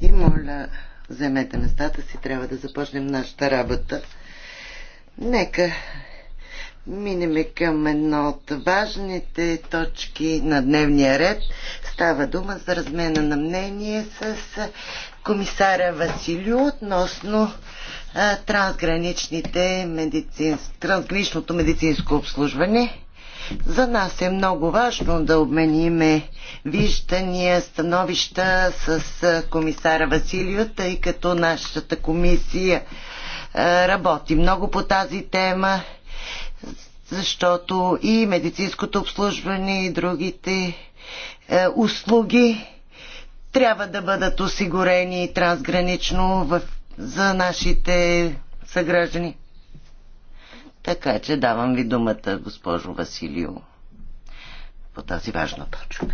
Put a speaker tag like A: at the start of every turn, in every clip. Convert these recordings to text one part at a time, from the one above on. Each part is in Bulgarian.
A: И моля,
B: заемете местата си, трябва да започнем нашата работа. Нека минем към една от важните точки на дневния ред. Става дума за размена на мнение с комисаря Василю относно трансграничните медицинско, трансграничното медицинско обслужване. За нас е много важно да обмениме виждания, становища с комисара Василио, тъй като нашата комисия работи много по тази тема, защото и медицинското обслужване и другите услуги трябва да бъдат осигурени трансгранично в, за нашите съграждани. Така че давам ви думата, госпожо Василио, по тази важна точка.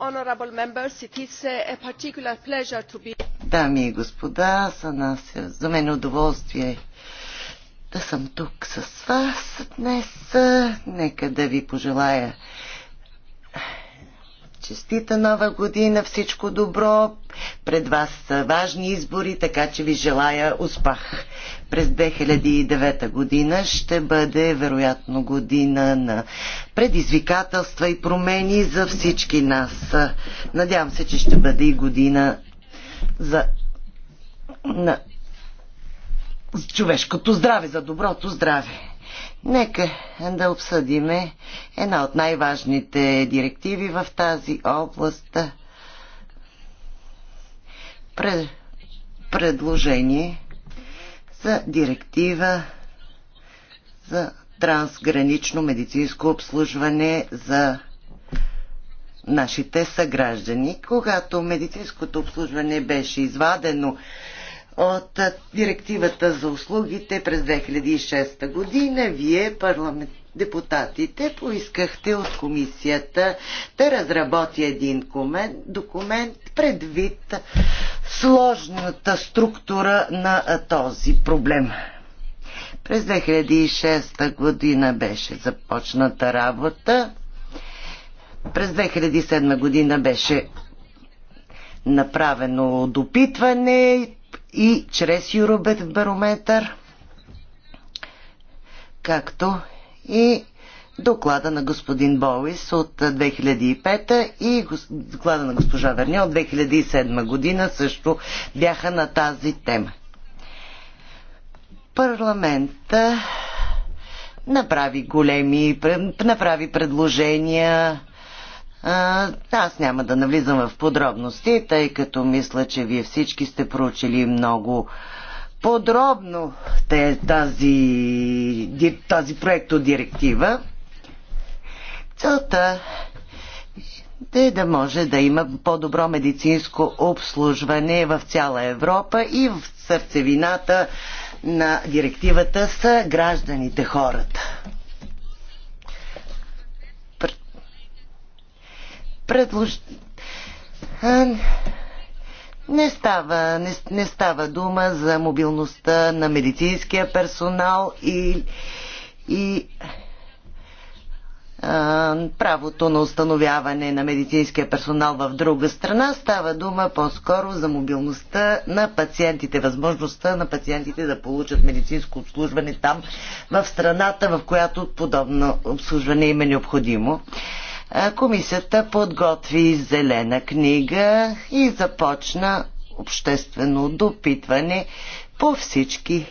A: Be...
B: Дами и господа, за, нас, е, за мен е удоволствие да съм тук с вас днес. Нека да ви пожелая Честита нова година, всичко добро. Пред вас са важни избори, така че ви желая успех. През 2009 година ще бъде вероятно година на предизвикателства и промени за всички нас. Надявам се, че ще бъде и година за на човешкото здраве, за доброто здраве. Нека да обсъдиме една от най-важните директиви в тази област. Пред, предложение за директива за трансгранично медицинско обслужване за нашите съграждани. Когато медицинското обслужване беше извадено от директивата за услугите през 2006 година. Вие, парламент, депутатите, поискахте от комисията да разработи един документ предвид сложната структура на този проблем. През 2006 година беше започната работа. През 2007 година беше направено допитване и чрез Юробет барометър, както и доклада на господин Болис от 2005 и доклада на госпожа Верня от 2007 година също бяха на тази тема. Парламента направи големи, направи предложения а, аз няма да навлизам в подробности, тъй като мисля, че вие всички сте проучили много подробно тази, тази проектодиректива. Целта е да може да има по-добро медицинско обслужване в цяла Европа и в сърцевината на директивата са гражданите хората. Предлож... Не става, не, не става дума за мобилността на медицинския персонал и, и а, правото на установяване на медицинския персонал в друга страна. Става дума по-скоро за мобилността на пациентите, възможността на пациентите да получат медицинско обслужване там, в страната, в която подобно обслужване им е необходимо комисията подготви зелена книга и започна обществено допитване по всички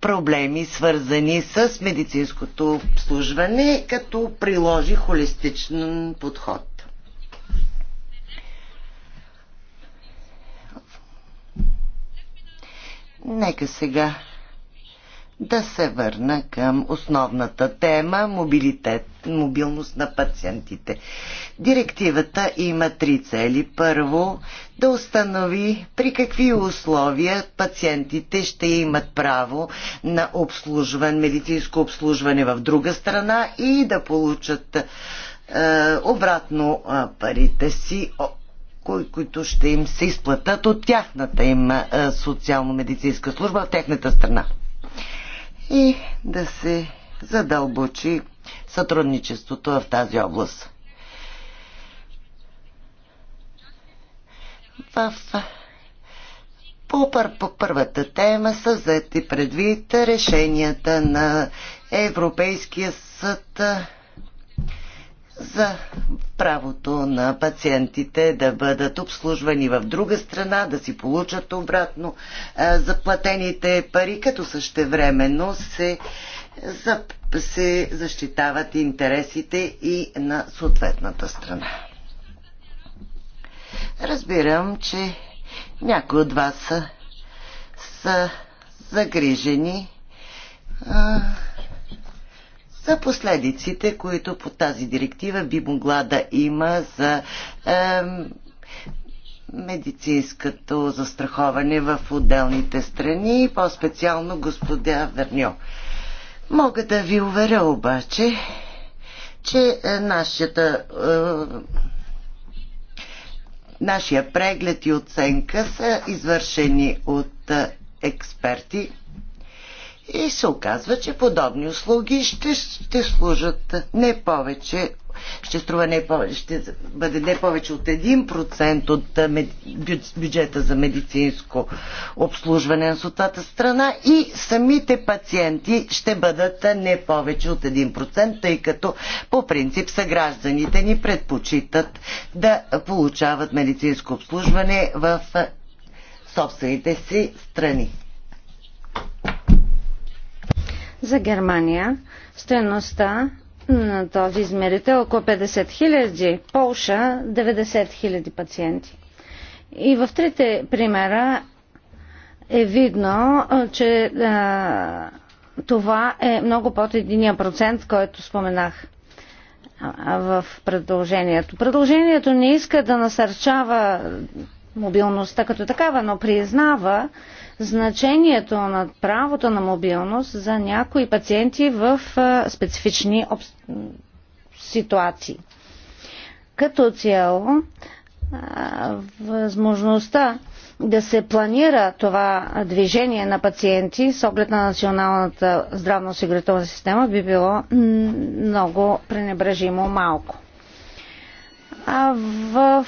B: проблеми, свързани с медицинското обслужване, като приложи холистичен подход. Нека сега да се върна към основната тема мобилитет, мобилност на пациентите. Директивата има три цели. Първо, да установи при какви условия пациентите ще имат право на обслужване, медицинско обслужване в друга страна и да получат е, обратно е, парите си които ще им се изплатат от тяхната им е, социално-медицинска служба в техната страна и да се задълбочи сътрудничеството в тази област. В по, пър, по първата тема са взети предвид решенията на Европейския съд за правото на пациентите да бъдат обслужвани в друга страна, да си получат обратно заплатените пари, като същевременно се, се защитават интересите и на съответната страна. Разбирам, че някои от вас са, са загрижени за последиците, които по тази директива би могла да има за е, медицинското застраховане в отделните страни и по-специално господя Верньо. Мога да ви уверя обаче, че е, нашата е, Нашия преглед и оценка са извършени от е, експерти и се оказва, че подобни услуги ще, ще служат не повече, ще струва не повече, ще бъде не повече от 1% от бюджета за медицинско обслужване на сутата страна и самите пациенти ще бъдат не повече от 1%, тъй като по принцип съгражданите ни предпочитат да получават медицинско обслужване в собствените си страни.
A: За Германия стоеността на този измерител е около 50 000, Полша 90 000 пациенти. И в трите примера е видно, че а, това е много под единия процент, който споменах в предложението. Предложението не иска да насърчава мобилността като такава, но признава, значението на правото на мобилност за някои пациенти в специфични ситуации. Като цяло, възможността да се планира това движение на пациенти с оглед на националната здравна-осигурителна система би било много пренебрежимо малко. А в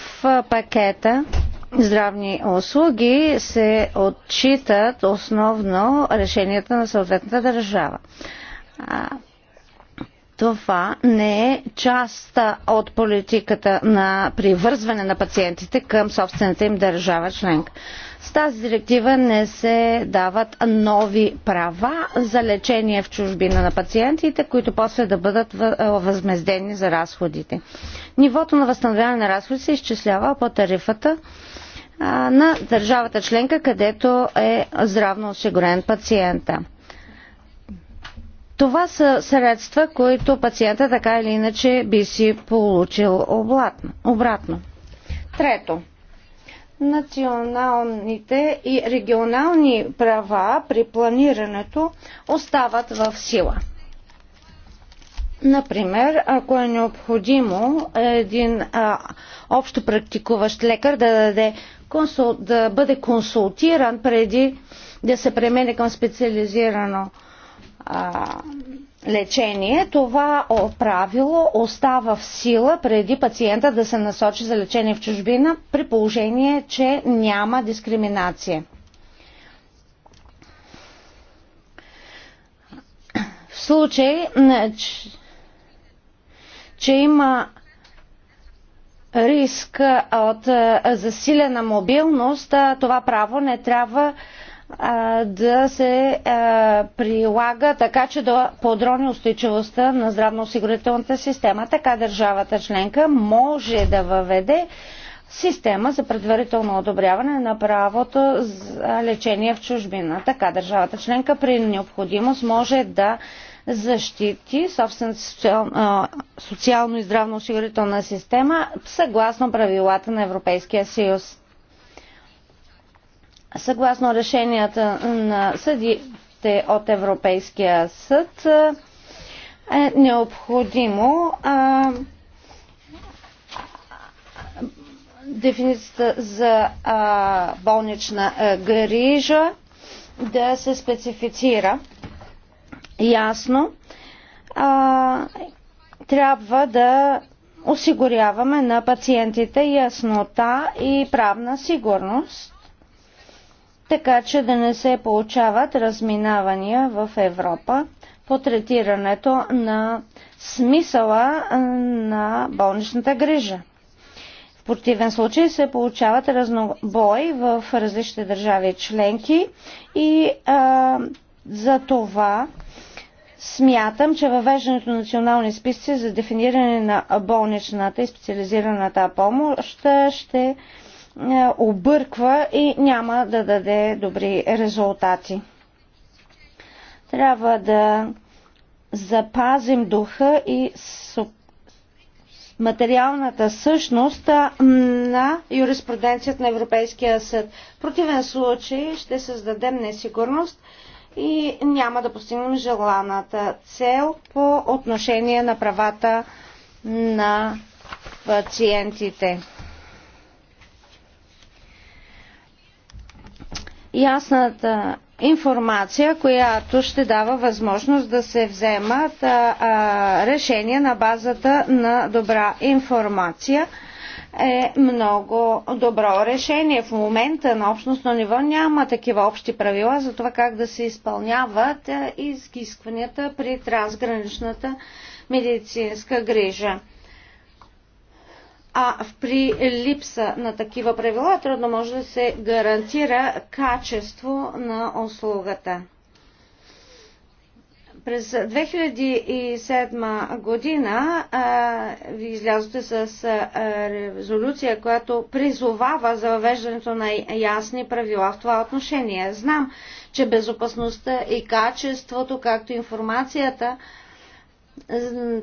A: пакета здравни услуги се отчитат основно решенията на съответната държава. Това не е част от политиката на привързване на пациентите към собствената им държава членка. С тази директива не се дават нови права за лечение в чужбина на пациентите, които после да бъдат възмездени за разходите. Нивото на възстановяване на разходи се изчислява по тарифата на държавата членка, където е здравно осигурен пациента. Това са средства, които пациента така или иначе би си получил обратно. Трето, националните и регионални права при планирането остават в сила. Например, ако е необходимо един а, общо практикуващ лекар да, даде консул, да бъде консултиран преди да се премене към специализирано а, лечение, това правило остава в сила преди пациента да се насочи за лечение в чужбина, при положение, че няма дискриминация. В случай, че има риск от засилена мобилност, това право не трябва да да се прилага така, че да подрони устойчивостта на здравноосигурителната система. Така държавата членка може да въведе система за предварително одобряване на правото за лечение в чужбина. Така държавата членка при необходимост може да защити собствената социално, социално и здравно осигурителна система съгласно правилата на Европейския съюз. Съгласно решенията на съдите от Европейския съд е необходимо а, дефиницията за а, болнична а, грижа да се специфицира ясно. А, трябва да осигуряваме на пациентите яснота и правна сигурност така че да не се получават разминавания в Европа по третирането на смисъла на болничната грижа. В противен случай се получават разнобой в различните държави членки и а, за това смятам, че въвеждането на национални списъци за дефиниране на болничната и специализираната помощ ще е, обърква и няма да даде добри резултати. Трябва да запазим духа и материалната същност на юриспруденцията на Европейския съд. В противен случай ще създадем несигурност и няма да постигнем желаната цел по отношение на правата на пациентите. ясната информация, която ще дава възможност да се вземат а, а, решения на базата на добра информация е много добро решение. В момента на общностно ниво няма такива общи правила за това как да се изпълняват е, изискванията при трансграничната медицинска грижа а при липса на такива правила трудно може да се гарантира качество на услугата. През 2007 година а, ви излязохте с а, резолюция, която призовава за въвеждането на ясни правила в това отношение. Знам, че безопасността и качеството, както и информацията,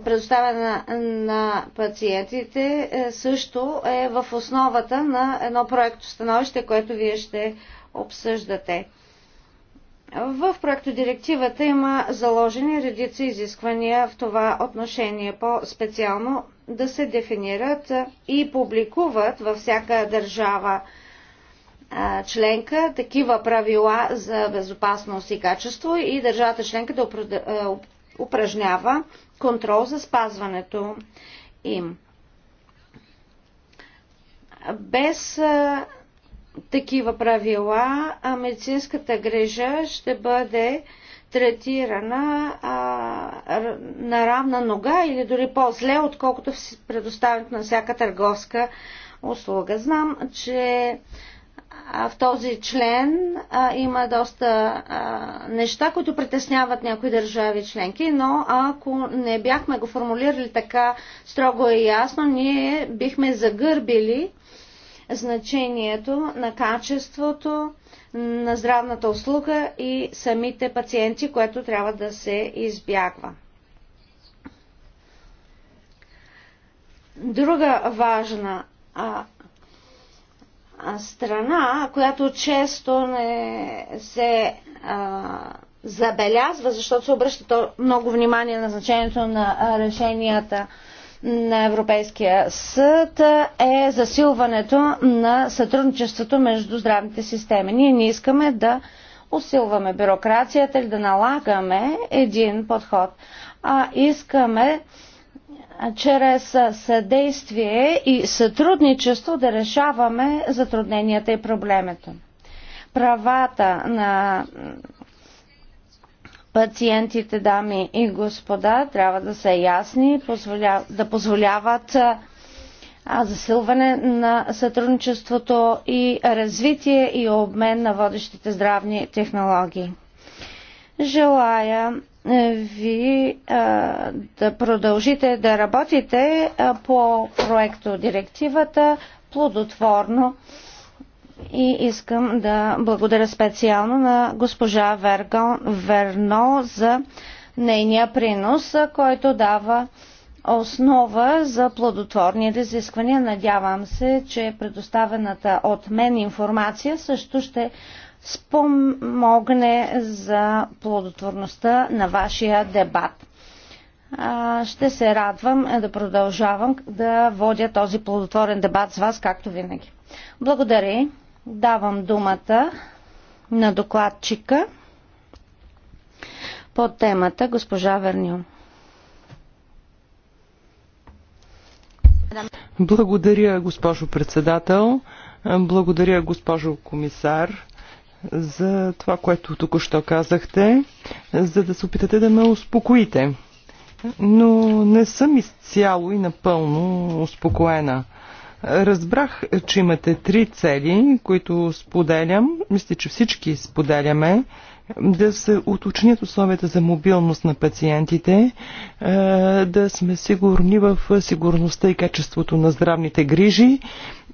A: предоставена на пациентите е, също е в основата на едно проекто становище, което вие ще обсъждате. В проекто директивата има заложени редица изисквания в това отношение, по-специално да се дефинират и публикуват във всяка държава е, членка такива правила за безопасност и качество и държавата членка да е, упражнява контрол за спазването им. Без а, такива правила а, медицинската грижа ще бъде третирана а, на равна нога или дори по-зле, отколкото предоставят предоставянето на всяка търговска услуга. Знам, че в този член а, има доста а, неща, които притесняват някои държави членки, но ако не бяхме го формулирали така строго и ясно, ние бихме загърбили значението на качеството на здравната услуга и самите пациенти, което трябва да се избягва. Друга важна а, страна, която често не се а, забелязва, защото се обръща много внимание на значението на решенията на Европейския съд е засилването на сътрудничеството между здравните системи. Ние не искаме да усилваме бюрокрацията или да налагаме един подход, а искаме чрез съдействие и сътрудничество да решаваме затрудненията и проблемето. Правата на пациентите, дами и господа, трябва да са ясни, да позволяват засилване на сътрудничеството и развитие и обмен на водещите здравни технологии. Желая ви а, да продължите да работите а, по проекто директивата плодотворно и искам да благодаря специално на госпожа Верно за нейния принос, който дава основа за плодотворни разисквания. Надявам се, че предоставената от мен информация също ще спомогне за плодотворността на вашия дебат. Ще се радвам да продължавам да водя този плодотворен дебат с вас, както винаги. Благодаря. Давам думата на докладчика по темата госпожа Верню.
C: Благодаря, госпожо председател. Благодаря, госпожо комисар за това, което току-що казахте, за да се опитате да ме успокоите. Но не съм изцяло и напълно успокоена. Разбрах, че имате три цели, които споделям. Мисля, че всички споделяме да се уточнят условията за мобилност на пациентите, е, да сме сигурни в сигурността и качеството на здравните грижи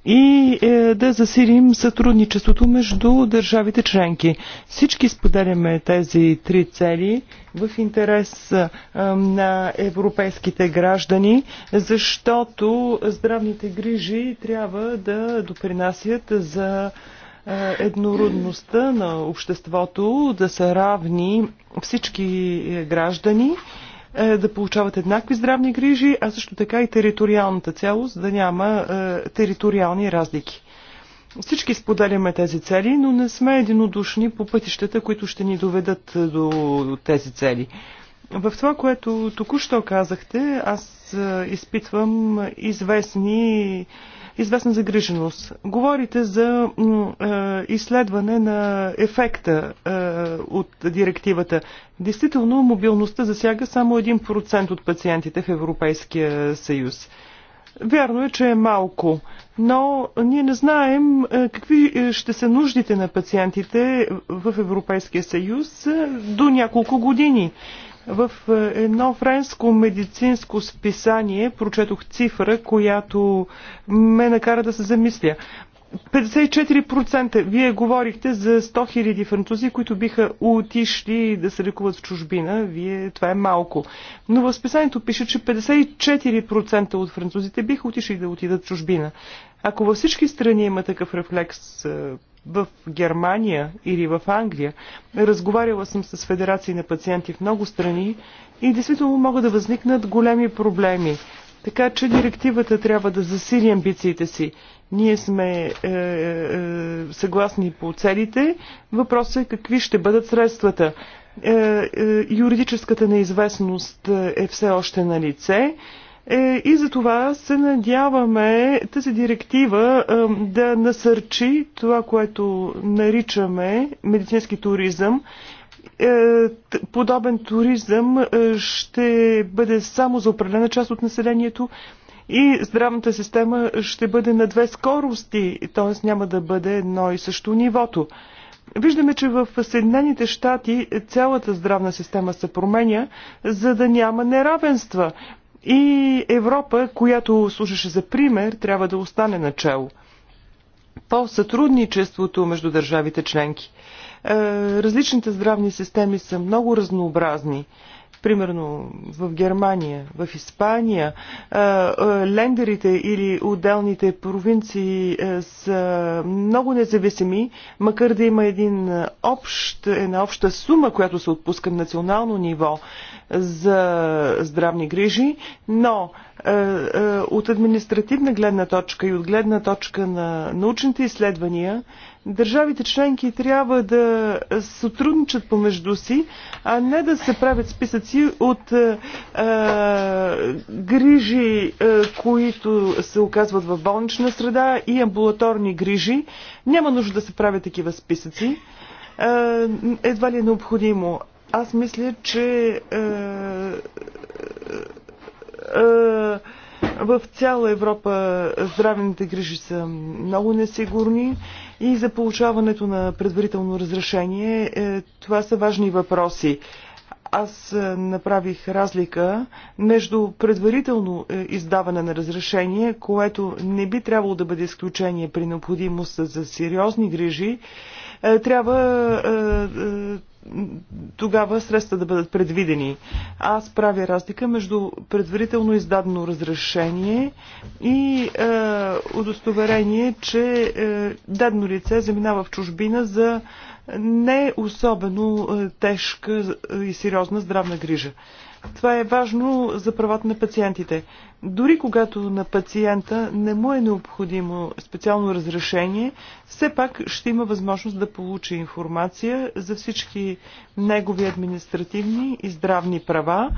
C: и е, да засилим сътрудничеството между държавите членки. Всички споделяме тези три цели в интерес е, на европейските граждани, защото здравните грижи трябва да допринасят за е, еднородността на обществото, да са равни всички граждани е, да получават еднакви здравни грижи, а също така и териториалната цялост, да няма е, териториални разлики. Всички споделяме тези цели, но не сме единодушни по пътищата, които ще ни доведат е, до тези цели. В това, което току-що казахте, аз изпитвам известни известна загриженост. Говорите за е, изследване на ефекта е, от директивата. Действително, мобилността засяга само 1% от пациентите в Европейския съюз. Вярно е, че е малко, но ние не знаем е, какви ще са нуждите на пациентите в Европейския съюз до няколко години. В е, едно френско медицинско списание прочетох цифра, която ме накара да се замисля. 54%. Вие говорихте за 100 000 французи, които биха отишли да се лекуват в чужбина. Вие, това е малко. Но в списанието пише, че 54% от французите биха отишли да отидат в чужбина. Ако във всички страни има такъв рефлекс е, в Германия или в Англия. Разговаряла съм с федерации на пациенти в много страни и действително могат да възникнат големи проблеми. Така че директивата трябва да засили амбициите си. Ние сме е, е, е съгласни по целите. Въпросът е какви ще бъдат средствата. Е, е, юридическата неизвестност е все още на лице. Е, и за това се надяваме тази директива е, да насърчи това, което наричаме медицински туризъм. Е, подобен туризъм ще бъде само за определена част от населението и здравната система ще бъде на две скорости, т.е. няма да бъде едно и също нивото. Виждаме, че в Съединените щати цялата здравна система се променя, за да няма неравенства. И Европа, която служеше за пример, трябва да остане начало. По сътрудничеството между държавите членки. Е, различните здравни системи са много разнообразни. Примерно в Германия, в Испания, лендерите или отделните провинции са много независими, макар да има един общ, една обща сума, която се отпуска на национално ниво за здравни грижи, но от административна гледна точка и от гледна точка на научните изследвания, Държавите членки трябва да сътрудничат помежду си, а не да се правят списъци от а, е, е, грижи, а, е, които се оказват в болнична среда и амбулаторни грижи. Няма нужда да се правят такива списъци. А, едва ли е необходимо. Аз мисля, че. А, в цяла Европа здравените грижи са много несигурни и за получаването на предварително разрешение е, това са важни въпроси. Аз е, направих разлика между предварително е, издаване на разрешение, което не би трябвало да бъде изключение при необходимост за сериозни грижи, трябва тогава средства да бъдат предвидени. Аз правя разлика между предварително издадено разрешение и е, удостоверение, че е, дадено лице заминава в чужбина за не особено е, тежка и сериозна здравна грижа. Е, това е важно за правата на пациентите. Дори когато на пациента не му е необходимо специално разрешение, все пак ще има възможност да получи информация за всички негови административни и здравни права,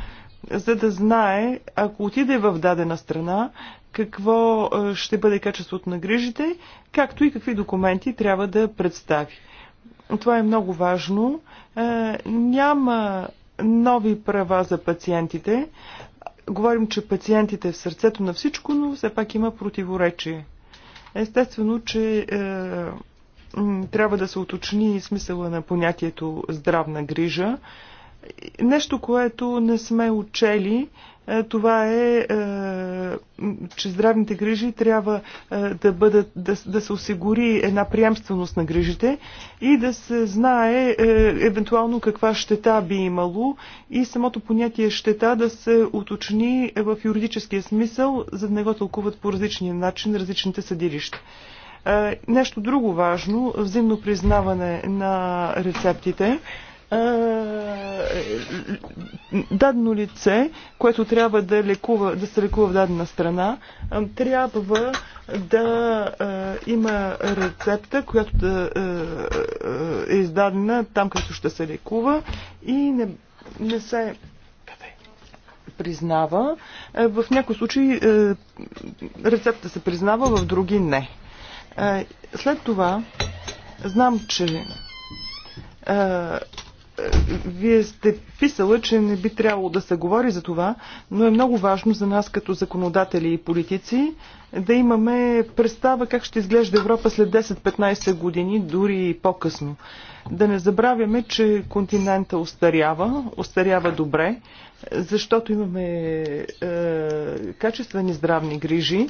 C: за да знае, ако отиде в дадена страна, какво е, ще бъде качеството на грижите, както и какви документи трябва да представи. Това е много важно. Е, няма нови права за пациентите. Говорим, че пациентите е в сърцето на всичко, но все пак има противоречие. Естествено, че е, трябва да се уточни смисъла на понятието здравна грижа. Нещо, което не сме учели е, това е, е, че здравните грижи трябва е, да, бъдат, да, да се осигури една приемственост на грижите и да се знае евентуално каква щета би имало и самото понятие щета да се уточни в юридическия смисъл, за да не го тълкуват по различния начин различните съдилища. Нещо друго важно, взаимно признаване на рецептите. Е, дадено лице, което трябва да, лекува, да се лекува в дадена страна, е, трябва да е, има рецепта, която да е издадена там, където ще се лекува и не, не се признава. В някои случаи рецепта се признава, в други не. След това знам, че вие сте писала, че не би трябвало да се говори за това, но е много важно за нас като законодатели и политици да имаме представа как ще изглежда Европа след 10-15 години, дори и по-късно. Да не забравяме, че континента остарява, остарява добре, защото имаме е, качествени здравни грижи, е,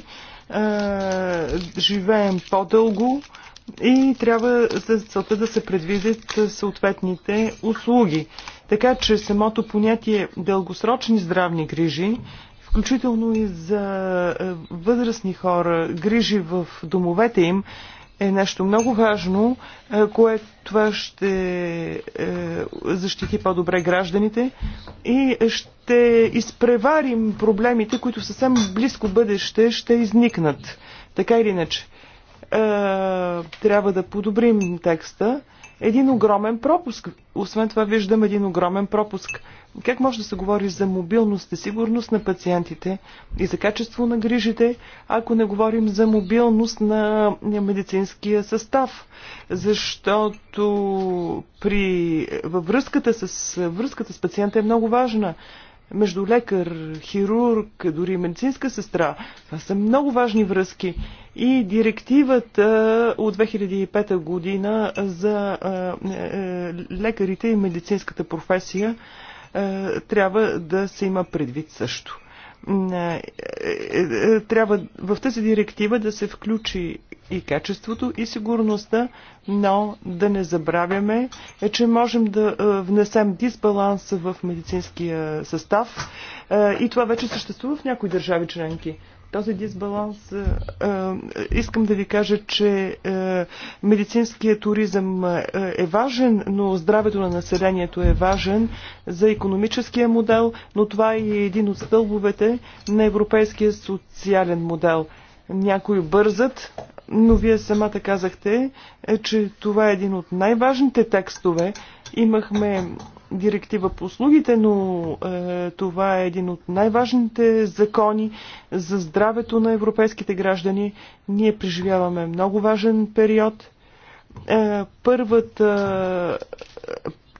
C: живеем по-дълго, и трябва за целта да се предвидят съответните услуги. Така че самото понятие дългосрочни здравни грижи, включително и за е, възрастни хора, грижи в домовете им, е нещо много важно, е, което това ще е, защити по-добре гражданите и ще изпреварим проблемите, които съвсем близко бъдеще ще изникнат. Така или иначе. Е, трябва да подобрим текста. Един огромен пропуск. Освен това виждам един огромен пропуск. Как може да се говори за мобилност и сигурност на пациентите и за качество на грижите, ако не говорим за мобилност на медицинския състав? Защото при, във връзката с, връзката с пациента е много важна между лекар, хирург, дори медицинска сестра. Това са много важни връзки. И директивата от 2005 година за е, е, лекарите и медицинската професия трябва да се има предвид също. Е, трябва в тази директива да се включи и качеството и сигурността, но да не забравяме, е, че можем да е, внесем дисбаланс в медицинския състав е, и това вече съществува в някои държави членки този дисбаланс. Е, е, искам да ви кажа, че е, медицинският туризъм е, е важен, но здравето на населението е важен за економическия модел, но това е един от стълбовете на европейския социален модел. Някои бързат, но вие самата казахте, е, че това е един от най-важните текстове. Имахме директива по услугите, но е, това е един от най-важните закони за здравето на европейските граждани. Ние преживяваме много важен период. Е, първата,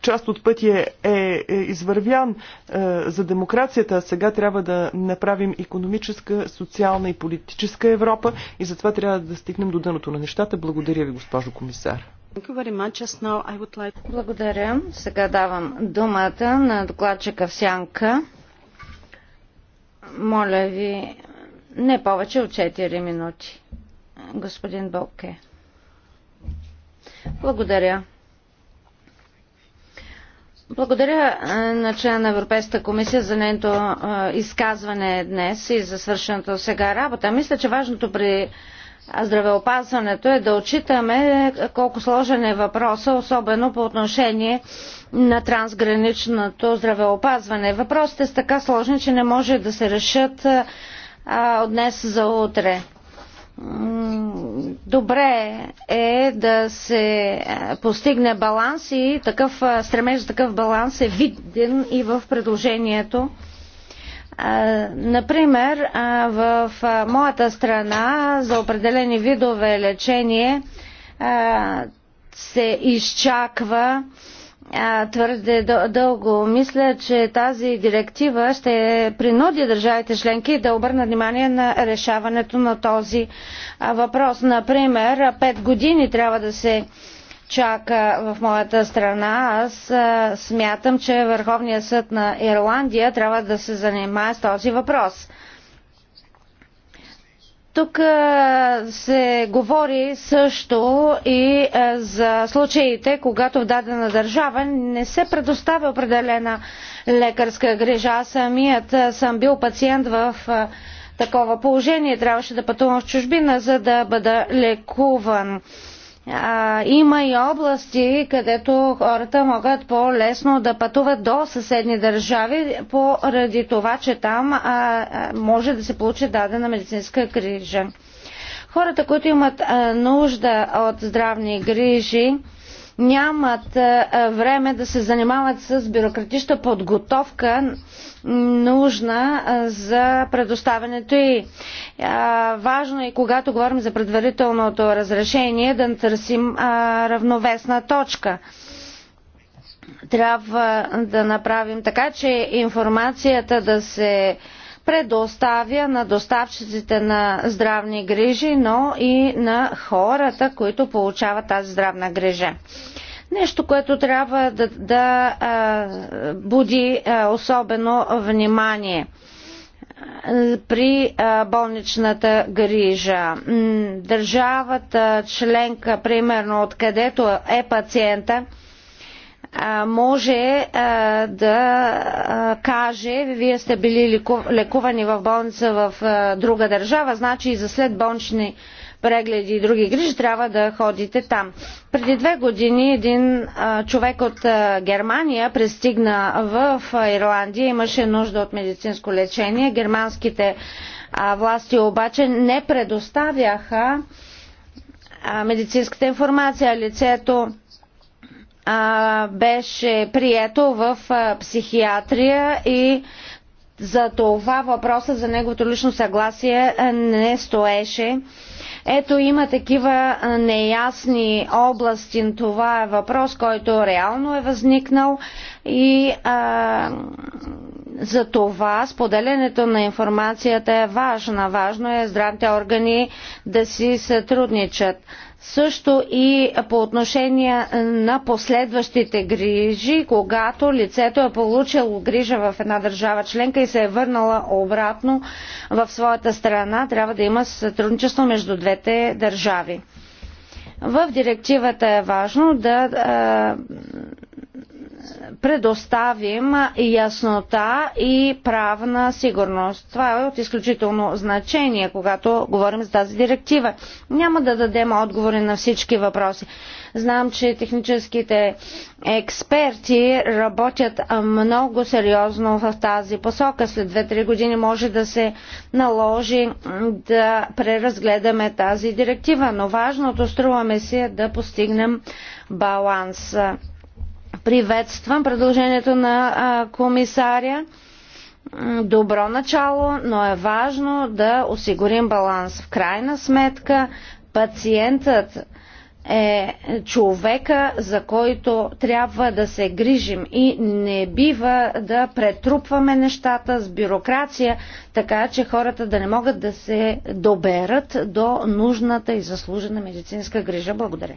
C: част от пътя е, е, е извървян е, за демокрацията, а сега трябва да направим економическа, социална и политическа Европа и затова трябва да стигнем до дъното на нещата. Благодаря ви, госпожо комисар.
A: Благодаря. Сега давам думата на докладчика в сянка. Моля ви, не повече от 4 минути. Господин Болке. Благодаря. Благодаря на член на Европейската комисия за нейното изказване днес и за свършената сега работа. Мисля, че важното при здравеопазването е да отчитаме колко сложен е въпроса, особено по отношение на трансграничното здравеопазване. Въпросите са така сложни, че не може да се решат от днес за утре добре е да се постигне баланс и такъв стремеж за такъв баланс е виден и в предложението. Например, в моята страна за определени видове лечение се изчаква твърде дълго. Мисля, че тази директива ще принуди държавите членки да обърнат внимание на решаването на този въпрос. Например, пет години трябва да се чака в моята страна. Аз смятам, че Върховният съд на Ирландия трябва да се занимае с този въпрос. Тук се говори също и за случаите, когато в дадена държава не се предоставя определена лекарска грижа. Аз самият съм бил пациент в такова положение. Трябваше да пътувам в чужбина, за да бъда лекуван а, има и области, където хората могат по-лесно да пътуват до съседни държави, поради това, че там а, може да се получи дадена медицинска грижа. Хората, които имат а, нужда от здравни грижи, нямат е, е, време да се занимават с бюрократична подготовка, нужна е, за предоставянето и важно е, когато говорим за предварителното разрешение, да търсим равновесна точка трябва да направим така, че информацията да се предоставя на доставчиците на здравни грижи, но и на хората, които получават тази здравна грижа. Нещо, което трябва да, да а, буди а, особено внимание при болничната грижа. Държавата членка, примерно, откъдето е пациента, може да каже, вие сте били лекувани в болница в друга държава, значи и за след болнични прегледи и други грижи трябва да ходите там. Преди две години един човек от Германия пристигна в Ирландия, имаше нужда от медицинско лечение. Германските власти обаче не предоставяха медицинската информация. Лицето а, беше прието в а, психиатрия и за това въпроса за неговото лично съгласие не стоеше. Ето има такива неясни области. Това е въпрос, който реално е възникнал и а, за това споделянето на информацията е важна. Важно е здравните органи да си сътрудничат също и по отношение на последващите грижи, когато лицето е получило грижа в една държава членка и се е върнала обратно в своята страна, трябва да има сътрудничество между двете държави. В директивата е важно да предоставим яснота и правна сигурност. Това е от изключително значение, когато говорим за тази директива. Няма да дадем отговори на всички въпроси. Знам, че техническите експерти работят много сериозно в тази посока. След 2-3 години може да се наложи да преразгледаме тази директива, но важното струваме си е да постигнем баланса. Приветствам предложението на комисаря. Добро начало, но е важно да осигурим баланс. В крайна сметка, пациентът е човека, за който трябва да се грижим и не бива да претрупваме нещата с бюрокрация, така че хората да не могат да се доберат до нужната и заслужена медицинска грижа. Благодаря.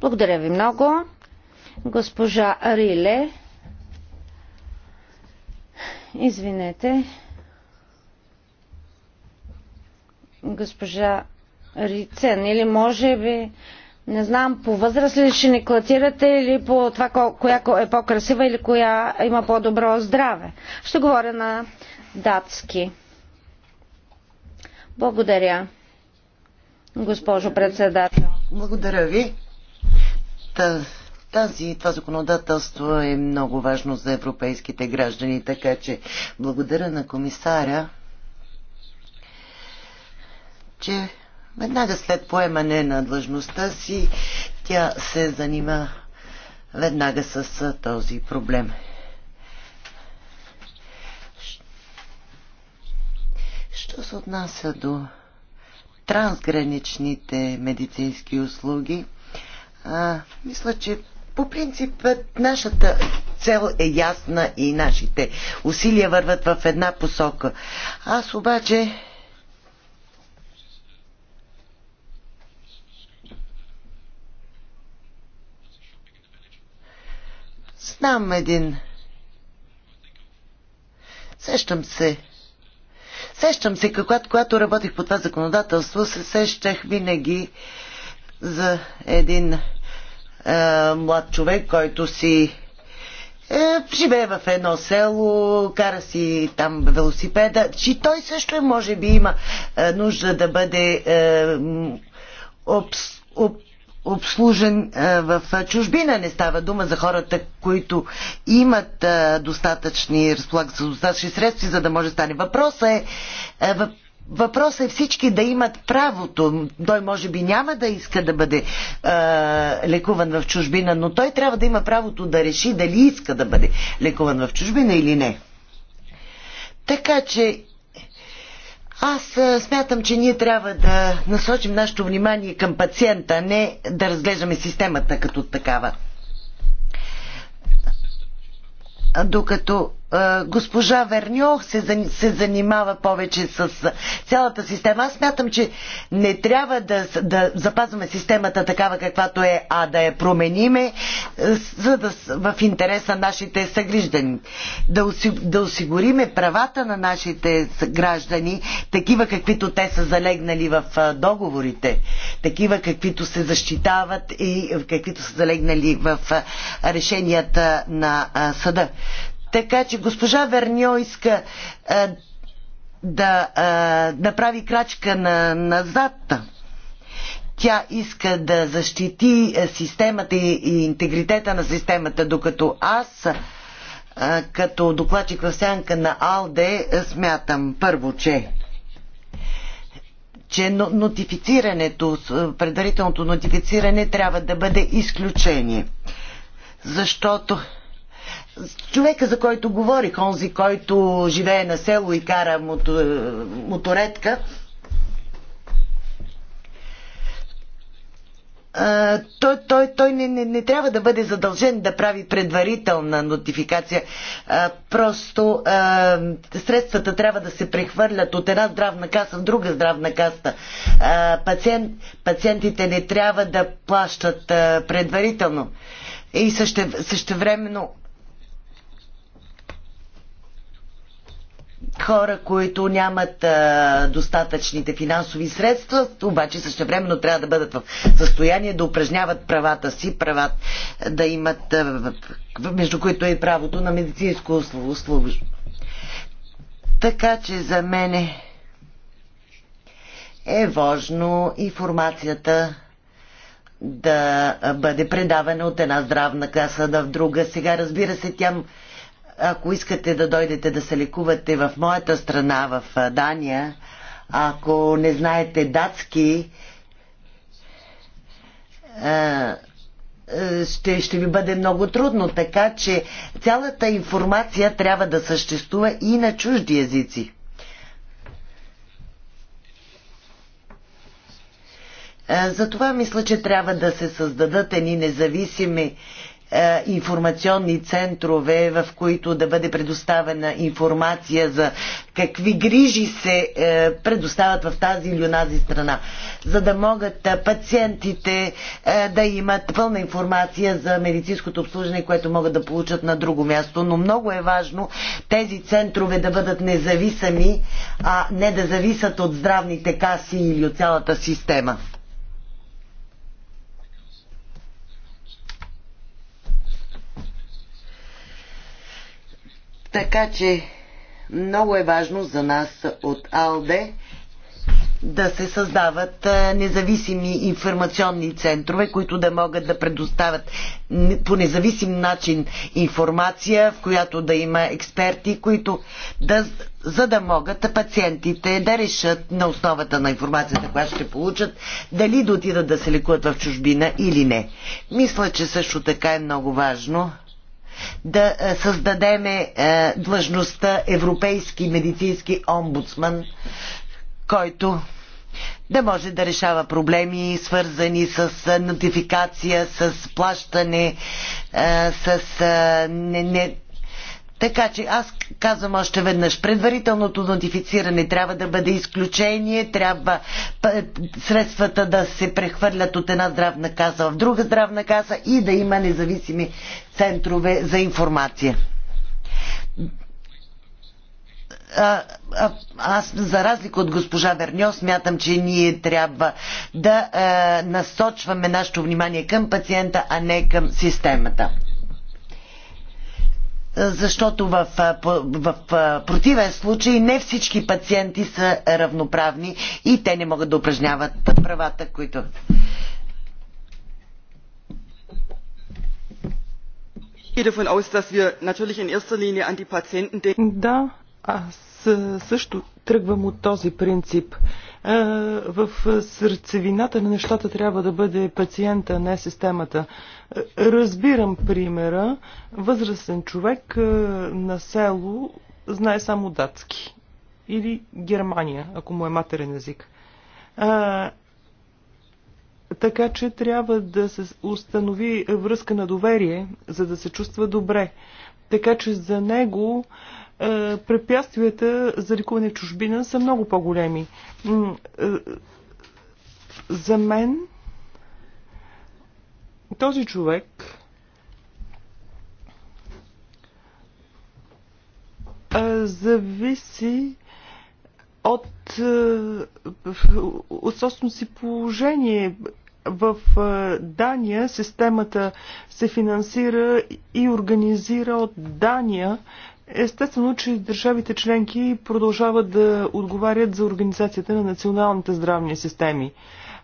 A: Благодаря ви много. Госпожа Риле, извинете, госпожа Рицен, или може би, не знам, по възраст ли ще ни клатирате или по това коя е по-красива или коя има по-добро здраве. Ще говоря на датски. Благодаря, госпожо председател. Благодаря ви.
B: Та, тази, това законодателство е много важно за европейските граждани, така че благодаря на комисаря, че веднага след поемане на длъжността си тя се занима веднага с този проблем. Що се отнася до трансграничните медицински услуги, а, мисля, че по принцип, е, нашата цел е ясна и нашите усилия върват в една посока. Аз обаче Знам един. Сещам се. Сещам се, когато, когато работих по това законодателство, се сещах винаги за един е, млад човек, който си е, живее в едно село, кара си там велосипеда. че той също е, може би има е, нужда да бъде е, обс, об, обслужен е, в чужбина. Не става дума за хората, които имат е, достатъчни, разполагат с достатъчни средства, за да може да стане. Въпросът е, е Въпрос е всички да имат правото. Той може би няма да иска да бъде е, лекуван в чужбина, но той трябва да има правото да реши дали иска да бъде лекуван в чужбина или не. Така че аз смятам, че ние трябва да насочим нашето внимание към пациента, а не да разглеждаме системата като такава. Докато госпожа Верньо се, се занимава повече с цялата система. Аз смятам, че не трябва да, да запазваме системата такава каквато е, а да я промениме за да, в интерес на нашите съграждани. Да, оси, да осигуриме правата на нашите граждани, такива каквито те са залегнали в договорите, такива каквито се защитават и каквито са залегнали в решенията на съда. Така че госпожа Верньо иска а, е, да е, а, направи крачка на, назад. Тя иска да защити е, системата и, и интегритета на системата, докато аз а, като докладчик в сянка на АЛДЕ смятам първо, че че нотифицирането, предварителното нотифициране трябва да бъде изключение. Защото човека, за който говорих, онзи, който живее на село и кара мото, моторетка, той, той, той не, не, не трябва да бъде задължен да прави предварителна нотификация. просто средствата трябва да се прехвърлят от една здравна каса в друга здравна каса. пациент, пациентите не трябва да плащат предварително. И също, времено. хора, които нямат а, достатъчните финансови средства, обаче същевременно трябва да бъдат в състояние да упражняват правата си, правата да имат, а, между които е и правото на медицинско услуга. Така че за мене е важно информацията да бъде предавана от една здравна каса да в друга. Сега разбира се, тя ако искате да дойдете да се лекувате в моята страна, в Дания, ако не знаете датски, ще, ще ви бъде много трудно, така че цялата информация трябва да съществува и на чужди езици. Затова мисля, че трябва да се създадат едни независими е, информационни центрове, в които да бъде предоставена информация за какви грижи се е, предоставят в тази или онази страна, за да могат е, пациентите да имат пълна информация за медицинското обслужване, което могат да получат на друго място. Но много е важно тези центрове да бъдат независими, а не да зависят от здравните каси или от цялата система. Така че много е важно за нас от АЛДЕ да се създават е, независими информационни центрове, които да могат да предоставят по независим начин информация, в която да има експерти, които да, за да могат пациентите да решат на основата на информацията, която ще получат, дали да отидат да се лекуват в чужбина или не. Мисля, че също така е много важно да е, създадеме е, длъжността Европейски медицински омбудсман, който да може да решава проблеми, свързани с е, нотификация, с плащане, с не, не, така че аз казвам още веднъж, предварителното нотифициране трябва да бъде изключение, трябва средствата да се прехвърлят от една здравна каса в друга здравна каса и да има независими центрове за информация. А, а, аз, за разлика от госпожа Верньо, смятам, че ние трябва да а, е, насочваме нашето внимание към пациента, а не към системата защото в, в, в противен случай не всички пациенти са равноправни и те не могат да упражняват правата, които.
C: Да, аз също тръгвам от този принцип. Е, в сърцевината на нещата трябва да бъде пациента, не системата. Е, разбирам примера. Възрастен човек е, на село знае само датски или Германия, ако му е матерен език. А, така че трябва да се установи връзка на доверие, за да се чувства добре. Така че за него е, препятствията за лекуване в чужбина са много по-големи. Е, за мен този човек е, зависи от, от собственото си положение. В Дания системата се финансира и организира от Дания, Естествено, че държавите членки продължават да отговарят за организацията на националните здравни системи.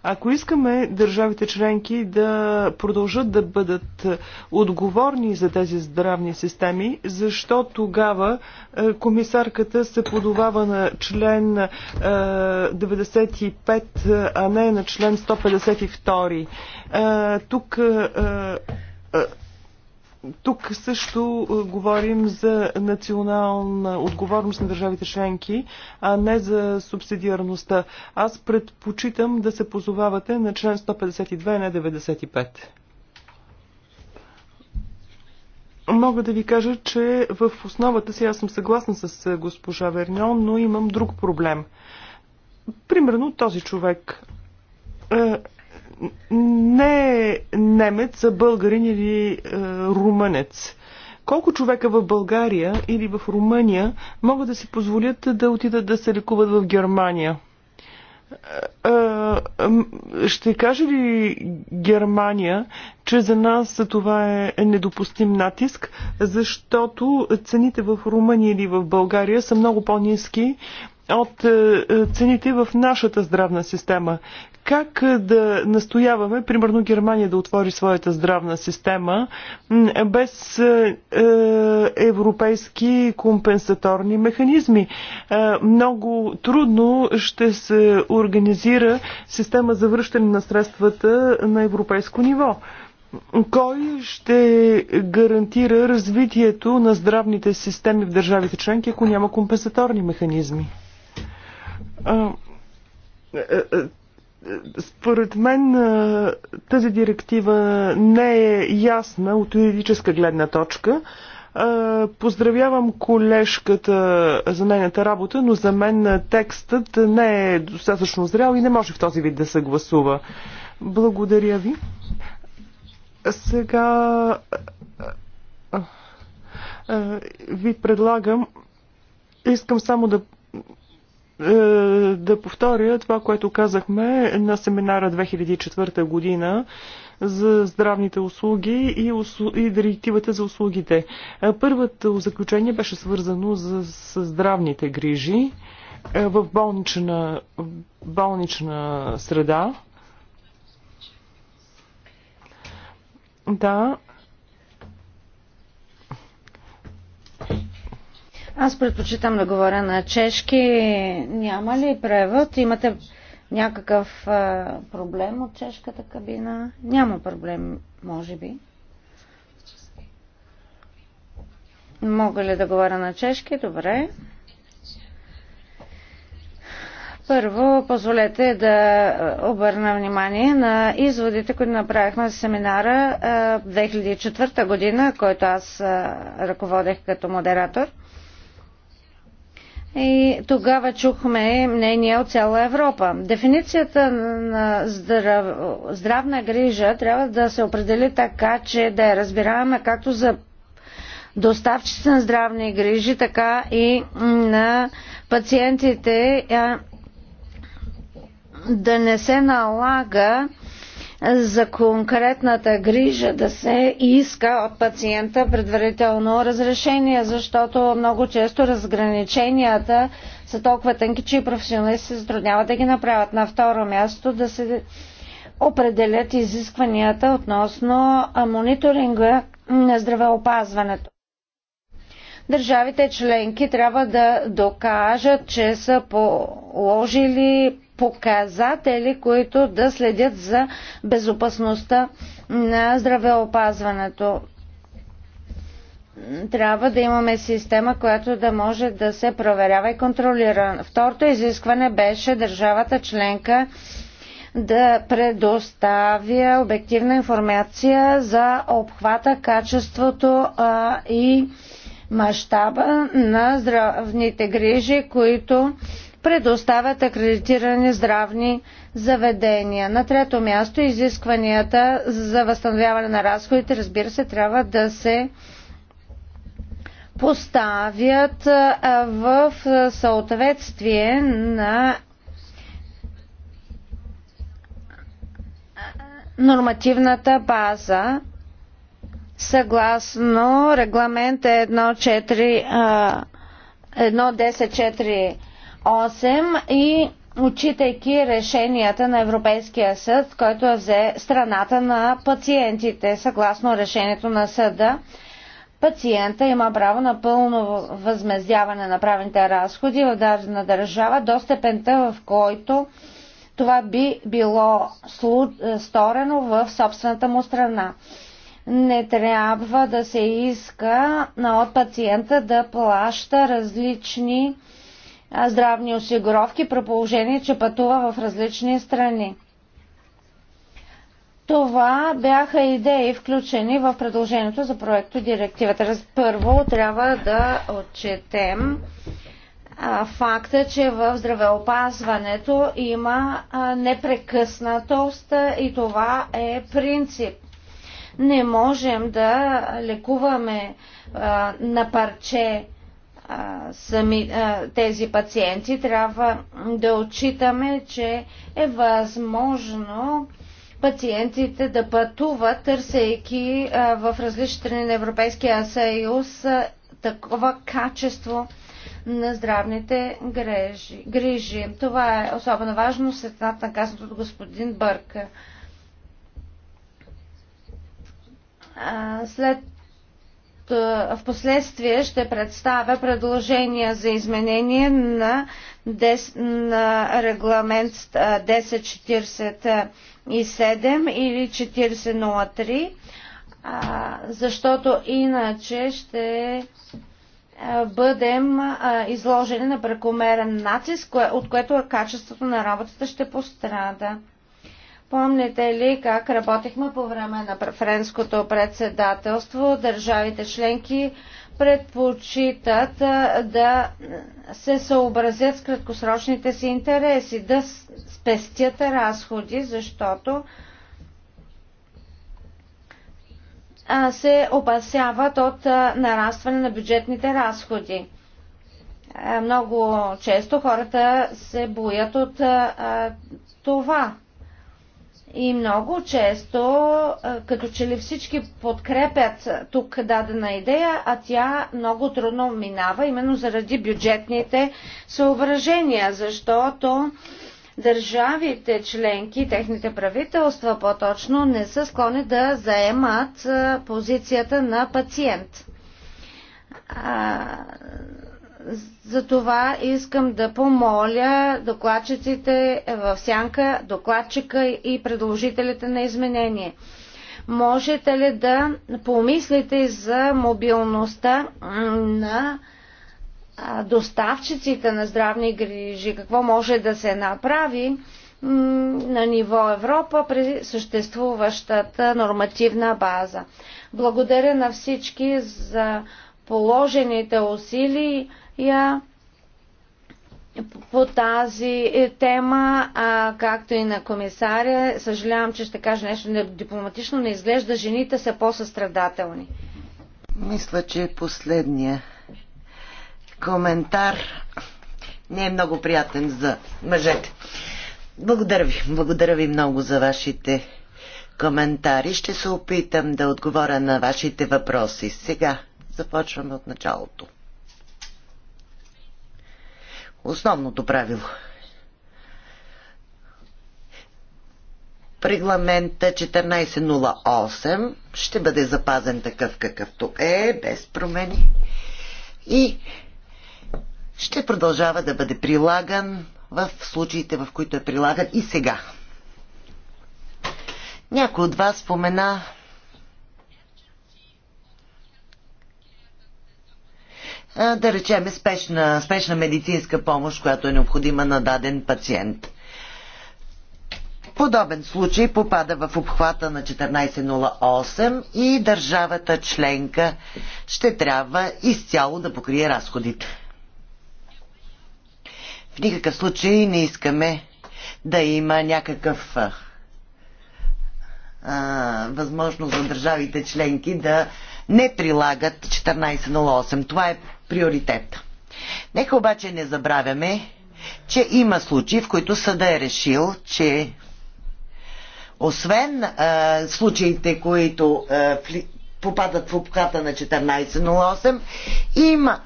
C: Ако искаме държавите членки да продължат да бъдат е, отговорни за тези здравни системи, защо тогава е, комисарката се подовава на член 95, е, а не на член 152? Тук тук също е, говорим за национална отговорност на държавите членки, а не за субсидиарността. Аз предпочитам да се позовавате на член 152, не 95. Мога да ви кажа, че в основата си аз съм съгласна с е, госпожа Верньон, но имам друг проблем. Примерно този човек е, не е немец, а българин или е, румънец. Колко човека в България или в Румъния могат да си позволят да отидат да се лекуват в Германия? Е, е, ще каже ли Германия, че за нас това е недопустим натиск, защото цените в Румъния или в България са много по-низки от е, цените в нашата здравна система как да настояваме, примерно Германия да отвори своята здравна система без е, европейски компенсаторни механизми. Много трудно ще се организира система за връщане на средствата на европейско ниво. Кой ще гарантира развитието на здравните системи в държавите членки, ако няма компенсаторни механизми? Е, е, според мен тази директива не е ясна от юридическа гледна точка. Поздравявам колежката за нейната работа, но за мен текстът не е достатъчно зрял и не може в този вид да се гласува. Благодаря ви. Сега ви предлагам, искам само да е, да повторя това, което казахме на семинара 2004 година за здравните услуги и, услу... и директивата за услугите. Е, първото заключение беше свързано за... с здравните грижи е, в болнична, в болнична среда.
A: Да, Аз предпочитам да говоря на чешки. Няма ли превод? Имате някакъв проблем от чешката кабина? Няма проблем, може би. Мога ли да говоря на чешки? Добре. Първо, позволете да обърна внимание на изводите, които направихме в семинара 2004 година, който аз ръководех като модератор – и тогава чухме мнение от цяла Европа. Дефиницията на здрав... здравна грижа трябва да се определи така, че да я разбираме както за доставчици на здравни грижи, така и на пациентите да не се налага за конкретната грижа да се иска от пациента предварително разрешение, защото много често разграниченията са толкова тънки, че и професионалисти се затрудняват да ги направят. На второ място да се определят изискванията относно мониторинга на здравеопазването. Държавите членки трябва да докажат, че са положили показатели, които да следят за безопасността на здравеопазването. Трябва да имаме система, която да може да се проверява и контролира. Второто изискване беше държавата членка да предоставя обективна информация за обхвата, качеството а, и мащаба на здравните грижи, които предоставят акредитирани здравни заведения. На трето място, изискванията за възстановяване на разходите, разбира се, трябва да се поставят в съответствие на нормативната база съгласно регламент 1.10.4 8 и отчитайки решенията на Европейския съд, който е взе страната на пациентите. Съгласно решението на съда, пациента има право на пълно възмездяване на правените разходи в дадена държава до степента, в който това би било сторено в собствената му страна. Не трябва да се иска от пациента да плаща различни здравни осигуровки, при положение, че пътува в различни страни. Това бяха идеи, включени в предложението за проекто директивата. Първо трябва да отчетем факта, че в здравеопазването има непрекъснатост и това е принцип. Не можем да лекуваме на парче сами, тези пациенти, трябва да отчитаме, че е възможно пациентите да пътуват, търсейки в различни страни на Европейския съюз такова качество на здравните грежи, грижи. Това е особено важно след наказаното от господин Бърка. След в последствие ще представя предложения за изменение на, 10, на регламент 1047 или 4003, защото иначе ще бъдем изложени на прекомерен натиск, от което качеството на работата ще пострада. Помните ли как работихме по време на френското председателство? Държавите членки предпочитат да се съобразят с краткосрочните си интереси, да спестят разходи, защото се опасяват от нарастване на бюджетните разходи. Много често хората се боят от това. И много често, като че ли всички подкрепят тук дадена идея, а тя много трудно минава, именно заради бюджетните съображения, защото държавите членки, техните правителства по-точно, не са склонни да заемат позицията на пациент. Затова искам да помоля докладчиците в сянка, докладчика и предложителите на изменение. Можете ли да помислите за мобилността на доставчиците на здравни грижи? Какво може да се направи на ниво Европа при съществуващата нормативна база? Благодаря на всички за положените усилия я по тази тема, а, както и на комисаря. Съжалявам, че ще кажа нещо дипломатично. Не изглежда жените са по-състрадателни.
B: Мисля, че последния коментар не е много приятен за мъжете. Благодаря ви. Благодаря ви много за вашите коментари. Ще се опитам да отговоря на вашите въпроси. Сега започваме от началото основното правило. Регламента 1408 ще бъде запазен такъв какъвто е, без промени. И ще продължава да бъде прилаган в случаите, в които е прилаган и сега. Някой от вас спомена да речеме, спешна, спешна медицинска помощ, която е необходима на даден пациент. Подобен случай попада в обхвата на 1408 и държавата членка ще трябва изцяло да покрие разходите. В никакъв случай не искаме да има някакъв а, възможност за държавите членки да не прилагат 1408. Това е приоритет. Нека обаче не забравяме, че има случаи, в които съда е решил, че освен а, случаите, които а, попадат в обхвата на 1408, има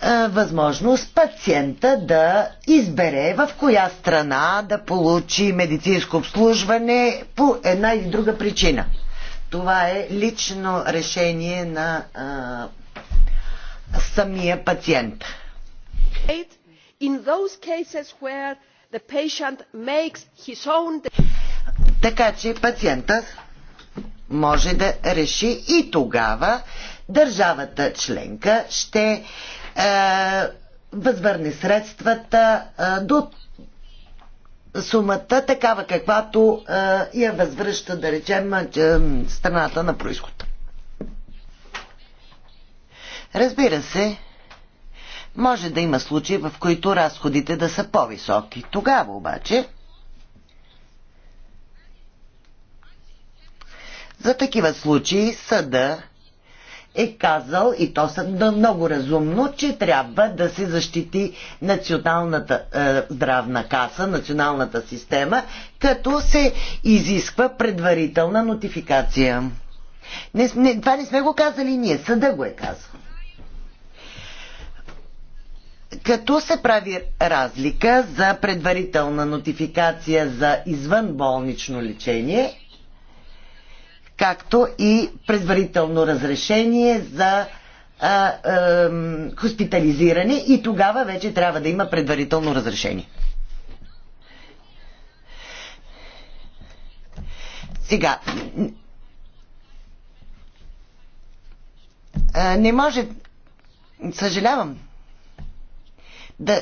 B: а, възможност пациента да избере в коя страна да получи медицинско обслужване по една или друга причина. Това е лично решение на а, самия пациент.
A: Own...
B: Така че пациента може да реши и тогава държавата членка ще е, възвърне средствата е, до сумата такава каквато е, я възвръща, да речем, страната на происход. Разбира се, може да има случаи, в които разходите да са по-високи. Тогава обаче за такива случаи съда е казал, и то да много разумно, че трябва да се защити националната е, здравна каса, националната система, като се изисква предварителна нотификация. Не, не, това не сме го казали ние, съда го е казал. Като се прави разлика за предварителна нотификация за извънболнично лечение както и предварително разрешение за а, а, хоспитализиране и тогава вече трябва да има предварително разрешение. Сега, не може, съжалявам, да,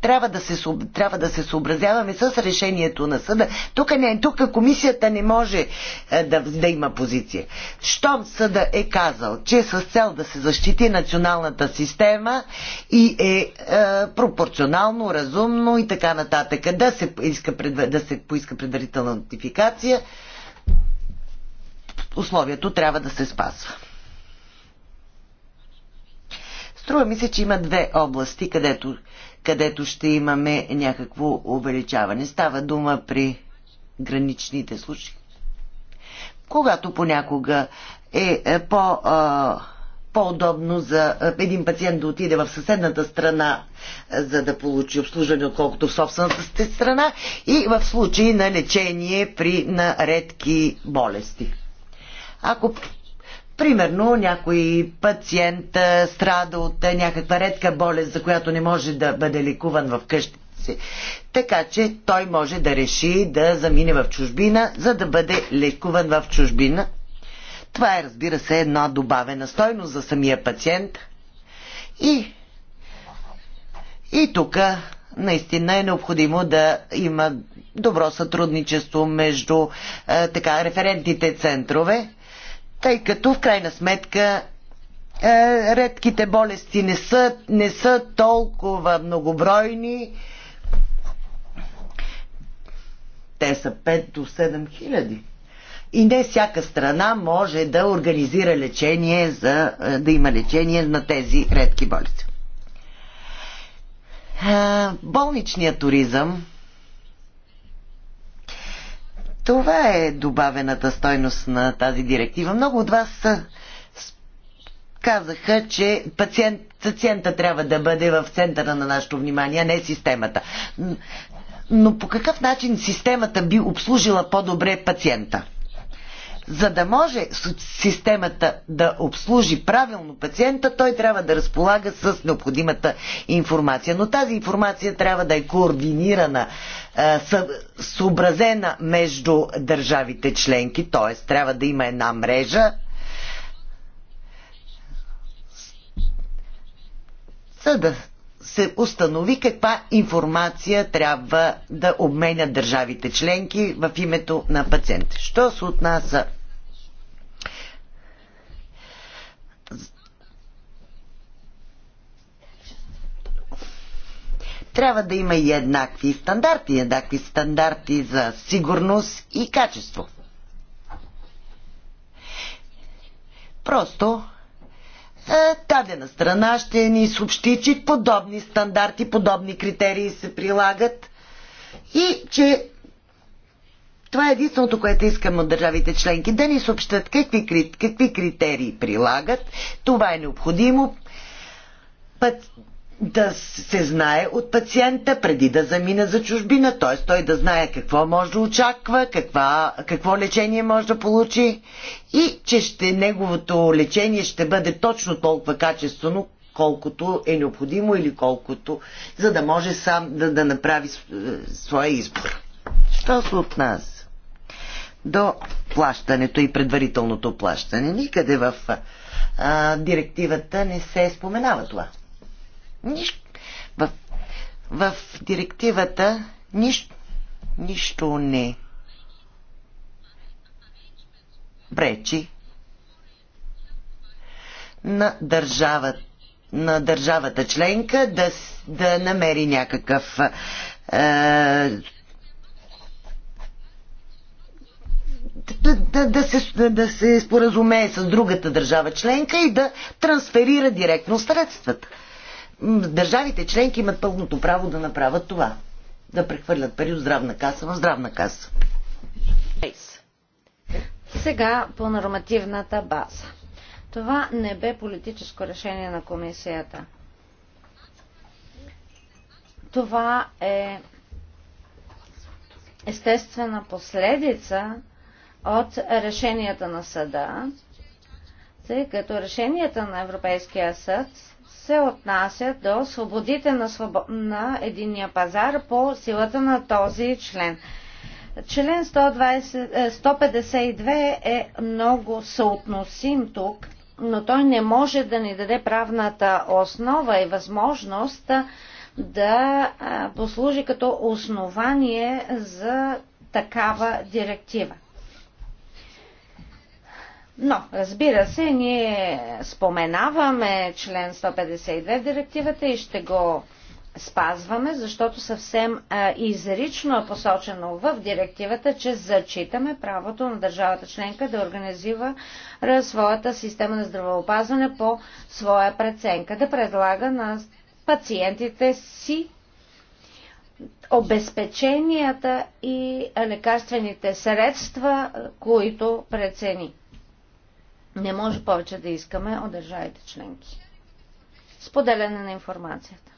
B: трябва да се, трябва да се съобразяваме с решението на съда. Тук, не, тук комисията не може е, да, да има позиция. Щом съда е казал, че е с цел да се защити националната система и е, е пропорционално, разумно и така нататък, да се, иска, да се поиска предварителна нотификация, условието трябва да се спазва. Струва ми се, че има две области, където където ще имаме някакво увеличаване. Става дума при граничните случаи. Когато понякога е, е по, по-удобно за е, един пациент да отиде в съседната страна, е, за да получи обслужване, отколкото в собствената страна и в случай на лечение при на редки болести. Ако Примерно някой пациент страда от някаква редка болест, за която не може да бъде ликуван в къщите си. Така че той може да реши да замине в чужбина, за да бъде лекуван в чужбина. Това е, разбира се, една добавена стойност за самия пациент. И, и тук наистина е необходимо да има добро сътрудничество между е, така, референтните центрове тъй като в крайна сметка е, редките болести не са, не са толкова многобройни. Те са 5 до 7 хиляди. И не всяка страна може да организира лечение, за, е, да има лечение на тези редки болести. Е, болничният туризъм това е добавената стойност на тази директива. Много от вас казаха, че пациент, пациента трябва да бъде в центъра на нашето внимание, а не системата. Но по какъв начин системата би обслужила по-добре пациента? За да може системата да обслужи правилно пациента, той трябва да разполага с необходимата информация. Но тази информация трябва да е координирана е, съобразена между държавите членки, т.е. трябва да има една мрежа, за да се установи каква информация трябва да обменят държавите членки в името на пациента. Що се отнася Трябва да има и еднакви стандарти, еднакви стандарти за сигурност и качество. Просто тадена е, страна ще ни съобщи, че подобни стандарти, подобни критерии се прилагат и че това е единственото, което искам от държавите членки. Да ни съобщат какви, какви критерии прилагат. Това е необходимо. Път, да се знае от пациента преди да замина за чужбина, т.е. той да знае какво може да очаква, каква, какво лечение може да получи и че ще, неговото лечение ще бъде точно толкова качествено, колкото е необходимо или колкото, за да може сам да, да направи е, своя избор. Що се от нас? До плащането и предварителното плащане. Никъде в а, директивата не се споменава това. В, в директивата нищо, нищо не пречи на държавата на държавата членка да, да намери някакъв е, да, да, да, се, да се споразумее с другата държава членка и да трансферира директно средствата държавите членки имат пълното право да направят това. Да прехвърлят пари от здравна каса в здравна каса.
A: Сега по нормативната база. Това не бе политическо решение на комисията. Това е естествена последица от решенията на съда, тъй като решенията на Европейския съд се отнася до свободите на, своб... на единния пазар по силата на този член. Член 120... 152 е, е много съотносим тук, но той не може да ни даде правната основа и възможност да е, послужи като основание за такава директива. Но, разбира се, ние споменаваме член 152 в директивата и ще го спазваме, защото съвсем а, изрично е посочено в директивата, че зачитаме правото на държавата членка да организира своята система на здравеопазване по своя преценка, да предлага на пациентите си обезпеченията и лекарствените средства, които прецени. Не може повече да искаме от държавите членки. Споделяне на информацията.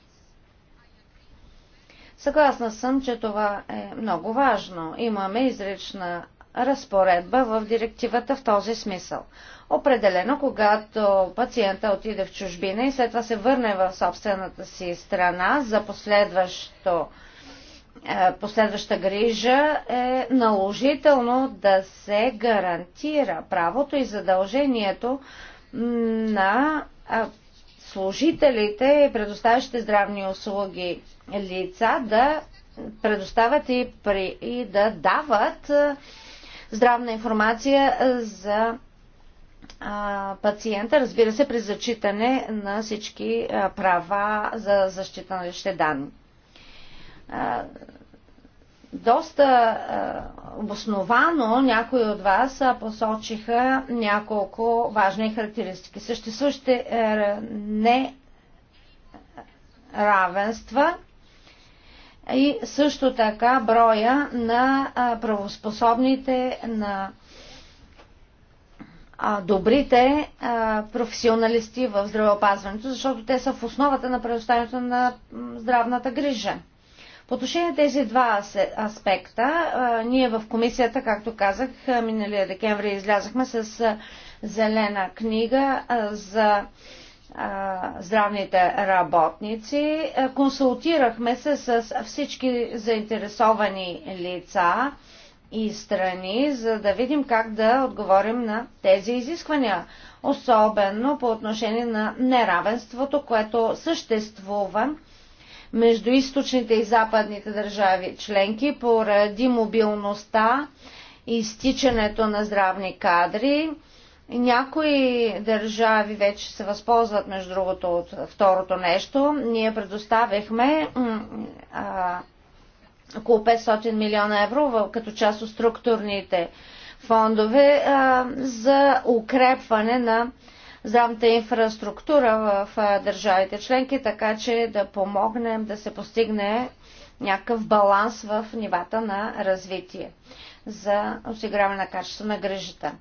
A: Съгласна съм, че това е много важно. Имаме изрична разпоредба в директивата в този смисъл. Определено, когато пациента отиде в чужбина и след това се върне в собствената си страна за последващо е, последваща грижа е наложително да се гарантира правото и задължението на служителите и предоставящите здравни услуги лица да предоставят и, при, и да дават здравна информация за пациента, разбира се, при зачитане на всички права за защита на личните данни доста обосновано някои от вас посочиха няколко важни характеристики. Съществуващите не равенства и също така броя на правоспособните, на добрите професионалисти в здравеопазването, защото те са в основата на предоставянето на здравната грижа. По отношение на тези два аспекта, ние в комисията, както казах, миналия декември излязахме с зелена книга за здравните работници. Консултирахме се с всички заинтересовани лица и страни, за да видим как да отговорим на тези изисквания, особено по отношение на неравенството, което съществува между източните и западните държави членки поради мобилността и изтичането на здравни кадри. Някои държави вече се възползват, между другото, от второто нещо. Ние предоставихме а, около 500 милиона евро като част от структурните фондове а, за укрепване на здравната инфраструктура в държавите членки, така че да помогнем да се постигне някакъв баланс в нивата на развитие за осигуряване на качество на грижата.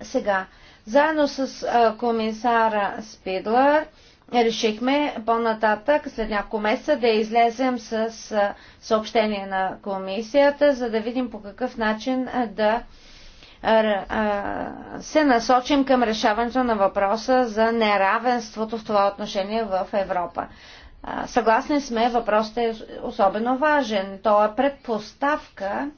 A: Сега, заедно с комисара Спидлър, решихме по-нататък, след няколко месеца, да излезем с съобщение на комисията, за да видим по какъв начин да се насочим към решаването на въпроса за неравенството в това отношение в Европа. Съгласни сме, въпросът е особено важен. То е предпоставка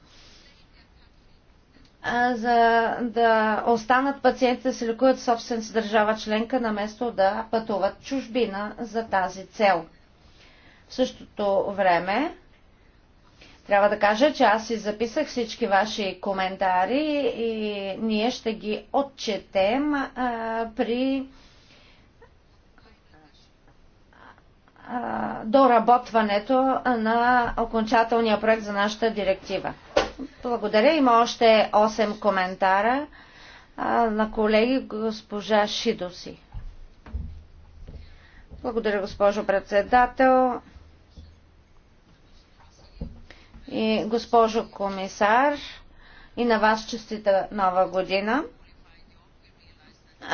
A: за да останат пациентите да се лекуват в собствената си държава членка, наместо да пътуват чужбина за тази цел. В същото време трябва да кажа, че аз си записах всички ваши коментари и ние ще ги отчетем а, при а, доработването на окончателния проект за нашата директива. Благодаря. Има още 8 коментара а, на колеги госпожа Шидоси. Благодаря, госпожо председател. И госпожо комисар, и на вас честита нова година.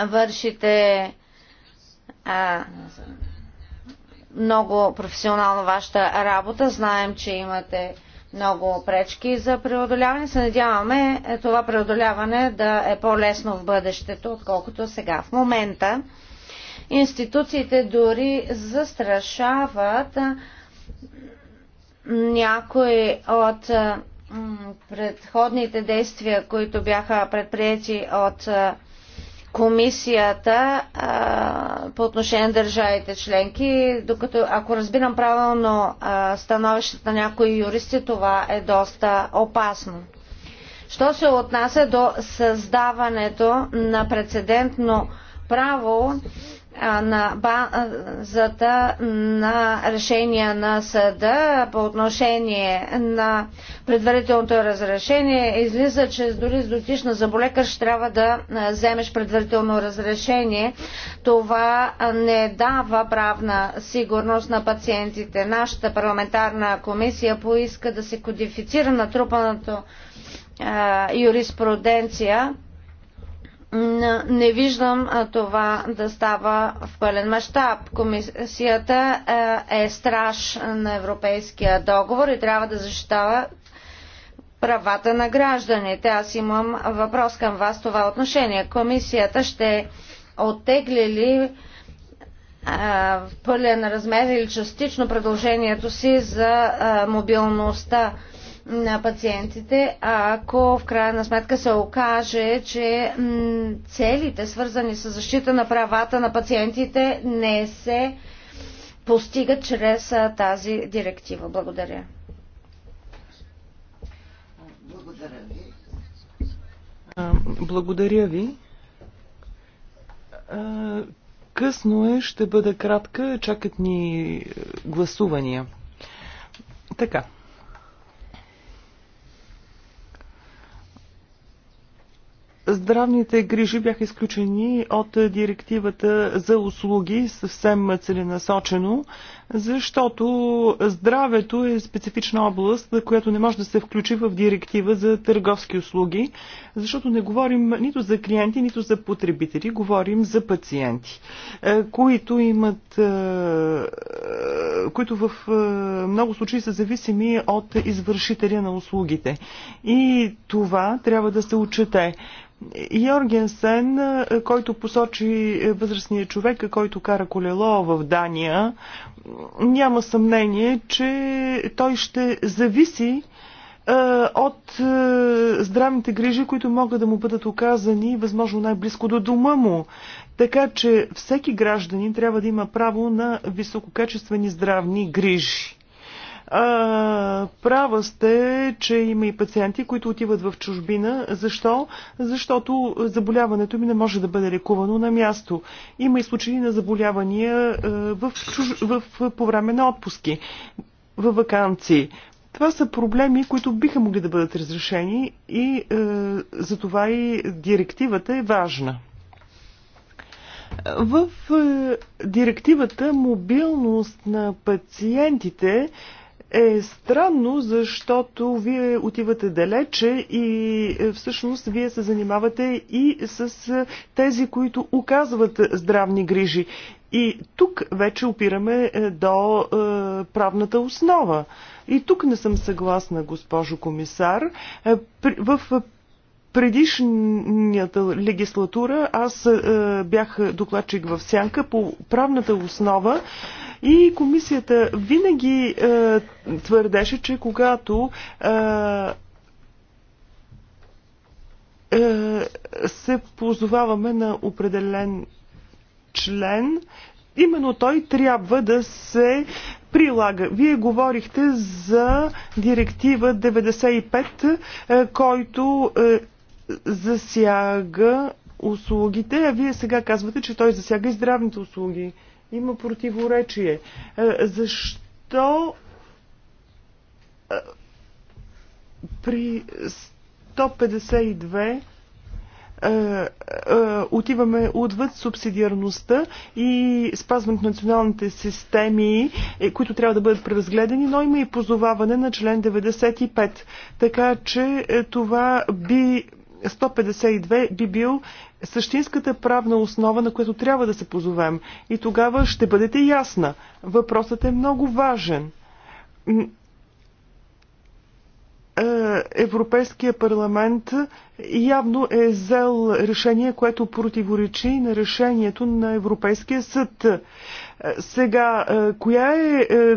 A: Вършите а, много професионално вашата работа. Знаем, че имате много пречки за преодоляване. Се надяваме е, това преодоляване да е по-лесно в бъдещето, отколкото сега. В момента институциите дори застрашават някои от предходните действия, които бяха предприяти от комисията по отношение на държавите членки, докато ако разбирам правилно становището становищата на някои юристи, това е доста опасно. Що се отнася до създаването на прецедентно право на базата на решения на съда по отношение на предварителното разрешение. Излиза, че дори с дотична заболека ще трябва да вземеш предварително разрешение. Това не дава правна сигурност на пациентите. Нашата парламентарна комисия поиска да се кодифицира натрупаното юриспруденция не виждам това да става в пълен мащаб. Комисията е, е страж на европейския договор и трябва да защитава правата на гражданите. Аз имам въпрос към вас това отношение. Комисията ще оттегли ли е, в пълен размер или частично предложението си за е, мобилността на пациентите, ако в крайна сметка се окаже, че целите, свързани с защита на правата на пациентите, не се постигат чрез тази директива. Благодаря.
C: Благодаря ви. Благодаря ви. Късно е, ще бъда кратка, чакат ни е, гласувания. Така. Здравните грижи бяха изключени от е, директивата за услуги съвсем целенасочено, защото здравето е специфична област, която не може да се включи в директива за търговски услуги, защото не говорим нито за клиенти, нито за потребители, говорим за пациенти, е, които имат, е, които в много случаи са зависими от извършителя на услугите. И това трябва да се отчете. Йоргенсен, Сен, който посочи възрастния човек, който кара колело в Дания, няма съмнение, че той ще зависи от здравните грижи, които могат да му бъдат оказани възможно най-близко до дома му. Така че всеки гражданин трябва да има право на висококачествени здравни грижи. А, права сте, че има и пациенти, които отиват в чужбина. Защо? Защото заболяването ми не може да бъде лекувано на място. Има и случаи на заболявания в чуж... в... по време на отпуски, във вакансии. Това са проблеми, които биха могли да бъдат разрешени и е, за това и директивата е важна. В директивата мобилност на пациентите е странно, защото вие отивате далече и е, всъщност вие се занимавате и с е, тези, които оказват здравни грижи. И тук вече опираме е, до е, правната основа. И тук не съм съгласна, госпожо комисар. в предишната легислатура аз е, бях докладчик в Сянка по правната основа и комисията винаги е, твърдеше, че когато е, е, се позоваваме на определен член, именно той трябва да се прилага. Вие говорихте за директива 95, е, който е, засяга услугите, а вие сега казвате, че той засяга и здравните услуги. Има противоречие. Е, защо е, при 152 е, отиваме отвъд субсидиарността и спазването на националните системи, които трябва да бъдат преразгледани, но има и позоваване на член 95. Така че това би 152 би бил същинската правна основа, на която трябва да се позовем. И тогава ще бъдете ясна. Въпросът е много важен. Е, Европейския парламент явно е взел решение, което противоречи на решението на Европейския съд. Е, сега, е, коя е, е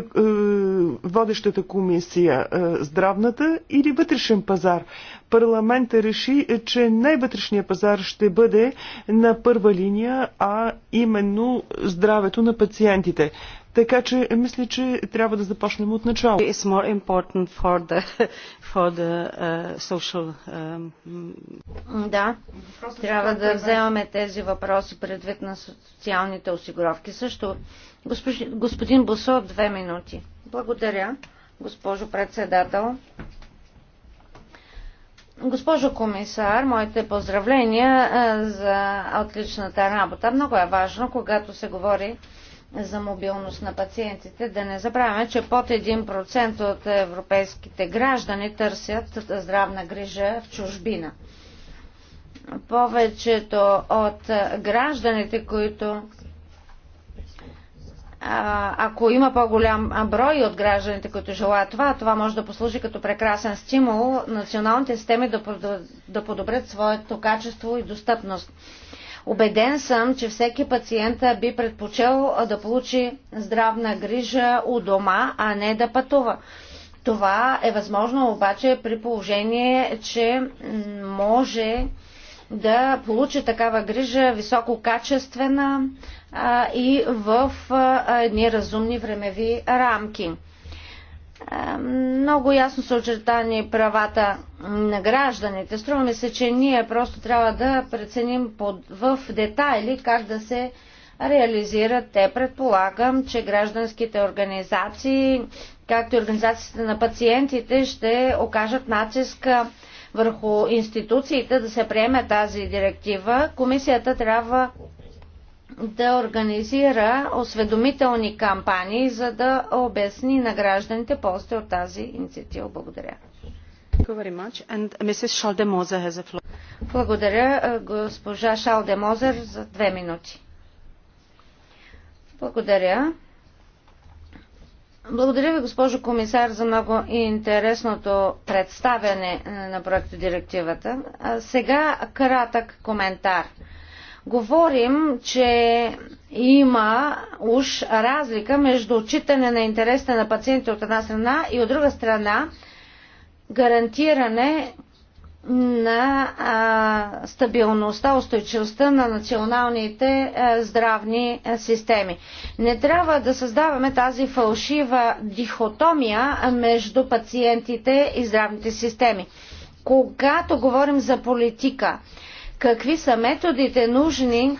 C: водещата комисия? Здравната или вътрешен пазар? Парламента реши, че най вътрешния пазар ще бъде на първа линия, а именно здравето на пациентите. Така че е, мисля, че трябва да започнем от начало.
A: For the, for the, uh, social, um... Да, е трябва да е вземаме тези въпроси предвид на социалните осигуровки. Също госпожи, господин Босов, две минути. Благодаря, госпожо председател. Госпожо комисар, моите поздравления за отличната работа. Много е важно, когато се говори за мобилност на пациентите. Да не забравяме, че под 1% от европейските граждани търсят здравна грижа в чужбина. Повечето от гражданите, които ако има по-голям брой от гражданите, които желаят това, това може да послужи като прекрасен стимул националните системи да подобрят своето качество и достъпност. Обеден съм, че всеки пациент би предпочел да получи здравна грижа у дома, а не да пътува. Това е възможно обаче при положение, че може да получи такава грижа висококачествена а, и в а, едни разумни времеви рамки. Е, много ясно са очертани правата на гражданите. Струва ми се, че ние просто трябва да преценим под, в детайли как да се реализират те. Предполагам, че гражданските организации, както и организациите на пациентите, ще окажат натиск върху институциите да се приеме тази директива. Комисията трябва да организира осведомителни кампании, за да обясни на гражданите ползите от тази инициатива. Благодаря. Благодаря, госпожа Шалдемозер, за две минути. Благодаря. Благодаря ви, госпожо комисар, за много интересното представяне на проекта директивата. Сега кратък коментар говорим, че има уж разлика между отчитане на интересите на пациентите от една страна и от друга страна гарантиране на а, стабилността, устойчивостта на националните а, здравни а, системи. Не трябва да създаваме тази фалшива дихотомия между пациентите и здравните системи. Когато говорим за политика, какви са методите нужни,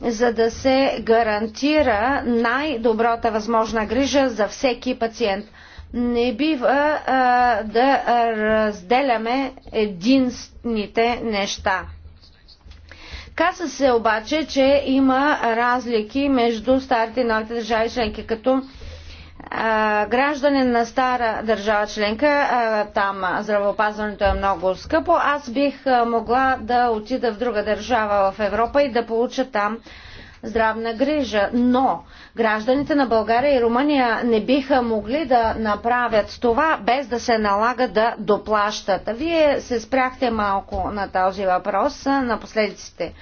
A: за да се гарантира най-добрата възможна грижа за всеки пациент. Не бива а, да разделяме единствените неща. Каза се обаче, че има разлики между старите и новите държави членки, като гражданин на стара държава членка, там здравеопазването е много скъпо, аз бих могла да отида в друга държава в Европа и да получа там здравна грижа. Но гражданите на България и Румъния не биха могли да направят това без да се налага да доплащат. Вие се спряхте малко на този въпрос, на последиците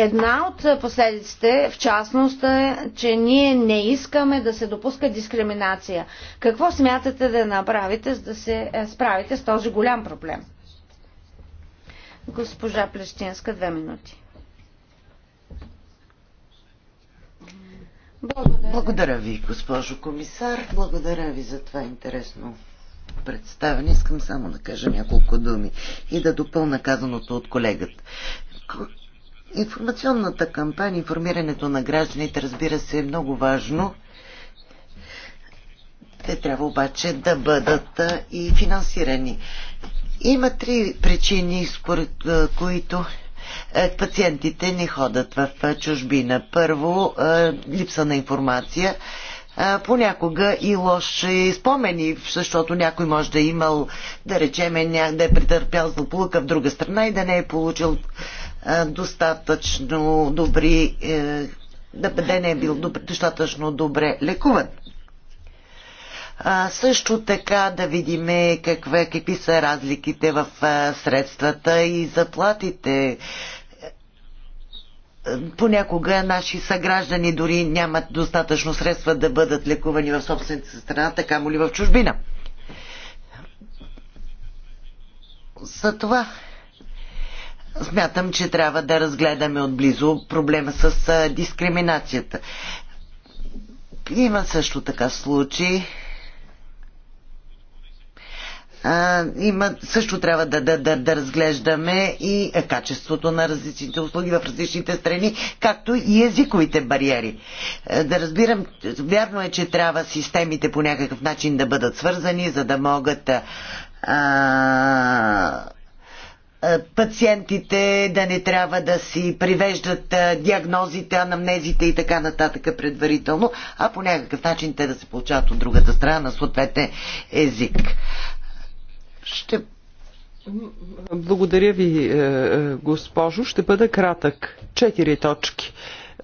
A: Една от последиците, в частност, е, че ние не искаме да се допуска дискриминация. Какво смятате да направите, за да се е, справите с този голям проблем? Госпожа Плещинска, две минути. Благодаря.
B: Благодаря ви, госпожо комисар. Благодаря ви за това интересно представяне. Искам само да кажа няколко думи и да допълна казаното от колегата Информационната кампания, информирането на гражданите, разбира се, е много важно. Те трябва обаче да бъдат и финансирани. Има три причини, според които пациентите не ходят в чужбина. Първо, липса на информация понякога и лоши спомени, защото някой може да е имал, да речеме, да е претърпял злополука в друга страна и да не е получил е, достатъчно добри, е, да, бъде не е бил достатъчно добре лекуван. А, също така да видим каква, какви са разликите в а, е, средствата и заплатите. Понякога наши съграждани дори нямат достатъчно средства да бъдат лекувани в собствената страна, така му ли в чужбина. За това Смятам, че трябва да разгледаме отблизо проблема с дискриминацията. Има също така случаи. Има, също трябва да, да, да, да разглеждаме и качеството на различните услуги в различните страни, както и езиковите бариери. Да разбирам, вярно е, че трябва системите по някакъв начин да бъдат свързани, за да могат а, е, пациентите да не трябва да си привеждат е, диагнозите, анамнезите и така нататък предварително, а по някакъв начин те да се получават от другата страна на съответен
C: език. Ще благодаря ви, е, госпожо. Ще бъда кратък. Четири точки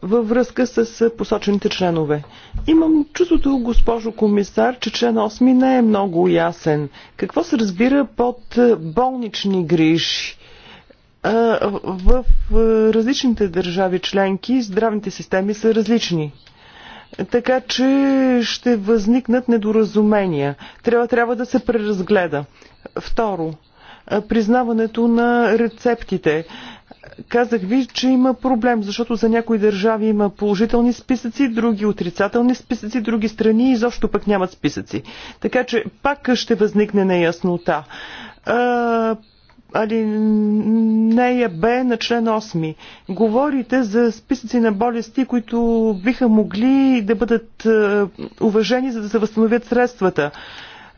C: във връзка с посочените членове. Имам чувството, госпожо комисар, че член 8 не е много ясен. Какво се разбира под болнични грижи? В различните държави членки здравните системи са различни така че ще възникнат недоразумения. Трябва, трябва да се преразгледа. Второ, признаването на рецептите. Казах ви, че има проблем, защото за някои държави има положителни списъци, други отрицателни списъци, други страни изобщо пък нямат списъци. Така че пак ще възникне неяснота. А, али нея Б на член 8. Говорите за списъци на болести, които биха могли да бъдат уважени, за да се възстановят средствата.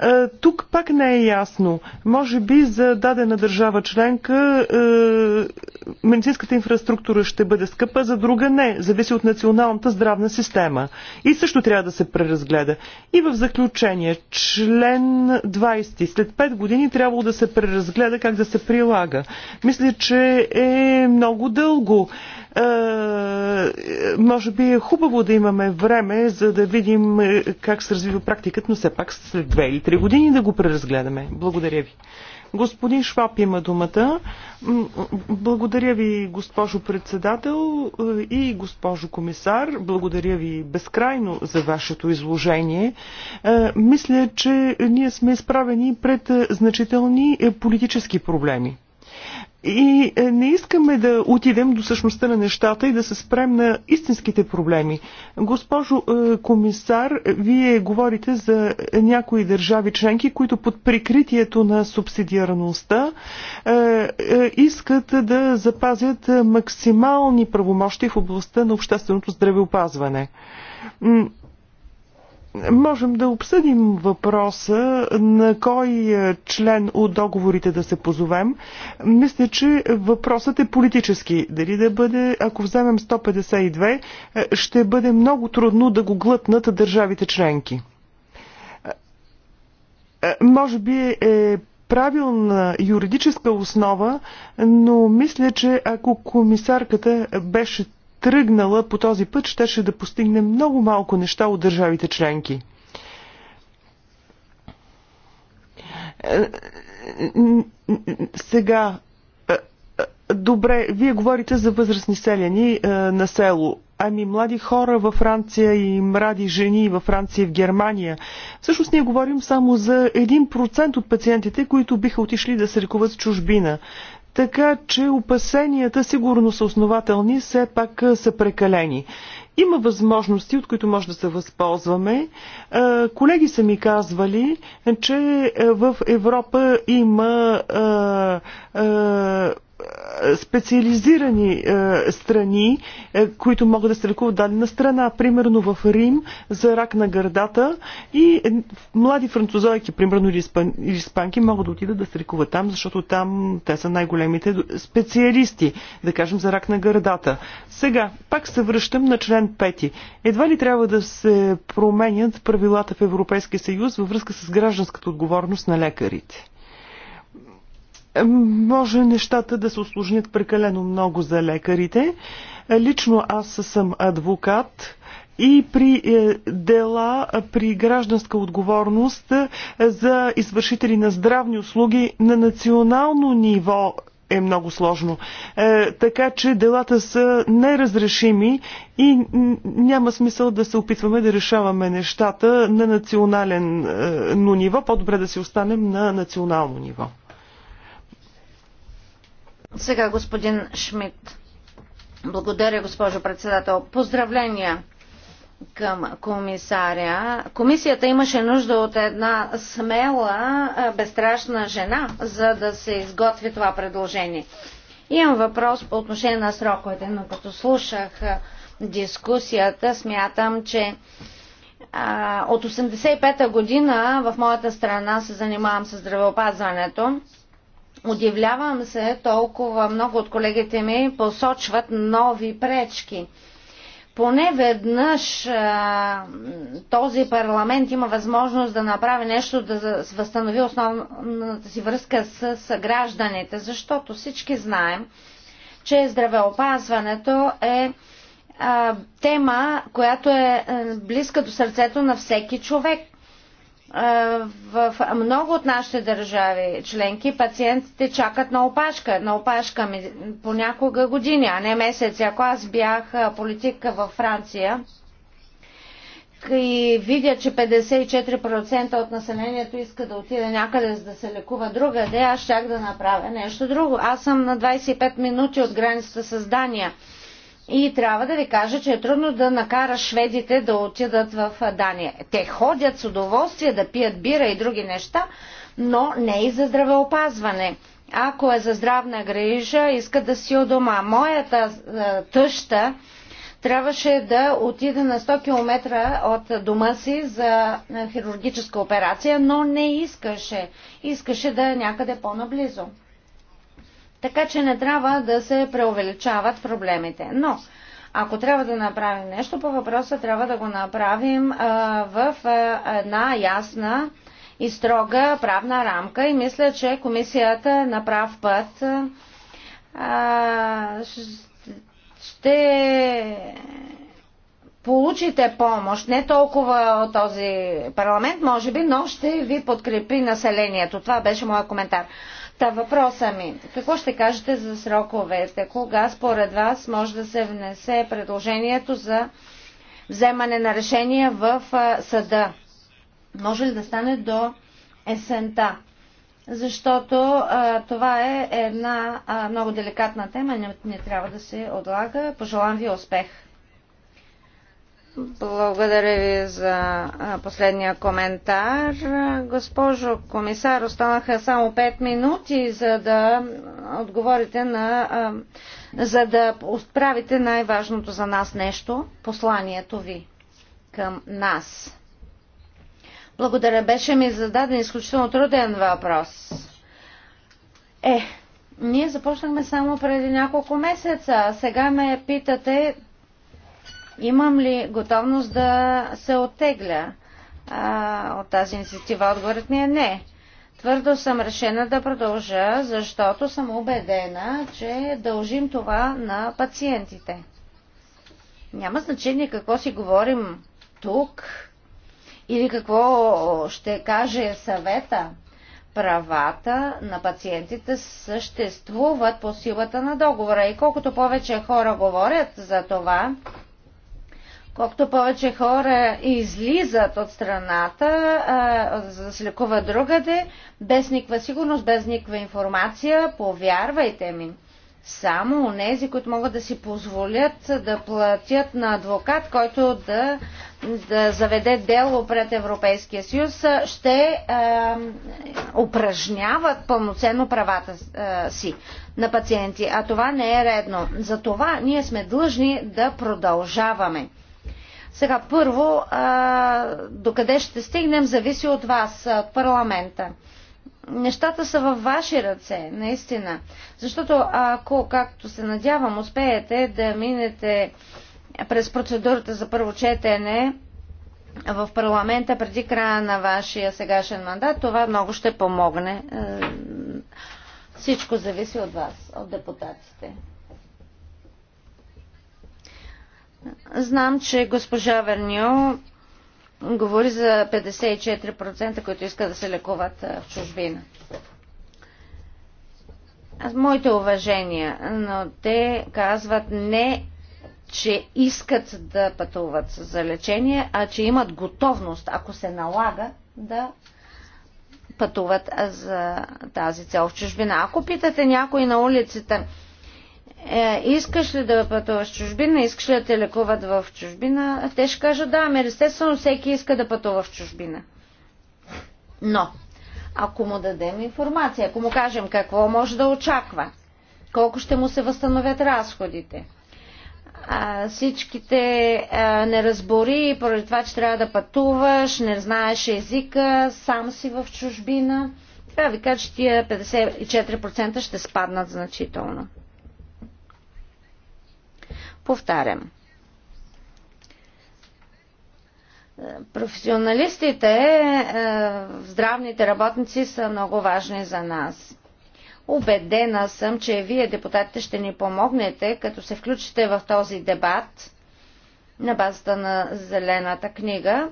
C: Е, тук пак не е ясно. Може би за дадена държава членка е, медицинската инфраструктура ще бъде скъпа, за друга не. Зависи от националната здравна система. И също трябва да се преразгледа. И в заключение, член 20 след 5 години трябва да се преразгледа как да се прилага. Мисля, че е много дълго. Е, може би е хубаво да имаме време, за да видим е, как се развива практиката, но все пак след две или три години да го преразгледаме. Благодаря ви. Господин Шваб има думата. Благодаря ви, госпожо председател е, и госпожо комисар. Благодаря ви безкрайно за вашето изложение. Мисля, че ние сме изправени пред значителни политически проблеми. И е, не искаме да отидем до същността на нещата и да се спрем на истинските проблеми. Госпожо е, комисар, вие говорите за някои държави членки, които под прикритието на субсидиарността е, искат да запазят максимални правомощи в областта на общественото здравеопазване. Можем да обсъдим въпроса на кой е, член от договорите да се позовем. Мисля, че въпросът е политически. Дали да бъде, ако вземем 152, е, ще бъде много трудно да го глътнат държавите членки. Е, може би е правилна юридическа основа, но мисля, че ако комисарката беше тръгнала по този път, щеше да постигне много малко неща от държавите членки. Сега, добре, вие говорите за възрастни селяни е, на село. Ами млади хора във Франция и млади жени във Франция и в Германия. Всъщност ние говорим само за 1% от пациентите, които биха отишли да се лекуват с чужбина. Така че опасенията, сигурно са основателни, все пак са прекалени. Има възможности, от които може да се възползваме. Колеги са ми казвали, че в Европа има специализирани е, страни, е, които могат да се лекуват дадена страна. Примерно в Рим за рак на гърдата и е, млади французойки, примерно или, испан, или испанки, могат да отидат да се лекуват там, защото там те са най-големите специалисти, да кажем, за рак на гърдата. Сега, пак се връщам на член 5. Едва ли трябва да се променят правилата в Европейския съюз във връзка с гражданската отговорност на лекарите? може нещата да се осложнят прекалено много за лекарите. Лично аз съм адвокат и при е, дела при гражданска отговорност е, за извършители на здравни услуги на национално ниво е много сложно. Е, така че делата са неразрешими и няма смисъл да се опитваме да решаваме нещата на национален е, ниво. По-добре да си останем на национално ниво.
A: Сега господин Шмидт. Благодаря, госпожо председател. Поздравления към комисаря. Комисията имаше нужда от една смела, безстрашна жена, за да се изготви това предложение. Имам въпрос по отношение на сроковете, но като слушах дискусията, смятам, че от 85-та година в моята страна се занимавам с здравеопазването Удивлявам се, толкова много от колегите ми посочват нови пречки. Поне веднъж а, този парламент има възможност да направи нещо, да възстанови основната си връзка с, с гражданите, защото всички знаем, че здравеопазването е а, тема, която е, е близка до сърцето на всеки човек в много от нашите държави членки пациентите чакат на опашка, на опашка ми понякога години, а не месец. Ако аз бях политика във Франция и видя, че 54% от населението иска да отиде някъде за да се лекува другаде, аз щях да направя нещо друго. Аз съм на 25 минути от границата с Дания. И трябва да ви кажа, че е трудно да накара шведите да отидат в Дания. Те ходят с удоволствие да пият бира и други неща, но не и за здравеопазване. Ако е за здравна грижа, искат да си у дома. Моята е, тъща трябваше да отиде на 100 км от дома си за е, хирургическа операция, но не искаше. Искаше да е някъде по-наблизо. Така че не трябва да се преувеличават проблемите. Но, ако трябва да направим нещо по въпроса, трябва да го направим а, в а, една ясна и строга правна рамка и мисля, че комисията на прав път а, ще получите помощ, не толкова от този парламент, може би, но ще ви подкрепи населението. Това беше моят коментар. Та въпроса ми, какво ще кажете за сроковете? Кога според вас може да се внесе предложението за вземане на решение в съда? Може ли да стане до есента? Защото а, това е една а, много деликатна тема, не, не трябва да се отлага. Пожелавам ви успех! Благодаря ви за последния коментар. Госпожо комисар, останаха само 5 минути, за да отговорите на. за да отправите най-важното за нас нещо, посланието ви към нас. Благодаря. Беше ми зададен изключително труден въпрос. Е, ние започнахме само преди няколко месеца. Сега ме питате Имам ли готовност да се оттегля а, от тази инициатива? Отговорът ми е не. Твърдо съм решена да продължа, защото съм убедена, че дължим това на пациентите. Няма значение какво си говорим тук или какво ще каже съвета. Правата на пациентите съществуват по силата на договора и колкото повече хора говорят за това, Колкото повече хора излизат от страната, за да се лекуват другаде, без никаква сигурност, без никаква информация, повярвайте ми, само нези, които могат да си позволят да платят на адвокат, който да, да заведе дело пред Европейския съюз, ще е, упражняват пълноценно правата е, си на пациенти. А това не е редно. Затова ние сме длъжни да продължаваме. Сега първо, докъде ще стигнем, зависи от вас, от парламента. Нещата са във ваши ръце, наистина. Защото ако, както се надявам, успеете да минете през процедурата за първо четене в парламента преди края на вашия сегашен мандат, това много ще помогне. Е, всичко зависи от вас, от депутатите. Знам, че госпожа Верньо говори за 54%, които искат да се лекуват в чужбина. моите уважения, но те казват не, че искат да пътуват за лечение, а че имат готовност, ако се налага, да пътуват за тази цел в чужбина. Ако питате някой на улицата, е, искаш ли да пътуваш в чужбина, искаш ли да те лекуват в чужбина, те ще кажат да, ами естествено всеки иска да пътува в чужбина. Но, ако му дадем информация, ако му кажем какво може да очаква, колко ще му се възстановят разходите, а, всичките а, неразбори, поради това, че трябва да пътуваш, не знаеш езика, сам си в чужбина, трябва ви кажа, че тия 54% ще спаднат значително. Повтарям. Професионалистите, е, е, здравните работници са много важни за нас. Убедена съм, че вие, депутатите, ще ни помогнете, като се включите в този дебат на базата на Зелената книга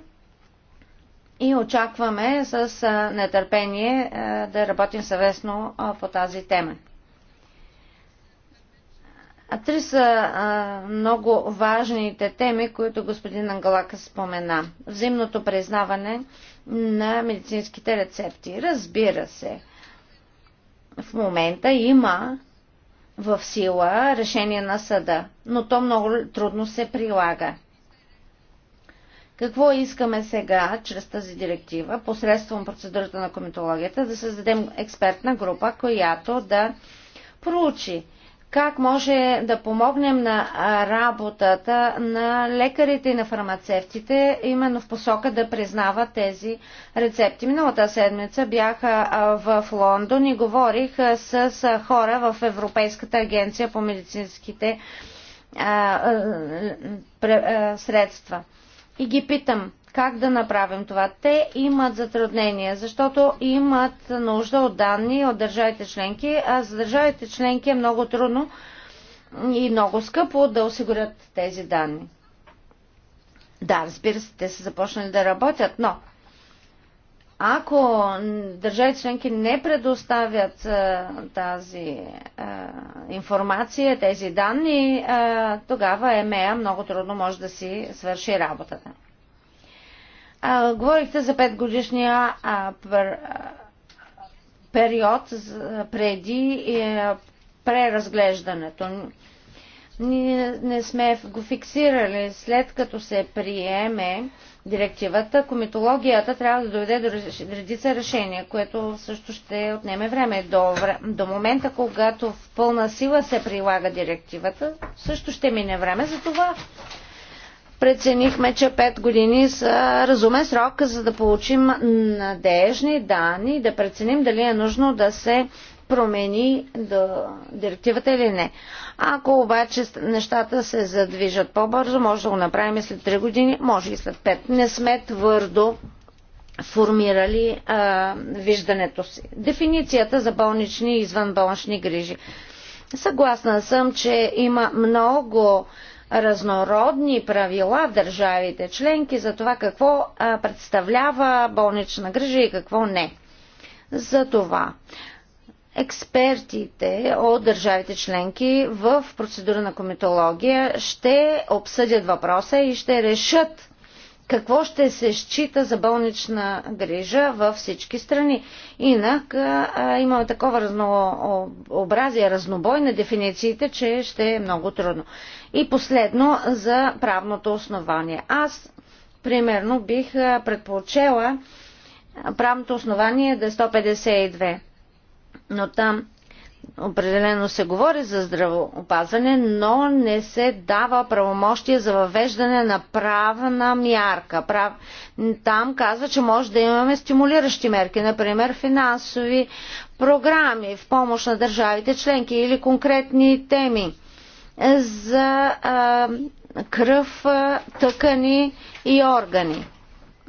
A: и очакваме с е, нетърпение да работим съвестно по тази тема три са а, много важните теми, които господин Ангалака спомена. Взаимното признаване на медицинските рецепти. Разбира се, в момента има в сила решение на съда, но то много трудно се прилага. Какво искаме сега, чрез тази директива, посредством процедурата на комитологията, да създадем експертна група, която да проучи как може да помогнем на работата на лекарите и на фармацевтите, именно в посока да признават тези рецепти. Миналата седмица бях в Лондон и говорих с хора в Европейската агенция по медицинските средства. И ги питам, как да направим това? Те имат затруднения, защото имат нужда от данни от държавите членки, а за държавите членки е много трудно и много скъпо да осигурят тези данни. Да, разбира се, те са започнали да работят, но ако държавите членки не предоставят а, тази а, информация, тези данни, а, тогава ЕМЕА много трудно може да си свърши работата. А, говорихте за 5 годишния а, пер, а, период за, преди е, преразглеждането. Ние не сме го фиксирали. След като се приеме директивата, комитологията трябва да доведе до редица решения, което също ще отнеме време. До, до момента, когато в пълна сила се прилага директивата, също ще мине време. Затова преценихме, че 5 години са разумен срок, за да получим надежни данни и да преценим дали е нужно да се промени до директивата или не. Ако обаче нещата се задвижат по-бързо, може да го направим и след 3 години, може и след 5. Не сме твърдо формирали а, виждането си. Дефиницията за болнични и извънболнични грижи. Съгласна съм, че има много разнородни правила в държавите членки за това какво представлява болнична грижа и какво не. За това експертите от държавите членки в процедура на кометология ще обсъдят въпроса и ще решат какво ще се счита за болнична грижа във всички страни. Инак а, имаме такова разнообразие, разнобой на дефинициите, че ще е много трудно. И последно за правното основание. Аз, примерно, бих предпочела правното основание да е 152. Но там Определено се говори за здравеопазване, но не се дава правомощие за въвеждане на правна мярка. Прав... Там казва, че може да имаме стимулиращи мерки, например финансови програми в помощ на държавите членки или конкретни теми за а, кръв, тъкани и органи.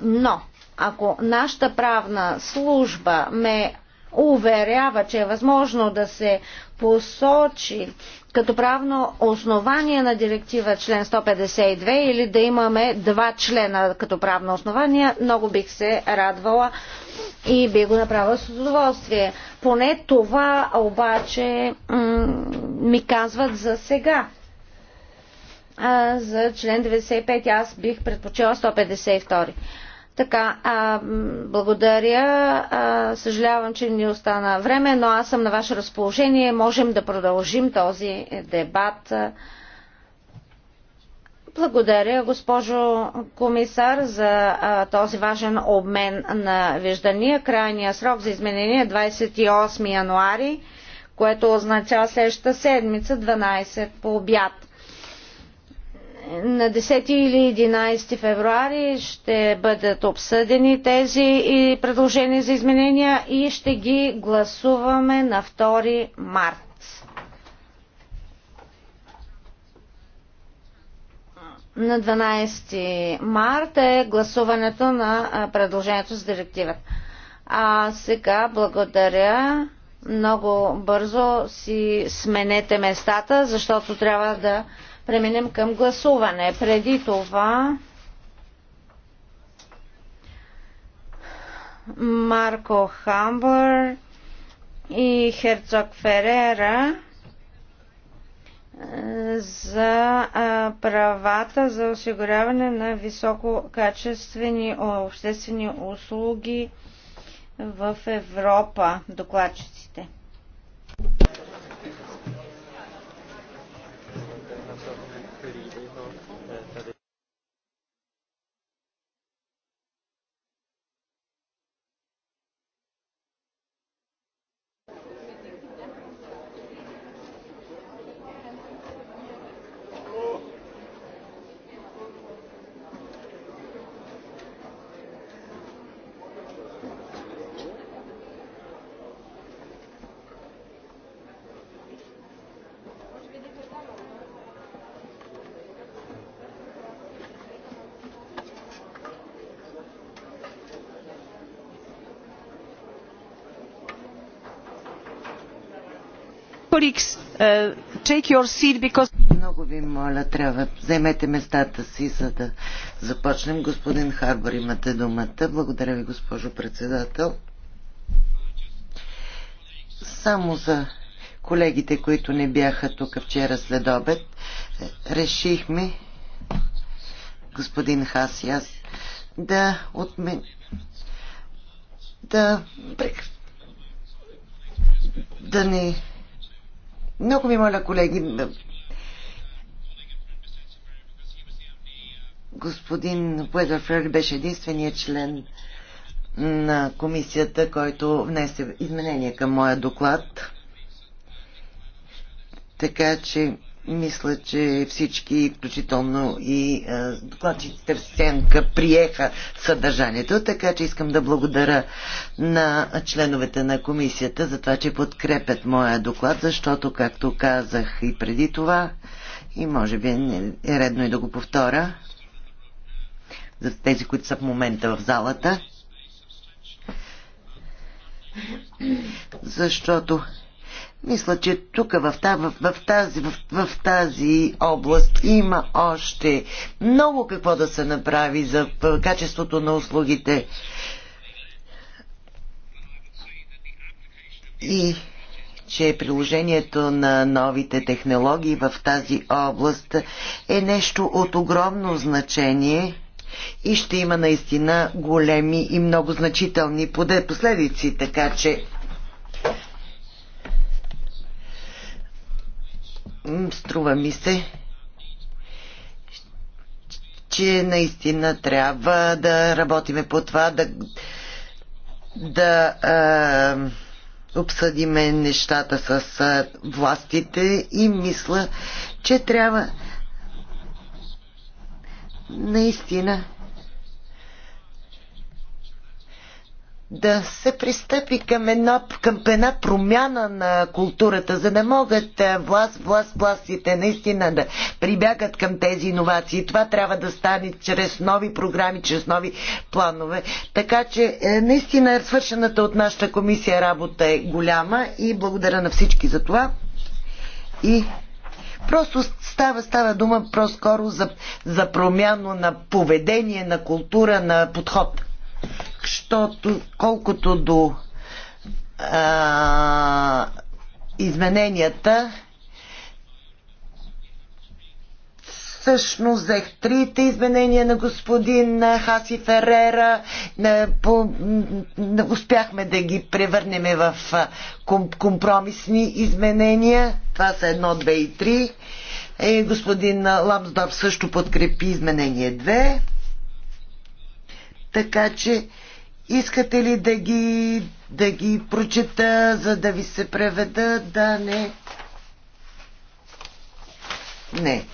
A: Но, ако нашата правна служба ме уверява, че е възможно да се посочи като правно основание на директива член 152 или да имаме два члена като правно основание, много бих се радвала и би го направила с удоволствие. Поне това обаче ми казват за сега. А, за член 95 аз бих предпочела 152. Така, а, благодаря. А, съжалявам, че ни остана време, но аз съм на ваше разположение. Можем да продължим този дебат. Благодаря, госпожо комисар, за а, този важен обмен на виждания. Крайния срок за изменение е 28 януари, което означава следващата седмица 12 по обяд на 10 или 11 февруари ще бъдат обсъдени тези и предложения за изменения и ще ги гласуваме на 2 март. На 12 март е гласуването на предложението с директивата. А сега благодаря. Много бързо си сменете местата, защото трябва да преминем към гласуване. Преди това Марко Хамбър и Херцог Ферера е, за е, правата за осигуряване на висококачествени обществени услуги в Европа. Докладчиците.
C: Uh,
B: Много ви моля, трябва. Вземете местата си, за да започнем. Господин Харбор, имате думата. Благодаря ви, госпожо председател. Само за колегите, които не бяха тук вчера след обед, решихме, господин и аз да отмен... да да не много ви моля, колеги. Господин Пуегафрер беше единствения член на комисията, който внесе изменения към моя доклад. Така че мисля, че всички, включително и е, докладчиците в сценка, приеха съдържанието, така че искам да благодаря на членовете на комисията за това, че подкрепят моя доклад, защото, както казах и преди това, и може би е, е редно и да го повторя, за тези, които са в момента в залата, защото мисля, че тук в, в, в, тази, в, в тази област има още много какво да се направи за качеството на услугите. И че приложението на новите технологии в тази област е нещо от огромно значение и ще има наистина големи и много значителни последици, така че Струва ми се, че наистина трябва да работиме по това, да, да а, обсъдиме нещата с а, властите и мисля, че трябва наистина да се пристъпи към една, към една промяна на културата, за да могат власт, власт, властите наистина да прибягат към тези иновации. Това трябва да стане чрез нови програми, чрез нови планове. Така че е, наистина свършената от нашата комисия работа е голяма и благодаря на всички за това. И Просто става, става дума про-скоро за, за промяна на поведение, на култура, на подход защото колкото до а, измененията, всъщност взех трите изменения на господин Хаси Ферера. Не, по, не успяхме да ги превърнем в компромисни изменения. Това са едно, две и три. Е, господин Ламсдорф също подкрепи изменение две, Така че Искате ли да ги, да ги прочета, за да ви се преведа? Да, не. Не.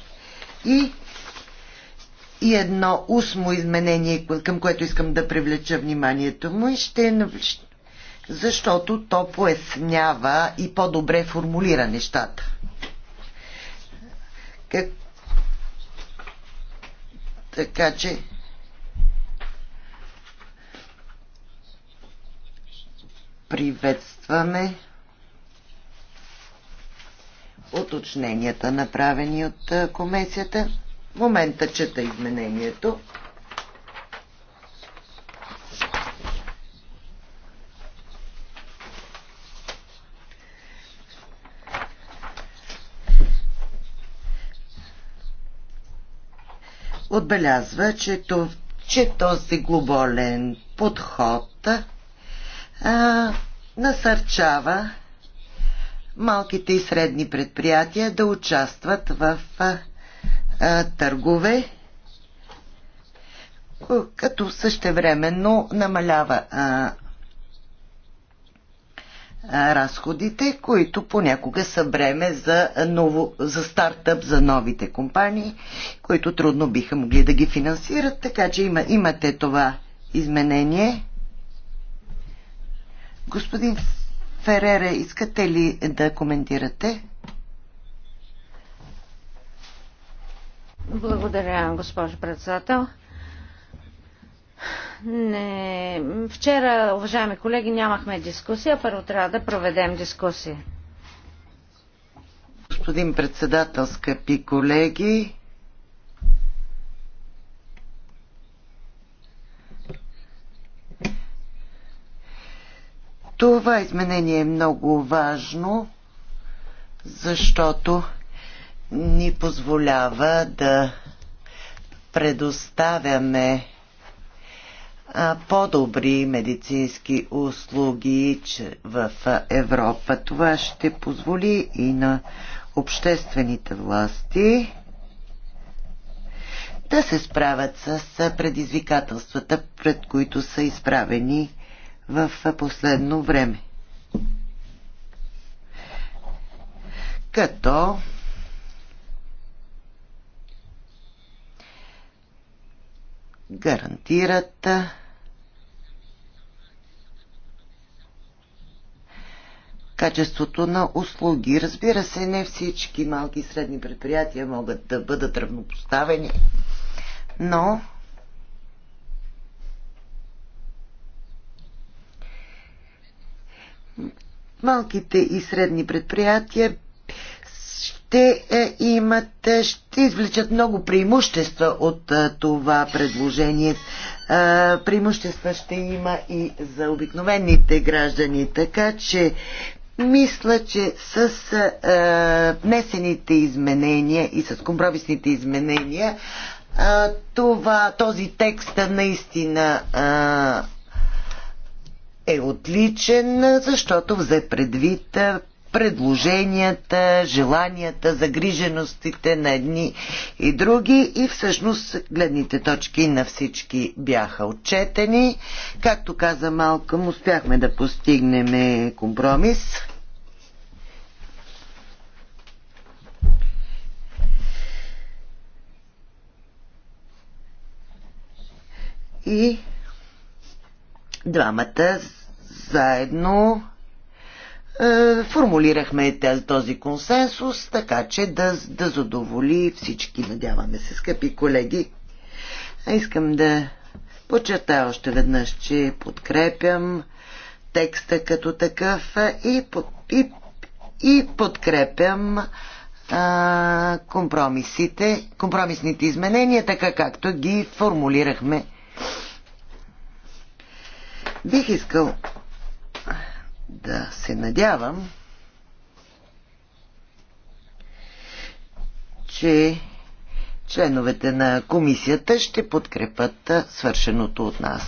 B: И, и едно устно изменение, към което искам да привлеча вниманието му и ще защото то пояснява и по-добре формулира нещата. Как... Така че приветстваме уточненията, направени от комисията. В момента чета изменението. Отбелязва, че, този глоболен подход а, насърчава малките и средни предприятия да участват в а, а, търгове, като същевременно намалява а, разходите, които понякога са бреме за, ново, за стартъп, за новите компании, които трудно биха могли да ги финансират. Така че има, имате това изменение. Господин Ферера, искате ли да коментирате?
A: Благодаря, госпожо председател. Не. Вчера, уважаеми колеги, нямахме дискусия. Първо трябва да проведем дискусия.
B: Господин председател, скъпи колеги, Това изменение е много важно, защото ни позволява да предоставяме по-добри медицински услуги в Европа. Това ще позволи и на обществените власти да се справят с предизвикателствата, пред които са изправени в последно време. Като гарантират качеството на услуги. Разбира се, не всички малки и средни предприятия могат да бъдат равнопоставени, но малките и средни предприятия ще е, имат, е, ще извлечат много преимущества от е, това предложение. Преимущества ще има и за обикновените граждани, така че мисля, че с внесените изменения и с компромисните изменения това, този текст наистина е отличен, защото взе предвид предложенията, желанията, загриженостите на едни и други и всъщност гледните точки на всички бяха отчетени. Както каза Малкъм, успяхме да постигнем компромис. И Двамата заедно е, формулирахме този консенсус, така че да, да задоволи всички, надяваме се, скъпи колеги. А искам да почертая още веднъж, че подкрепям текста като такъв и, и, и подкрепям а, компромисите, компромисните изменения, така както ги формулирахме Бих искал да се надявам, че членовете на комисията ще подкрепат свършеното от нас.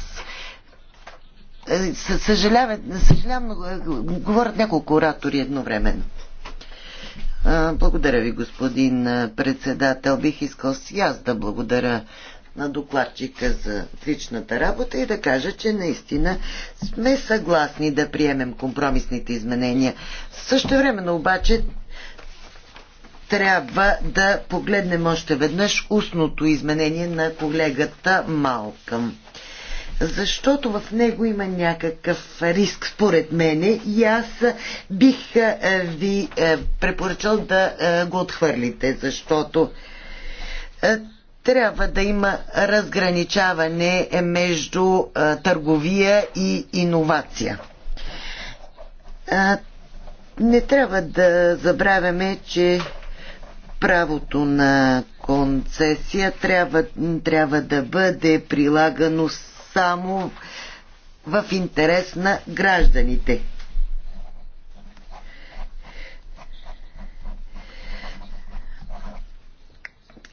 B: Е, съжалявам, съжалявам, е, говорят няколко оратори едновременно. Благодаря ви, господин председател. Бих искал си аз да благодаря на докладчика за личната работа и да кажа, че наистина сме съгласни да приемем компромисните изменения. Също времено обаче трябва да погледнем още веднъж устното изменение на колегата Малкъм. Защото в него има някакъв риск, според мене, и аз бих е, ви е, препоръчал да е, го отхвърлите, защото трябва да има разграничаване е, между търговия и иновация. Не трябва да забравяме, че правото на концесия трябва, трябва да бъде прилагано само в интерес на гражданите.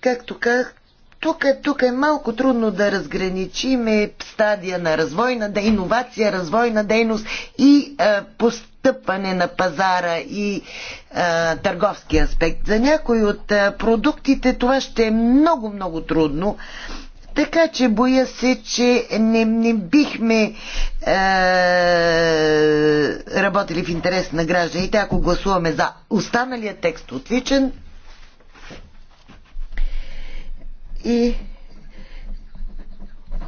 B: Както, как, тук, тук е малко трудно да разграничиме стадия на развойна да иновация, развойна дейност и е, постъпване на пазара и е, търговски аспект. За някои от е, продуктите това ще е много, много трудно. Така че боя се, че не, не бихме е, работили в интерес на гражданите, ако гласуваме за останалия текст отличен, и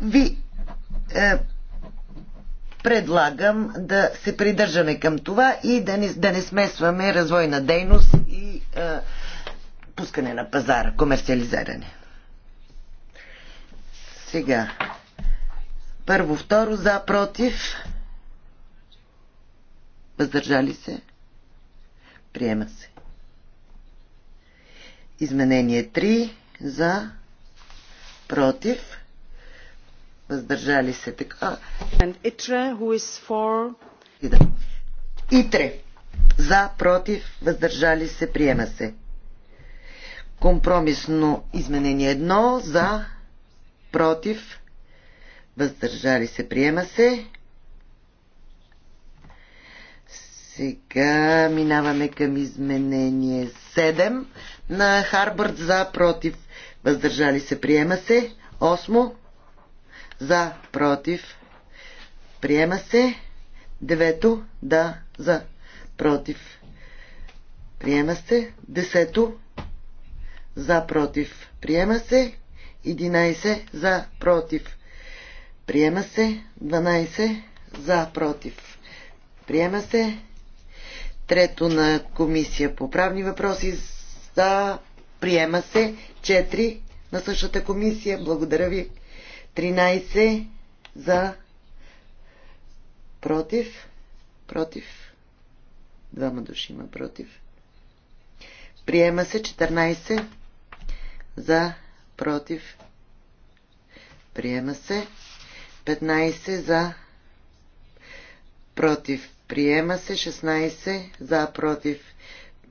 B: ви е, предлагам да се придържаме към това и да не, да не смесваме развойна дейност и е, пускане на пазара, комерциализиране. Сега. Първо, второ, за, против. Въздържали се. Приема се. Изменение 3 за против, въздържали се така. Итре, за, против, въздържали се, приема се. Компромисно изменение едно, за, против, въздържали се, приема се. Сега минаваме към изменение 7 на Харбърт за против въздържали се, приема се. Осмо, за, против, приема се. Девето, да, за, против, приема се. Десето, за, против, приема се. 11 за против. Приема се. 12 за против. Приема се. Трето на комисия по правни въпроси за Приема се 4 на същата комисия. Благодаря ви. 13 за против. Против. Двама души има против. Приема се 14 за против. Приема се 15 за против. Приема се 16 за против.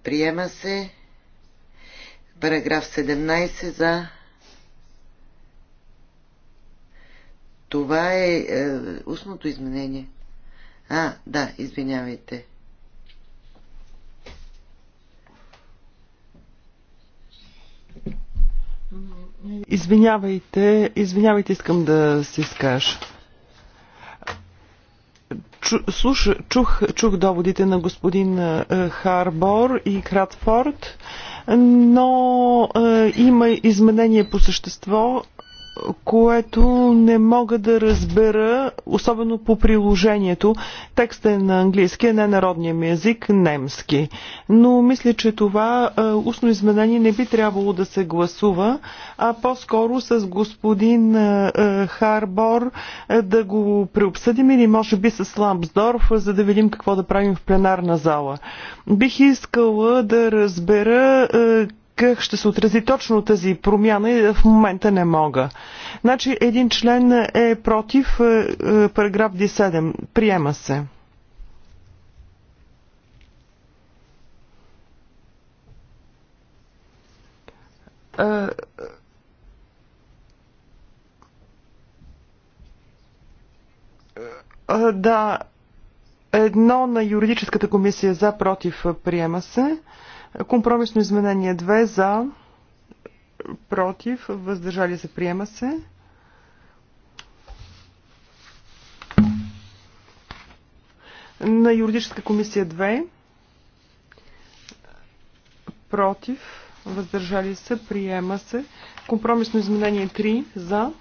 B: Приема се Параграф 17 за Това е, е устното изменение. А, да, извинявайте.
C: Извинявайте, извинявайте, искам да се скажа. Чу, слуш, чух, чух доводите на господин е, Харбор и Кратфорд но е, има изменение по същество което не мога да разбера, особено по приложението. Текстът е на английски, а не народния ми език, немски. Но мисля, че това е, устно изменение не би трябвало да се гласува, а по-скоро с господин е, е, Харбор да го преобсъдим или може би с Ламсдорф, за да видим какво да правим в пленарна зала. Бих искала да разбера как ще се отрази точно тази промяна и е, в момента не мога. Значи един член е против е, е, параграф 17. Приема се. да, едно на юридическата комисия за против приема се. Компромисно изменение 2 за, против, въздържали се, приема се. На юридическа комисия 2 против, въздържали се, приема се. Компромисно изменение 3 за,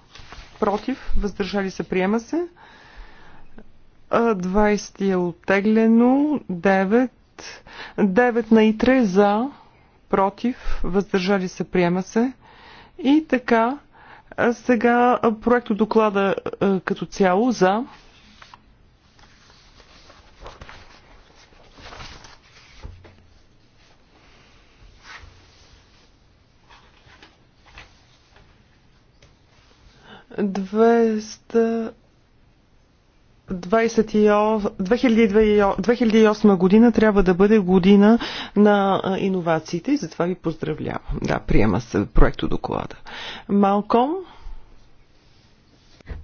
C: против, въздържали се, приема се. 20 е оттеглено, 9 9 на и 3 за, против, въздържали се, приема се. И така, сега проекто доклада като цяло за. Двеста 2008 година трябва да бъде година на иновациите и затова ви поздравлявам. Да, приема се проекто доклада. Малком?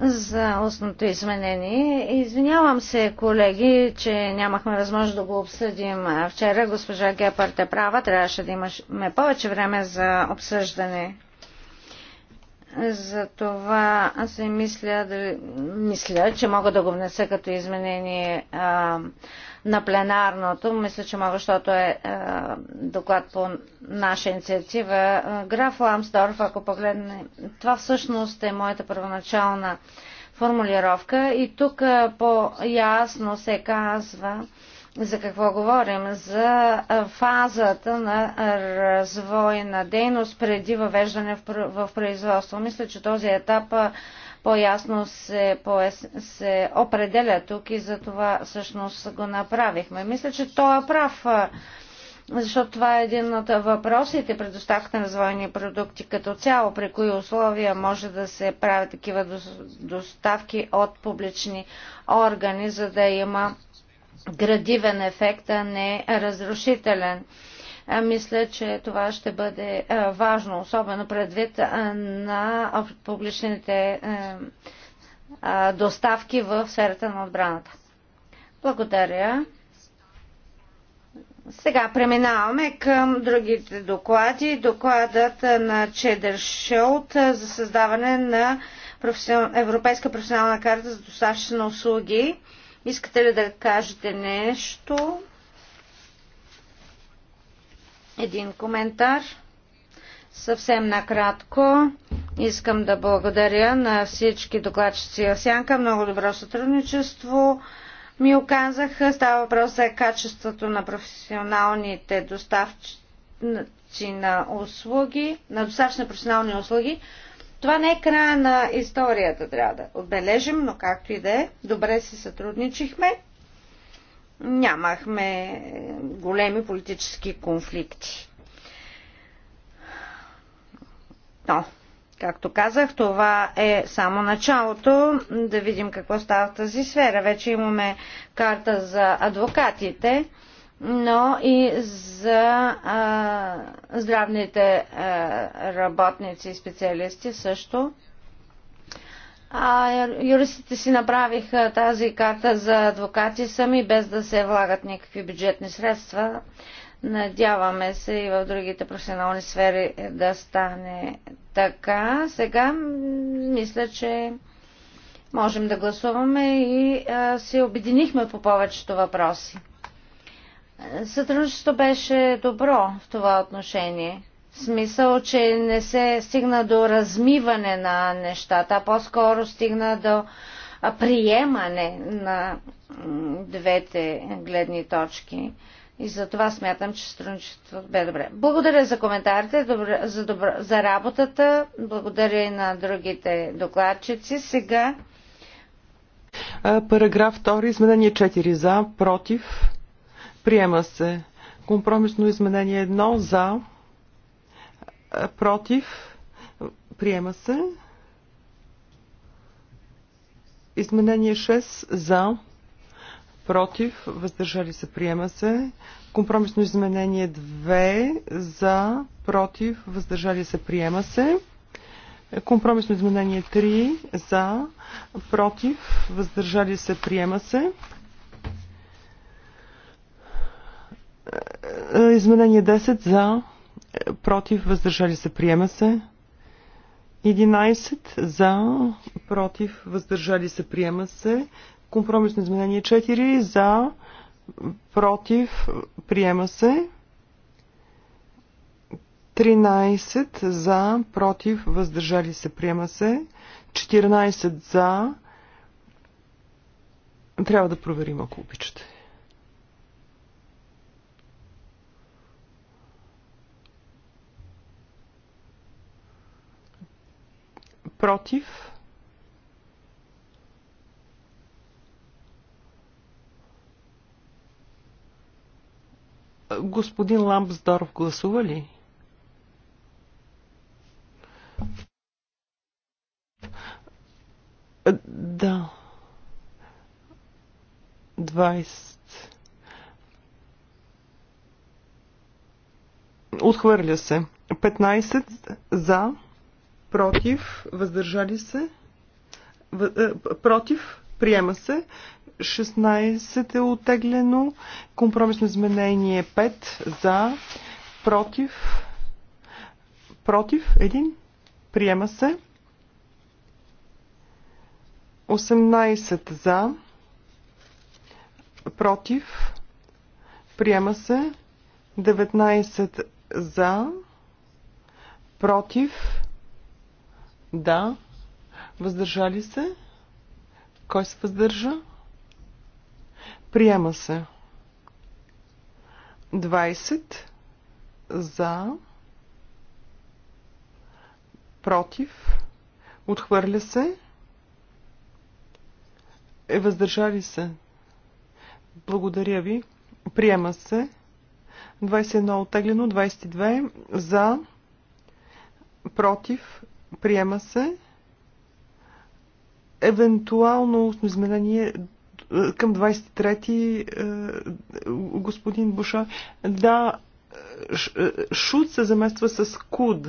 A: За устното изменение. Извинявам се, колеги, че нямахме възможност да го обсъдим вчера. Госпожа Гепард е права, трябваше да имаме повече време за обсъждане за това аз се мисля, да, мисля, че мога да го внеса като изменение а, на пленарното. Мисля, че мога, защото е а, доклад по наша инициатива. Граф Ламсдорф, ако погледне, това всъщност е моята първоначална формулировка и тук по-ясно се казва, за какво говорим? За фазата на развойна дейност преди въвеждане в производство. Мисля, че този етап по-ясно се, по се определя тук и за това всъщност го направихме. Мисля, че той е прав, защото това е един от въпросите при доставката на звойни продукти като цяло, при кои условия може да се правят такива доставки от публични органи, за да има градивен ефект, а не разрушителен. Мисля, че това ще бъде важно, особено предвид на публичните е, доставки в сферата на отбраната. Благодаря. Сега преминаваме към другите доклади. Докладът на Чедър Шоут за създаване на професион... Европейска професионална карта за доставчици на услуги. Искате ли да кажете нещо? Един коментар. Съвсем накратко. Искам да благодаря на всички докладчици в Сянка. Много добро сътрудничество ми оказаха. Става въпрос за качеството на професионалните доставчици на услуги, на достатъчно професионални услуги. Това не е края на историята, трябва да отбележим, но както и да е, добре си сътрудничихме. Нямахме големи политически конфликти. Но, както казах, това е само началото. Да видим какво става в тази сфера. Вече имаме карта за адвокатите но и за а, здравните а, работници и специалисти също. А, юристите си направиха тази карта за адвокати сами, без да се влагат никакви бюджетни средства. Надяваме се и в другите професионални сфери да стане така. Сега мисля, че можем да гласуваме и а, се обединихме по повечето въпроси. Сътрудничеството беше добро в това отношение. В смисъл, че не се стигна до размиване на нещата, а по-скоро стигна до приемане на двете гледни точки. И за това смятам, че сътрудничеството бе добре. Благодаря за коментарите, добра, за, добра, за работата, благодаря и на другите докладчици. Сега.
C: Параграф 2, изменение 4 за, против Приема се. Компромисно изменение 1 за. Против. Приема се. Изменение 6 за. Против. Въздържали се. Приема се. Компромисно изменение 2 за. Против. Въздържали се. Приема се. Компромисно изменение 3 за. Против. Въздържали се. Приема се. Е, е, изменение 10 за, е, против, въздържали се, приема се. 11 за, против, въздържали се, приема се. Компромисно изменение 4 за, против, приема се. 13 за, против, въздържали се, приема се. 14 за. Трябва да проверим, ако обичате. Против. Господин Ламбсдорф гласува ли? Да. 20. Отхвърля се. 15 за против, въздържали се, е, против, приема се, 16 е отеглено, компромисно изменение 5 за, против, против, 1, приема се, 18 за, против, приема се, 19 за, против, да. Въздържали се? Кой се въздържа? Приема се. 20 за против отхвърля се е въздържали се. Благодаря ви. Приема се. 21 оттеглено, 22 за против Приема се. Евентуално устно изменение е, към 23-ти е, господин Буша. Да, е, шут се замества с куд.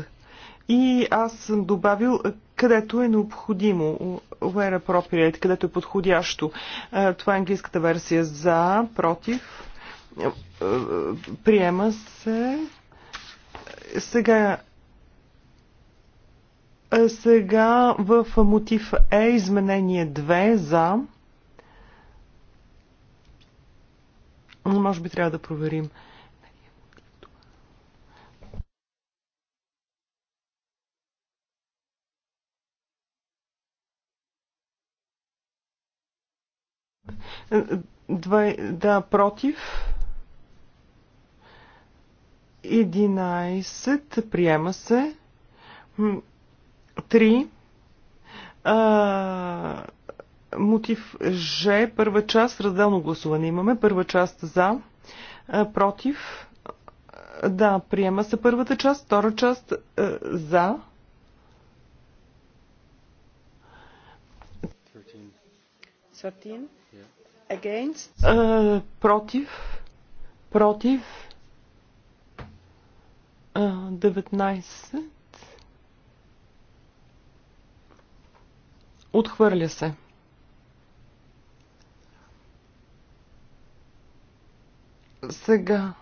C: И аз съм добавил където е необходимо, where appropriate, където е подходящо. Това е английската версия за, против, приема се. Сега е, сега в мотив Е изменение 2 за. но Може би трябва да проверим. Два, да, против. 11. Приема се. Три А, мотив Ж, първа част, разделно гласуване имаме. Първа част за, а, против. Да, приема се първата част. Втора част а, за. Uh, против. Против. 19. Отхвърля се. Сега.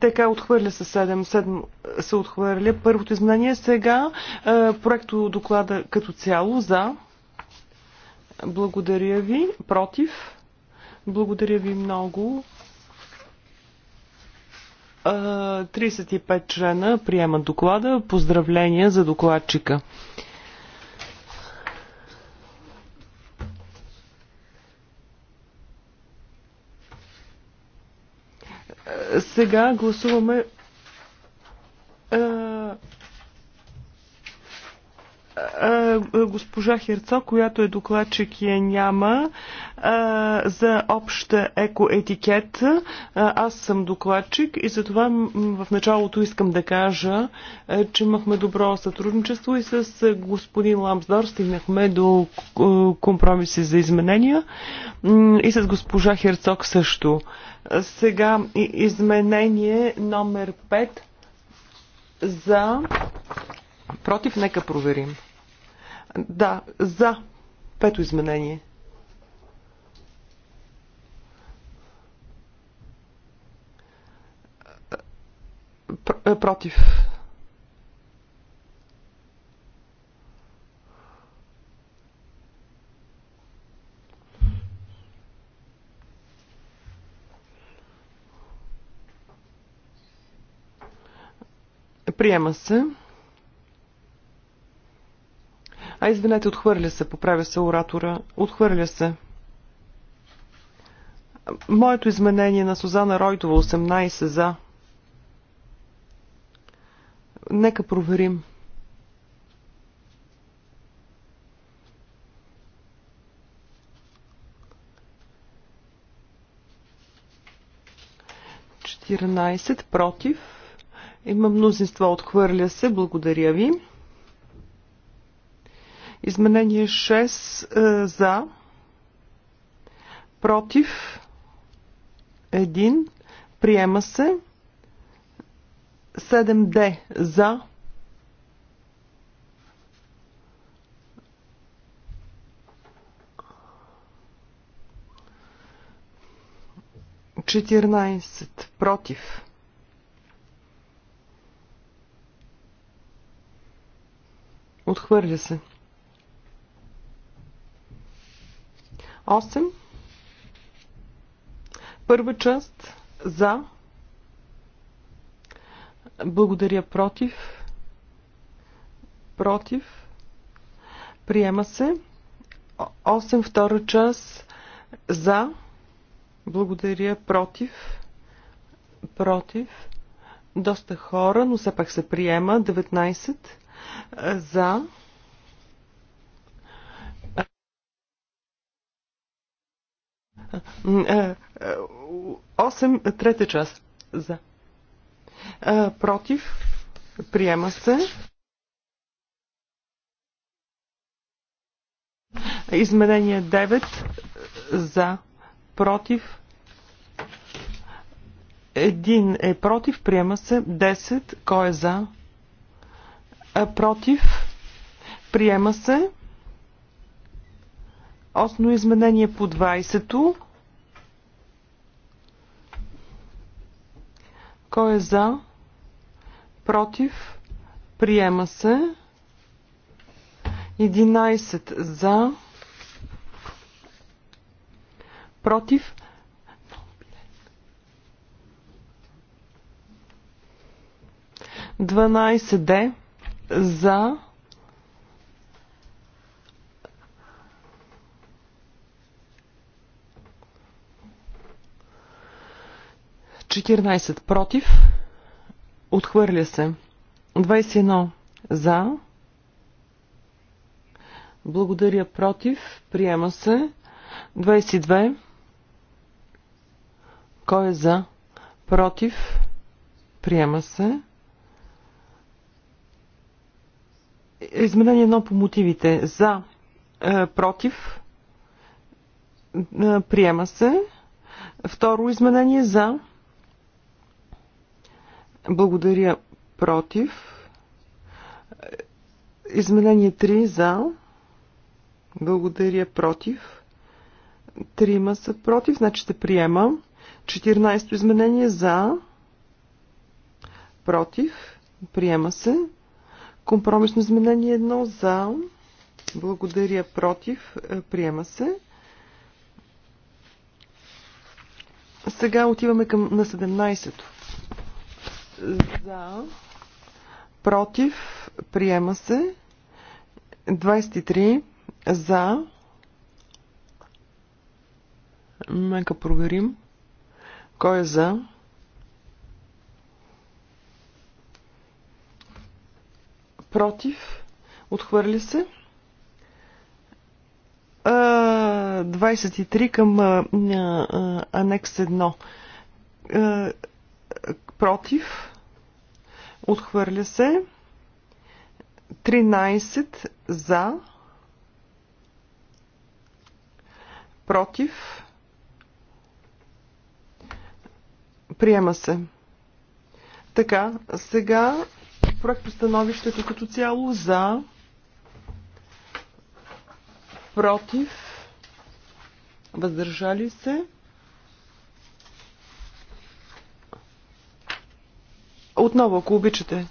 C: Така отхвърля се седем. Седем се отхвърля. Първото изменение сега. Е, проекто доклада като цяло за. Благодаря ви. Против. Благодаря ви много. 35 члена приемат доклада. Поздравления за докладчика. Сега гласуваме госпожа Херцо, която е докладчик я няма, за обща екоетикет. Аз съм докладчик и затова в началото искам да кажа, че имахме добро сътрудничество и с господин Ламсдор стигнахме до компромиси за изменения и с госпожа Херцог също. Сега изменение номер 5 за против, нека проверим. Да, за. Пето изменение. Е, против. Приема се. А, извинете, отхвърля се, поправя се оратора. Отхвърля се. Моето изменение на Сузана Ройтова 18 за. Нека проверим. против. Има мнозинство, отхвърля се. Благодаря ви. Изменение 6 е, за, против, 1, приема се. 7D за, Четирнайсет против. Отхвърля се. 8. Първа част за. Благодаря против. Против. Приема се. 8 втора част за. Благодаря против. Против. Доста хора, но все пак се приема. 19 за. Осем, трета част. За. Против. Приема се. Изменение 9. За. Против. Един е против. Приема се. 10. Кой е за? Против. Приема се. Осно изменение по 20-то. Кой е за? Против? Приема се. 11 за. Против? Дванайсет де за 14 против. Отхвърля се. 21 за. Благодаря против. Приема се. 22. Кой е за? Против. Приема се. Изменение едно по мотивите. За. Е, против. Е, приема се. Второ изменение за. Благодаря. Против. Изменение 3 за. Благодаря. Против. Трима са против, значи се приема. 14 изменение за. Против. Приема се. Компромисно изменение 1 за. Благодаря. Против. Приема се. Сега отиваме към на 17-то за, против, приема се. 23 за. Нека проверим. Кой е за? Против. Отхвърли се. 23 към анекс 1. против. Отхвърля се. 13 за. Против. Приема се. Така, сега проектостановището като цяло за. Против. Въздържали се. Отново, ако обичате,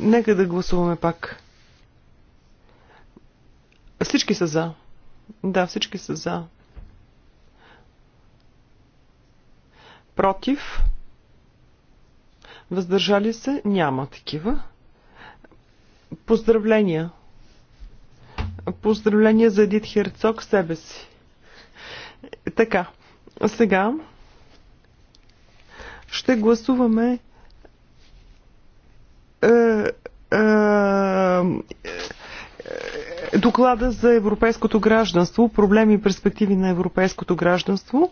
C: нека да гласуваме пак. Всички са за. Да, всички са за. Против. Въздържали се? Няма такива. Поздравления. Поздравления за Едит Херцог себе си. Така, сега ще гласуваме е, е, е, доклада за европейското гражданство, проблеми и перспективи на европейското гражданство.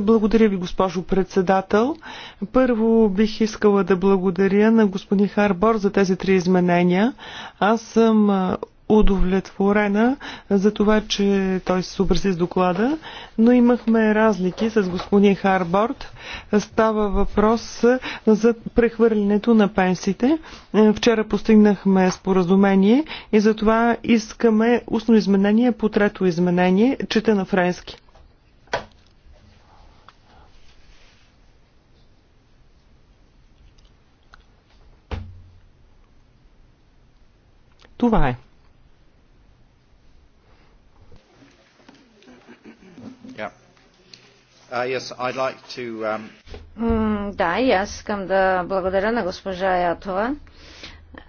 C: Благодаря ви, госпожо председател. Първо бих искала да благодаря на господин Харбор за тези три изменения. Аз съм удовлетворена за това, че той се съобрази с доклада, но имахме разлики с господин Харборд. Става въпрос за прехвърлянето на пенсиите. Вчера постигнахме споразумение и затова искаме устно изменение по трето изменение, чета на френски. Това е.
A: Uh, yes, like to... mm, да, и аз искам да благодаря на госпожа Ятова.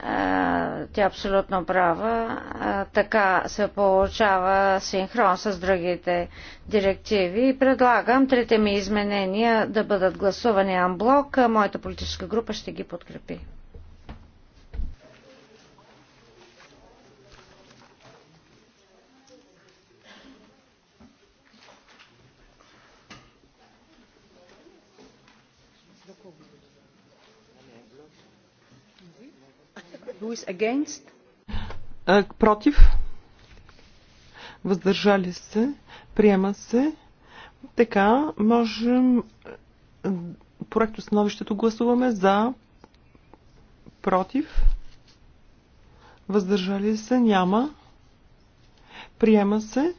A: Тя е абсолютно права. Така се получава синхрон с другите директиви. И предлагам трите ми изменения да бъдат гласувани амблок. Моята политическа група ще ги подкрепи.
C: Против. Въздържали се. Приема се. Така, можем проекто становището гласуваме за против. Въздържали се няма. Приема се.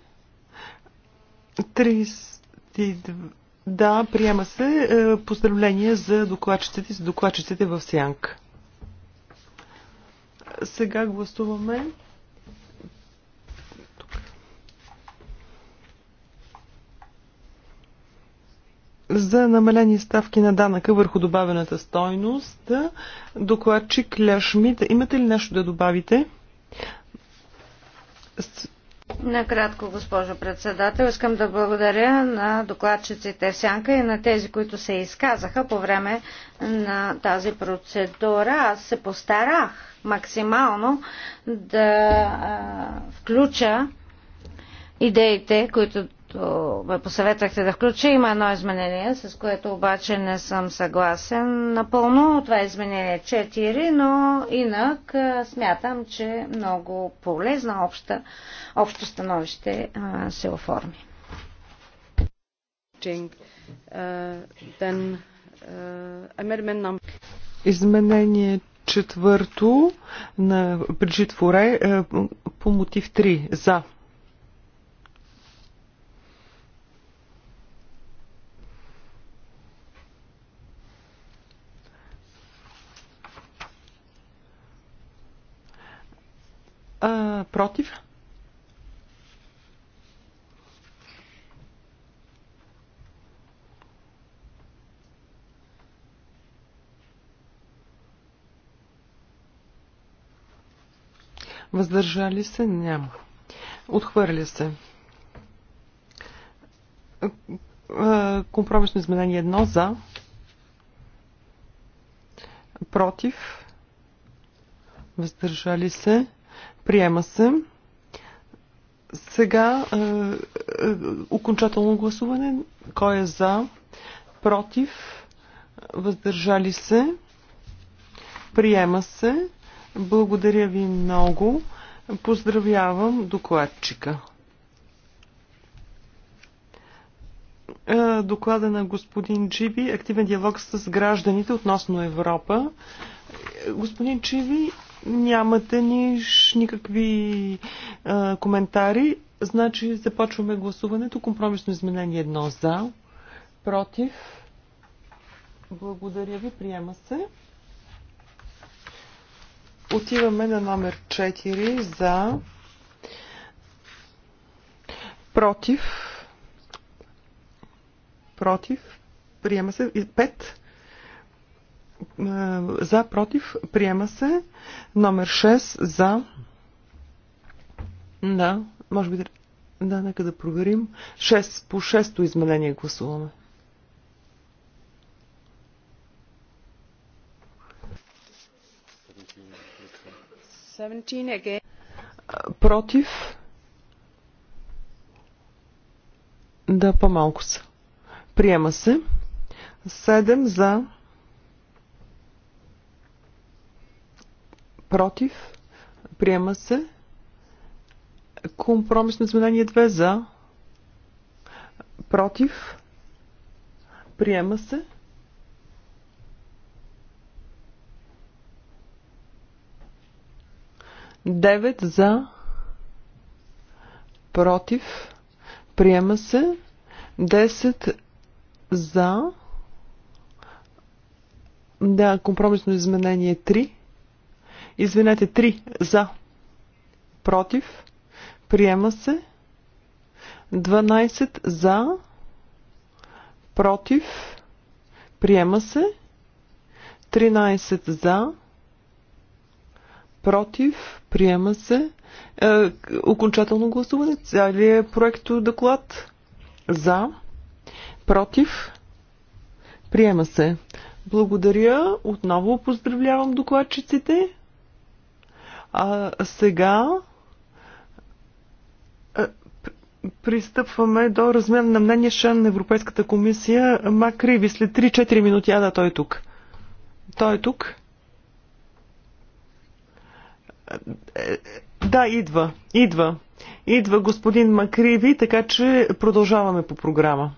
C: 32. Да, приема се. Поздравление за докладчиците и за докладчиците в Сянка. Сега гласуваме. за намалени ставки на данъка върху добавената стойност. Докладчик Ляшмит, имате ли нещо да добавите?
A: Накратко, госпожо председател, искам да благодаря на докладчиците в Сянка и на тези, които се изказаха по време на тази процедура. Аз се постарах максимално да а, включа идеите, които което ме посъветвахте да включа. Има едно изменение, с което обаче не съм съгласен напълно. Това е изменение 4, но инак смятам, че много полезна обща, общо становище се оформи. Изменение
C: четвърто на Бриджит Форе по мотив 3 за А, против? Въздържали се? Няма. Отхвърля се. Компромисно изменение 1 за. Против. Въздържали се. Приема се. Сега е, е, окончателно гласуване. Кой е за? Против? Въздържали се? Приема се. Благодаря ви много. Поздравявам докладчика. Е, доклада на господин Чиви, активен диалог с гражданите относно Европа. Е, господин Чиви, Нямате ниш, никакви а, коментари. Значи започваме гласуването. Компромисно изменение едно за, против. Благодаря ви, приема се. Отиваме на номер 4 за против. Против. Приема се. 5 е, за, против, приема се. Номер 6 за. Да, може би. Да, нека да проверим. 6 по 6-то изменение гласуваме. Против. Да, по-малко са. Приема се. 7 за. против, приема се. Компромисно изменение 2 за, против, приема се. Девет за, против, приема се. Десет за, да, компромисно изменение 3. Извинете, 3 за. Против. Приема се. 12 за. Против. Приема се. 13 за. Против. Приема се. Е, окончателно гласуване. Целият е проекто доклад. За. Против. Приема се. Благодаря. Отново поздравлявам докладчиците. А сега е, Пристъпваме до размен на мнение член на Европейската комисия Макриви. След 3-4 минути, а да, той е тук. Той е тук. Е, е, да, идва. Идва. Идва господин Макриви, така че продължаваме по програма.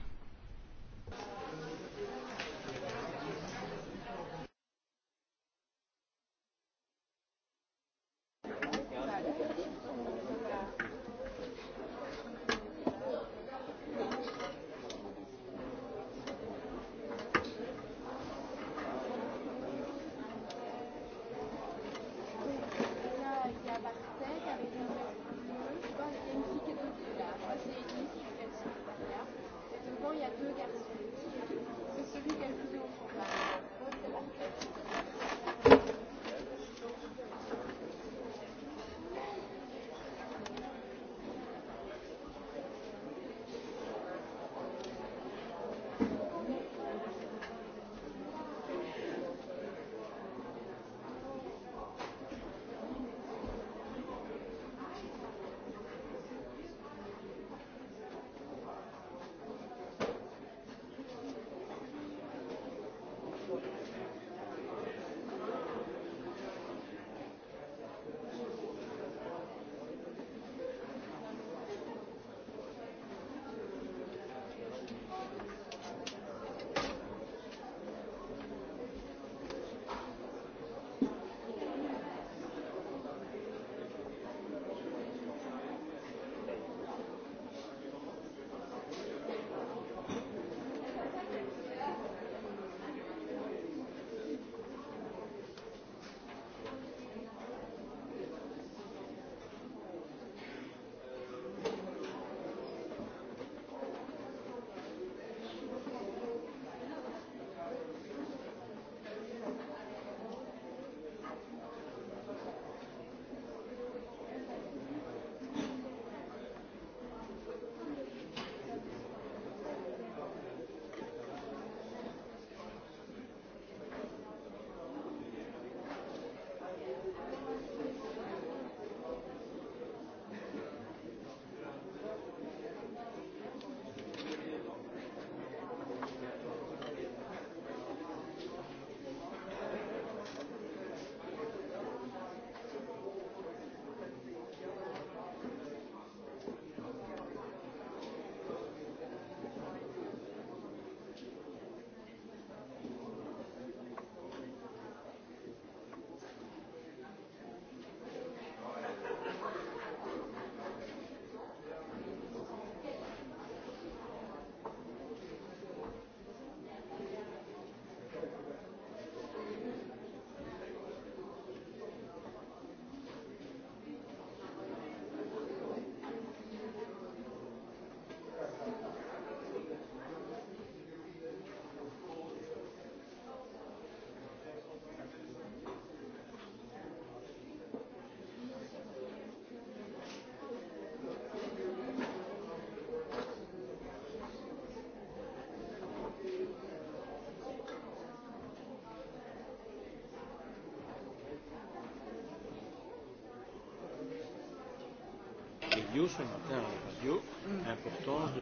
C: review sur le matin en radio l'importance de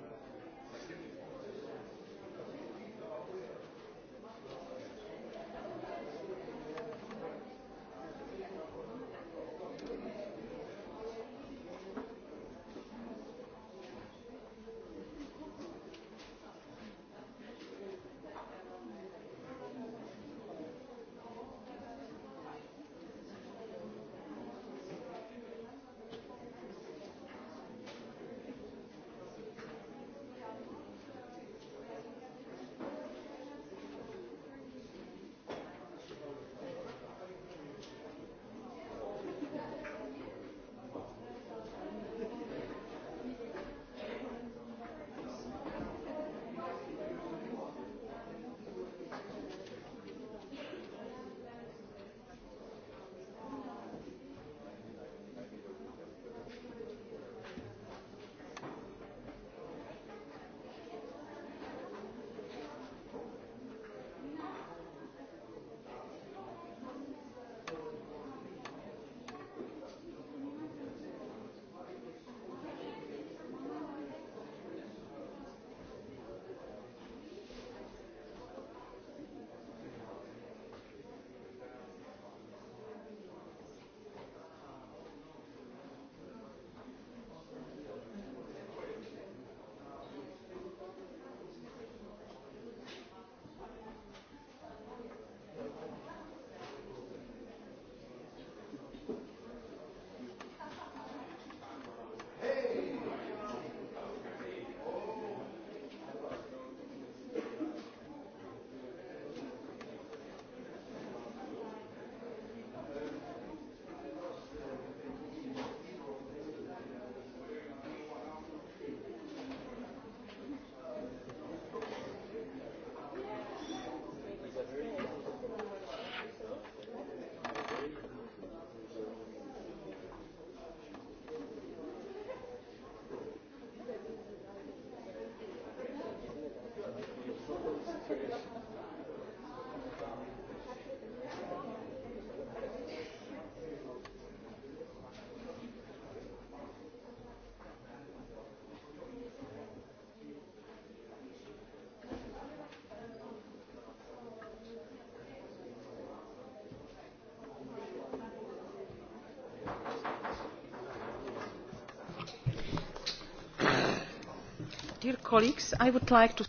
A: dear colleagues i would like to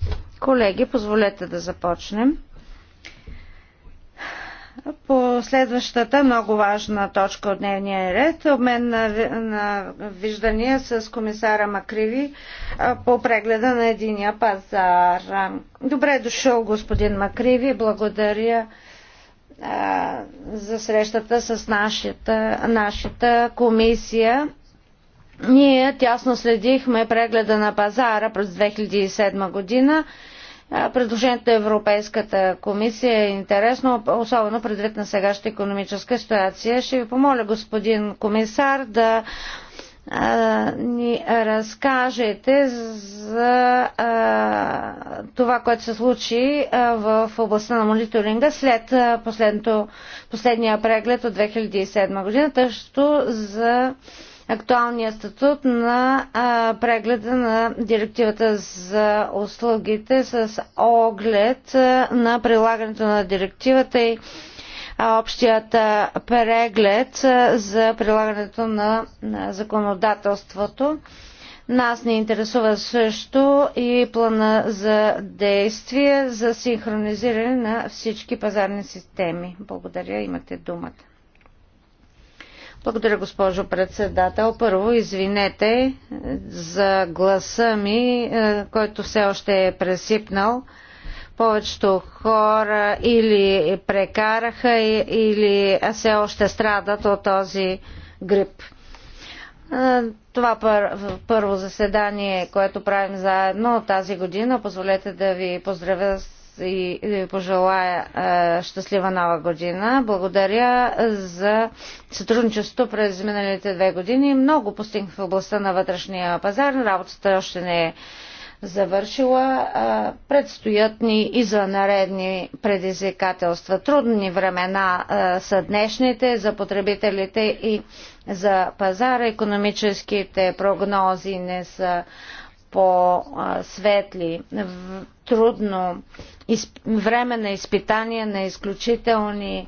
A: Колеги, позволете да започнем. По следващата много важна точка от дневния ред обмен на, на виждания с комисара Макриви по прегледа на единия пазар. Добре е дошъл, господин Макриви. Благодаря за срещата с нашата, нашата комисия. Ние тясно следихме прегледа на пазара през 2007 година Предложението на Европейската комисия е интересно, особено предвид на сегашната економическа ситуация. Ще ви помоля, господин комисар, да ни разкажете за а, това, което се случи а, в областта на мониторинга след последния преглед от 2007 година, тъщо за актуалния статут на а, прегледа на директивата за услугите с оглед а, на прилагането на директивата и общият преглед за прилагането на, на законодателството. Нас ни интересува също и плана за действие за синхронизиране на всички пазарни системи. Благодаря, имате думата. Благодаря, госпожо председател. Първо, извинете за гласа ми, е, който все още е пресипнал. Повечето хора или прекараха, или все още страдат от този грип. Е, това първо заседание, което правим заедно тази година, позволете да ви поздравя с и ви пожелая е, щастлива нова година. Благодаря за сътрудничеството през миналите две години. Много постигнах в областта на вътрешния пазар. Работата още не е завършила. Е, предстоят ни и за наредни предизвикателства. Трудни времена е, са днешните за потребителите и за пазара. Економическите прогнози не са по-светли. Е, трудно време на изпитание, на изключителни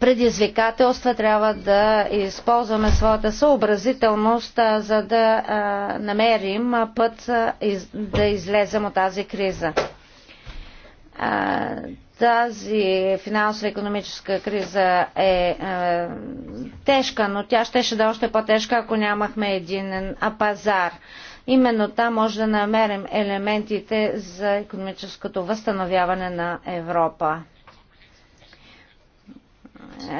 A: предизвикателства, трябва да използваме своята съобразителност, за да намерим път да излезем от тази криза. тази финансово-економическа криза е, е тежка, но тя щеше да е още по-тежка, ако нямахме един пазар. Именно там може да намерим елементите за економическото възстановяване на Европа.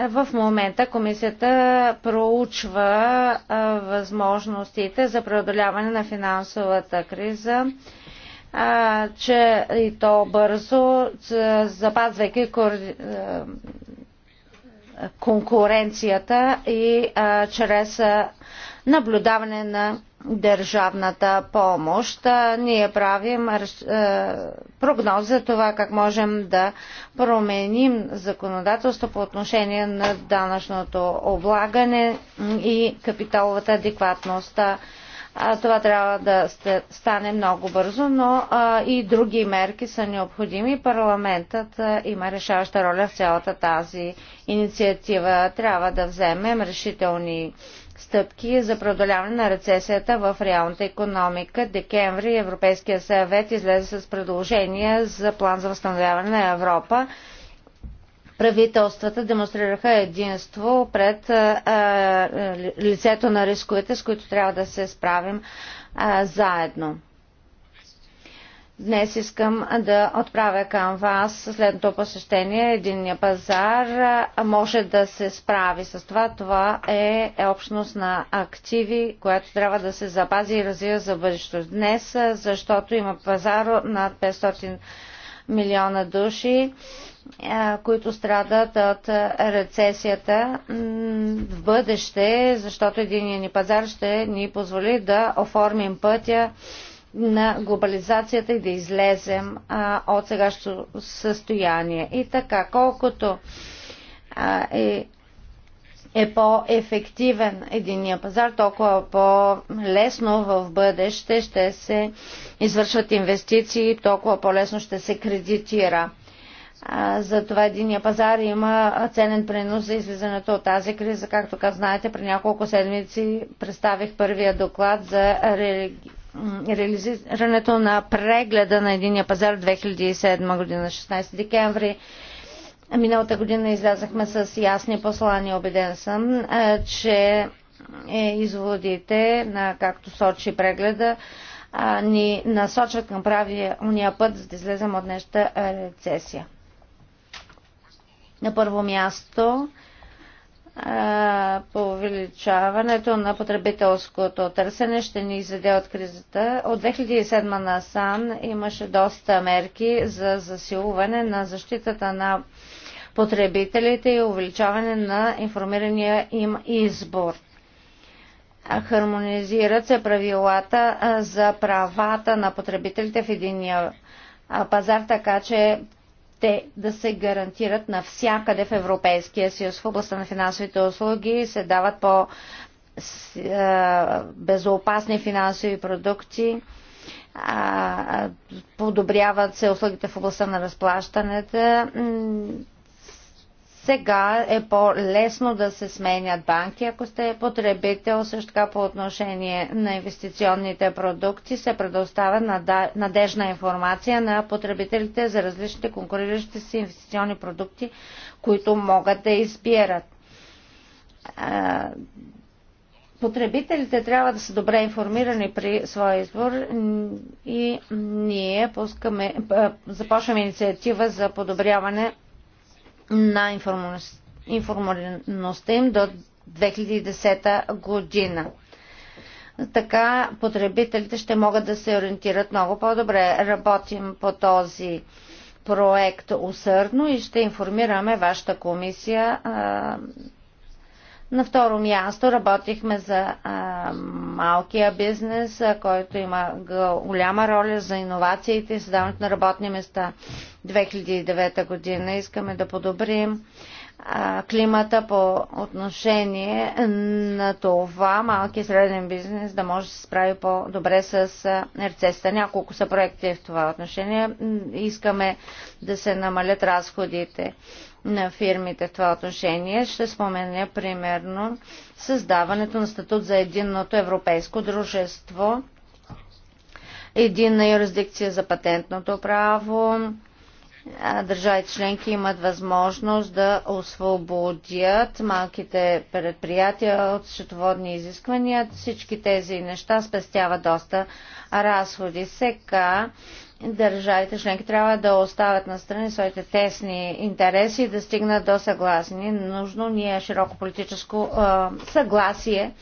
A: В момента комисията проучва възможностите за преодоляване на финансовата криза че и то бързо, запазвайки е, конкуренцията и чрез наблюдаване на държавната помощ. Ние правим прогноз за това как можем да променим законодателство по отношение на данъчното облагане и капиталовата адекватност. Това трябва да стане много бързо, но и други мерки са необходими. Парламентът има решаваща роля в цялата тази инициатива. Трябва да вземем решителни мерки стъпки за преодоляване на рецесията в реалната економика. Декември Европейския съвет излезе с предложение за план за възстановяване на Европа. Правителствата демонстрираха единство пред лицето на рисковете, с които трябва да се справим заедно. Днес искам да отправя към вас следното посещение. Единния пазар може да се справи с това. Това е, е общност на активи, която трябва да се запази и развива за бъдещето. Днес, защото има пазар над 500 милиона души, които страдат от рецесията в бъдеще, защото единия ни пазар ще ни позволи да оформим пътя на глобализацията и да излезем а, от сегашното състояние. И така, колкото а, е, е по-ефективен единия пазар, толкова по-лесно в бъдеще ще се извършват инвестиции, толкова по-лесно ще се кредитира. Затова единия пазар има ценен принос за излизането от тази криза. Както казаете, при няколко седмици представих първия доклад за реализирането на прегледа на единия пазар 2007 година, 16 декември. Миналата година излязахме с ясни послания. Обеден съм, че е, изводите, на, както сочи прегледа, ни насочват към правилния път, за да излезем от днешната рецесия. На първо място по увеличаването на потребителското търсене ще ни изведе от кризата. От 2007 на Сан имаше доста мерки за засилване на защитата на потребителите и увеличаване на информирания им избор. Хармонизират се правилата за правата на потребителите в единия пазар, така че те да се гарантират навсякъде в Европейския съюз. В областта на финансовите услуги се дават по е, безопасни финансови продукти, подобряват се услугите в областта на разплащането, сега е по-лесно да се сменят банки, ако сте потребител, също така по отношение на инвестиционните продукти се предоставя надежна информация на потребителите за различните конкуриращи си инвестиционни продукти, които могат да избират потребителите трябва да са добре информирани при своя избор и ние пускаме, започваме инициатива за подобряване на информираността им до 2010 година. Така потребителите ще могат да се ориентират много по-добре. Работим по този проект усърдно и ще информираме вашата комисия на второ място работихме за а, малкия бизнес, а, който има голяма роля за иновациите и създаването на работни места 2009 година. Искаме да подобрим а, климата по отношение на това малки и среден бизнес да може да се справи по-добре с рецесията. Няколко са проекти в това отношение. Искаме да се намалят разходите на фирмите в това отношение. Ще споменя примерно създаването на статут за единното европейско дружество, единна юрисдикция за патентното право, държавите членки имат възможност да освободят малките предприятия от счетоводни изисквания. Всички тези неща спестяват доста разходи. Сега държавите членки трябва да оставят на страни своите тесни интереси и да стигнат до съгласни. Нужно ни е широко политическо а, съгласие,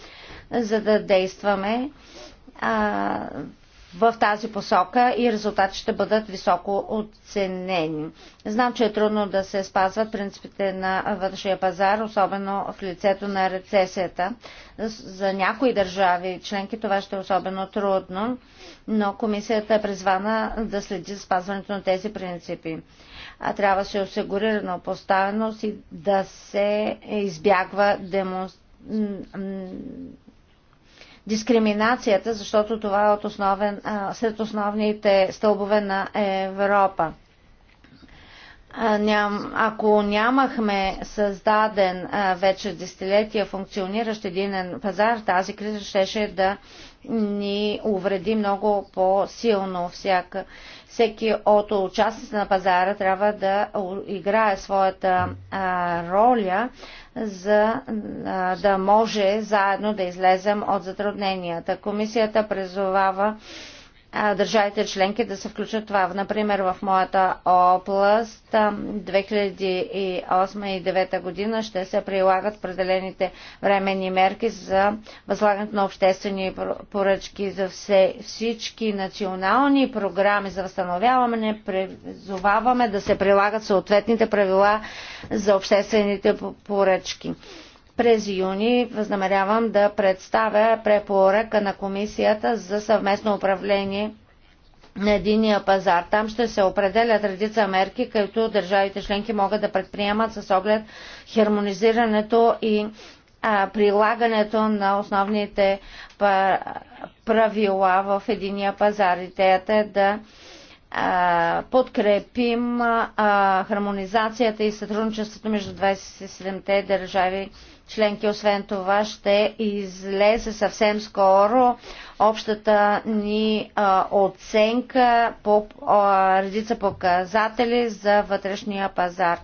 A: за да действаме. А, в тази посока и резултатите ще бъдат високо оценени. Знам, че е трудно да се спазват принципите на вътрешния пазар, особено в лицето на рецесията. За някои държави членки това ще е особено трудно, но комисията е призвана да следи за спазването на тези принципи. А трябва да се осигури равнопоставеност и да се избягва демонстрация дискриминацията, защото това е от основен, сред основните стълбове на Европа. Ако нямахме създаден вече десетилетия функциониращ единен пазар, тази криза щеше да ни увреди много по-силно. Всеки от участниците на пазара трябва да играе своята роля за да може заедно да излезем от затрудненията. Комисията призовава държавите членки да се включат това. Например, в моята област 2008 и 2009 година ще се прилагат определените временни мерки за възлагането на обществени поръчки за все, всички национални програми за възстановяване. Призоваваме да се прилагат съответните правила за обществените поръчки. През юни възнамерявам да представя препоръка на комисията за съвместно управление на единия пазар. Там ще се определят редица мерки, които държавите членки могат да предприемат с оглед хармонизирането и а, прилагането на основните правила в единия пазар. Идеята е да а, подкрепим а, хармонизацията и сътрудничеството между 27-те държави членки. Освен това ще излезе съвсем скоро общата ни а, оценка по а, редица показатели за вътрешния пазар.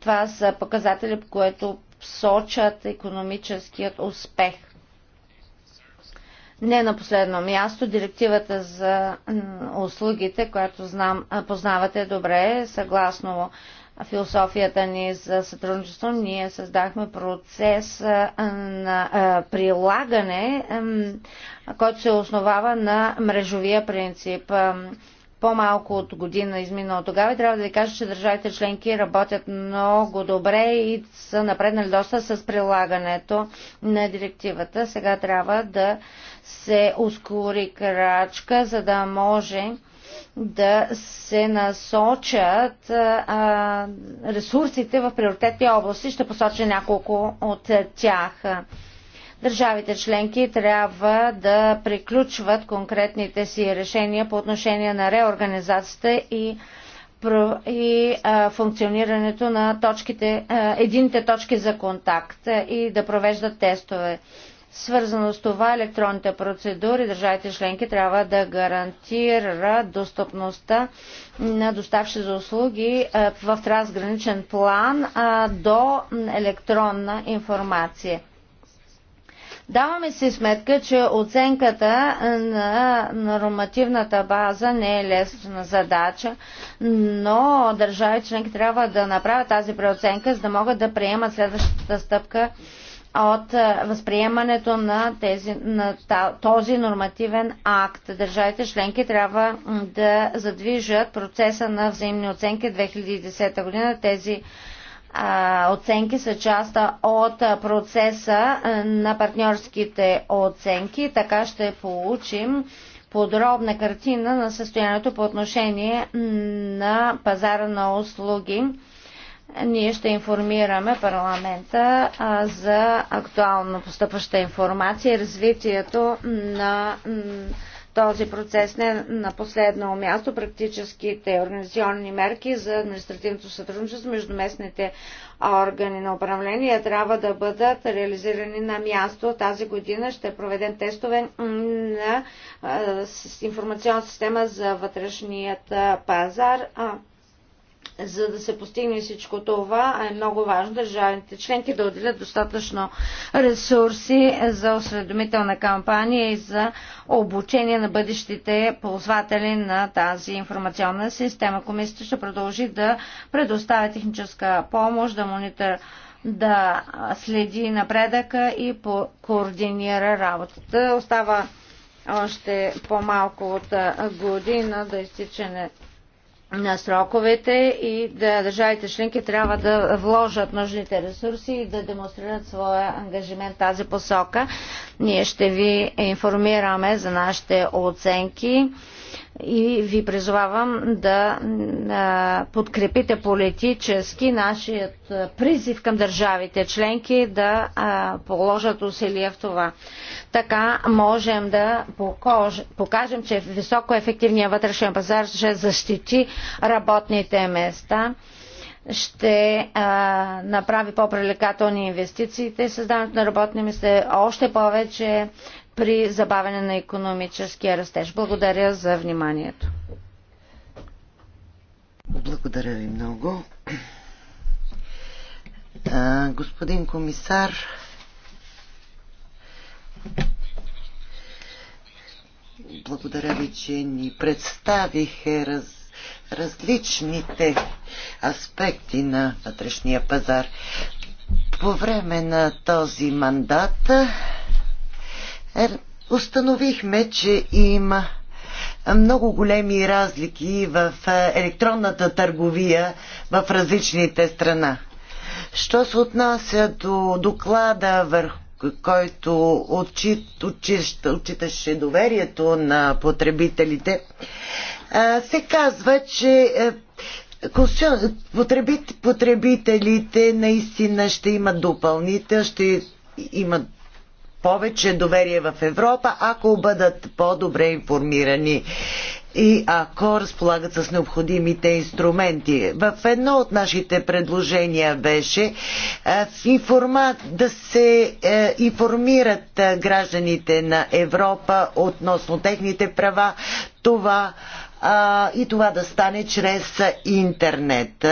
A: Това са показатели, които сочат економическият успех. Не на последно място, директивата за услугите, която знам, познавате добре, съгласно философията ни за сътрудничество, ние създахме процес на прилагане, който се основава на мрежовия принцип. По-малко от година измина от тогава и трябва да ви кажа, че държавите членки работят много добре и са напреднали доста с прилагането на директивата. Сега трябва да се ускори крачка, за да може да се насочат ресурсите в приоритетни области. Ще посоча няколко от тях. Държавите членки трябва да приключват конкретните си решения по отношение на реорганизацията и и а, функционирането на точките, а, едините точки за контакт и да провеждат тестове. Свързано с това електронните процедури, държавите членки трябва да гарантират достъпността на доставчи за услуги е, в трансграничен план е, до електронна информация. Даваме си сметка, че оценката на нормативната база не е лесна задача, но държави членки трябва да направят тази преоценка, за да могат да приемат следващата стъпка от е, възприемането на, тези, на този нормативен акт. Държавите членки трябва да задвижат процеса на взаимни оценки 2010 година. Тези а, оценки са част от процеса е, на партньорските оценки. Така ще получим подробна картина на състоянието по отношение на пазара на услуги ние ще информираме парламента за актуално постъпваща информация и развитието на този процес не на последно място практическите организационни мерки за административното сътрудничество между местните органи на управление трябва да бъдат реализирани на място. Тази година ще проведем тестове на информационна система за вътрешният пазар за да се постигне всичко това, е много важно държавите членки да отделят достатъчно ресурси за осведомителна кампания и за обучение на бъдещите ползватели на тази информационна система. Комисията ще продължи да предоставя техническа помощ, да монитор да следи напредъка и по- координира работата. Остава още по-малко от година до изтичане на сроковете и да държавите членки трябва да вложат нужните ресурси и да демонстрират своя ангажимент в тази посока. Ние ще ви информираме за нашите оценки и ви призовавам да подкрепите политически нашият призив към държавите членки да положат усилия в това. Така можем да покажем, че високо вътрешен пазар ще защити работните места ще а, направи по-привлекателни инвестициите, създаването на работни места, още повече при забавяне на економическия растеж. Благодаря за вниманието.
B: Благодаря ви много. А, господин комисар, благодаря ви, че ни представихе раз различните аспекти на вътрешния пазар. По време на този мандат установихме, че има много големи разлики в е, електронната търговия в различните страна. Що се отнася до доклада върху който отчит, отчит, отчиташе доверието на потребителите, е, се казва, че е, потребителите наистина ще имат допълнител, ще имат повече доверие в Европа, ако бъдат по-добре информирани и ако разполагат с необходимите инструменти. В едно от нашите предложения беше е, да се е, информират е, гражданите на Европа относно техните права. Това и това да стане чрез интернет.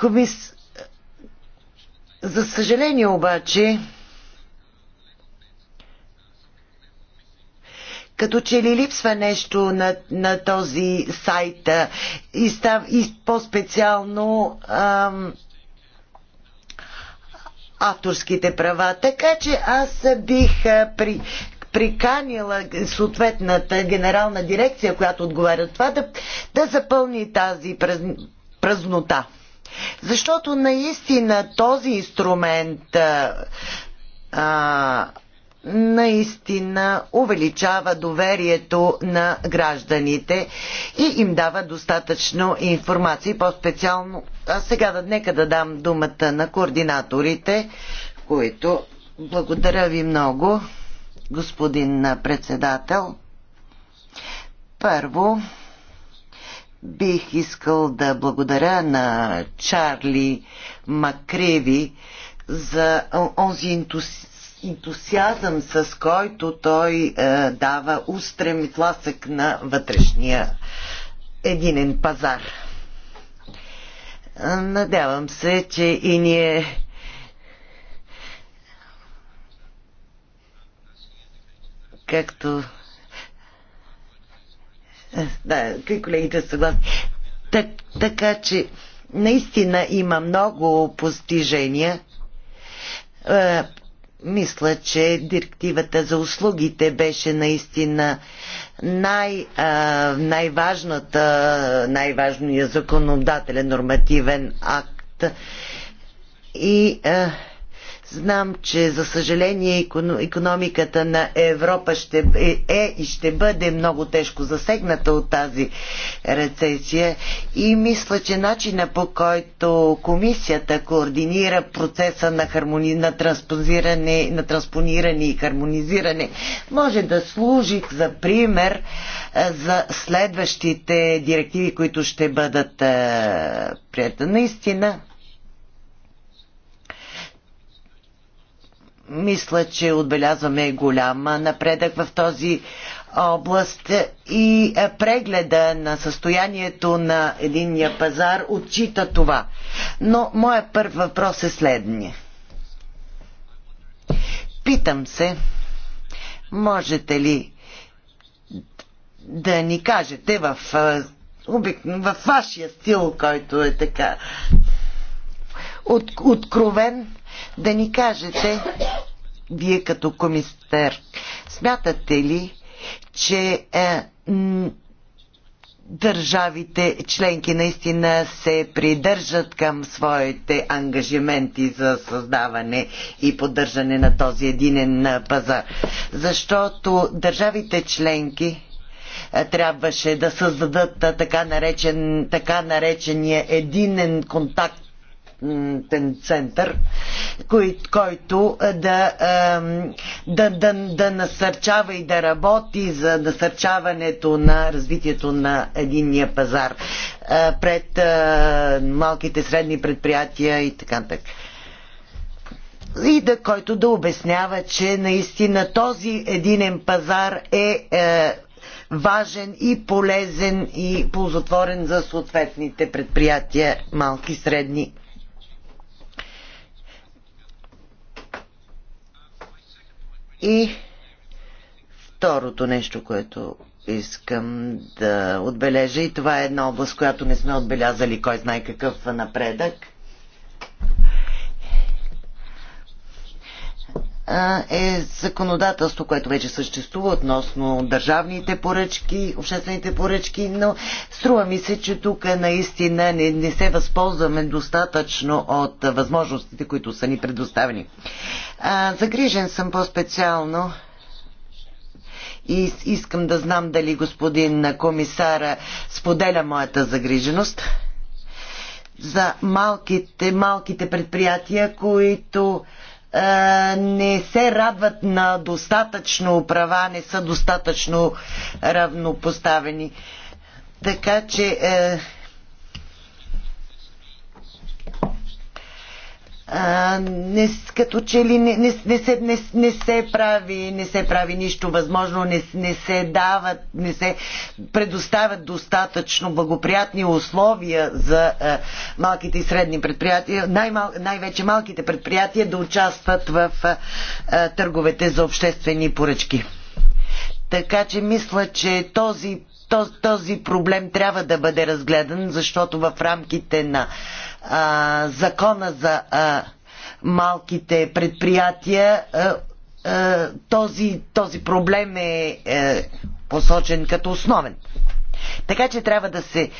B: Комис... За съжаление обаче, като че ли липсва нещо на, на този сайт и, став, и по-специално авторските права. Така че аз бих при, приканила съответната генерална дирекция, която отговаря това, да, да запълни тази празнота. Защото наистина този инструмент а, наистина увеличава доверието на гражданите и им дава достатъчно информация. По-специално, а сега да, нека да дам думата на координаторите, които благодаря ви много, господин председател. Първо, Бих искал да благодаря на Чарли Макреви за онзи ентусиазъм, с който той е, дава устрем и тласък на вътрешния единен пазар. Надявам се, че и ние както да, колегите са съгласни. Так, така че наистина има много постижения. Е, мисля, че директивата за услугите беше наистина най, е, най-важната, най-важният законодателен нормативен акт. И е, Знам, че за съжаление економиката на Европа ще е и ще бъде много тежко засегната от тази рецесия и мисля, че начина по който комисията координира процеса на, хармони... на, на транспониране и хармонизиране може да служи за пример е, за следващите директиви, които ще бъдат е, прията. Наистина, мисля, че отбелязваме голям напредък в този област и е, прегледа на състоянието на единния пазар отчита това. Но моят първ въпрос е следния. Питам се, можете ли да ни кажете в, е, в вашия стил, който е така от, откровен, да ни кажете, вие като комистър, смятате ли, че е, държавите членки наистина се придържат към своите ангажименти за създаване и поддържане на този единен е, пазар. Защото държавите членки е, трябваше да създадат е, така, наречен, така наречения единен контакт център, кой, който да, да, да, да насърчава и да работи за насърчаването на развитието на единния пазар пред малките средни предприятия и така нататък и да, който да обяснява, че наистина този единен пазар е, е важен и полезен и ползотворен за съответните предприятия, малки, средни И второто нещо, което искам да отбележа, и това е една област, която не сме отбелязали кой знае какъв напредък, е законодателство, което вече съществува относно държавните поръчки, обществените поръчки, но струва ми се, че тук наистина не, не се възползваме достатъчно от възможностите, които са ни предоставени. А, загрижен съм по-специално и искам да знам дали господин комисара споделя моята загриженост за малките, малките предприятия, които е, не се радват на достатъчно права, не са достатъчно равнопоставени. Така че е, а, не, като че ли не, не, не, се, не, не се прави, не се прави нищо възможно, не, не се дават, не се предоставят достатъчно благоприятни условия за а, малките и средни предприятия, най-мал, най-вече малките предприятия да участват в а, търговете за обществени поръчки. Така че мисля, че този този проблем трябва да бъде разгледан, защото в рамките на а, закона за а, малките предприятия а, а, този, този проблем е, е посочен като основен. Така че трябва да се,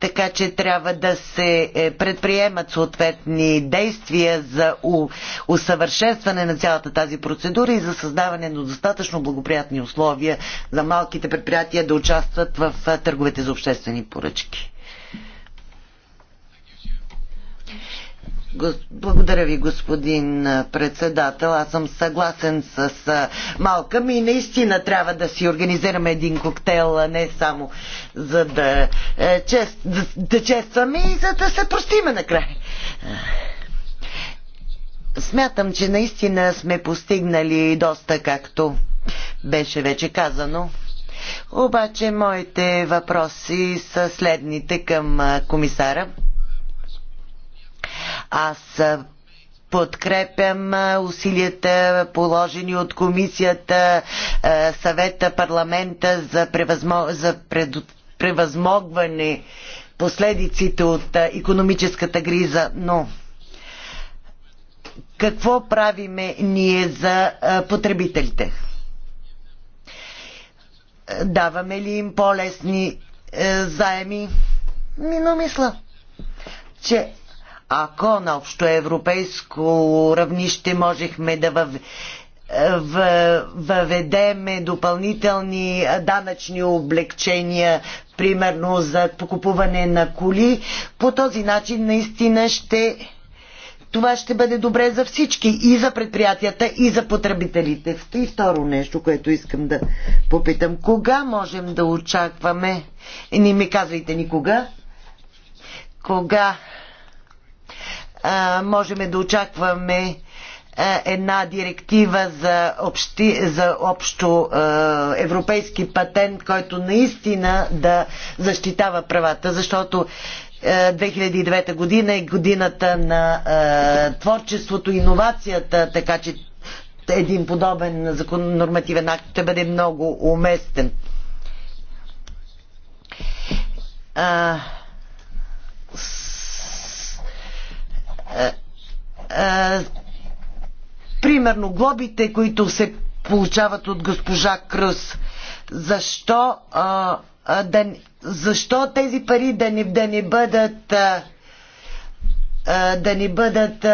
B: така, че трябва да се е, предприемат съответни действия за у, усъвършенстване на цялата тази процедура и за създаване на достатъчно благоприятни условия за малките предприятия да участват в е, търговете за обществени поръчки. Благодаря ви, господин председател. Аз съм съгласен с Малкам и наистина трябва да си организираме един коктейл, а не само за да, е, чест, да, да честваме и за да се простиме накрая. Смятам, че наистина сме постигнали доста, както беше вече казано. Обаче моите въпроси са следните към комисара. Аз подкрепям усилията положени от комисията, съвета, парламента за, превъзмо... за пред... превъзмогване последиците от економическата криза, но какво правиме ние за потребителите? Даваме ли им по-лесни е, заеми? Мино мисля, че ако на общо европейско равнище можехме да във въведеме допълнителни данъчни облегчения, примерно за покупуване на коли. По този начин наистина ще това ще бъде добре за всички, и за предприятията, и за потребителите. И второ нещо, което искам да попитам. Кога можем да очакваме? Не ми казвайте никога. Кога можем да очакваме една директива за, общи, за общо е, европейски патент, който наистина да защитава правата, защото 2009 година е годината на е, творчеството, иновацията, така че един подобен закононормативен нормативен акт ще бъде много уместен. А, Е, е, примерно глобите, които се получават от госпожа Кръс. Защо, а, а, да, защо тези пари да не, да не бъдат а, да ни бъдат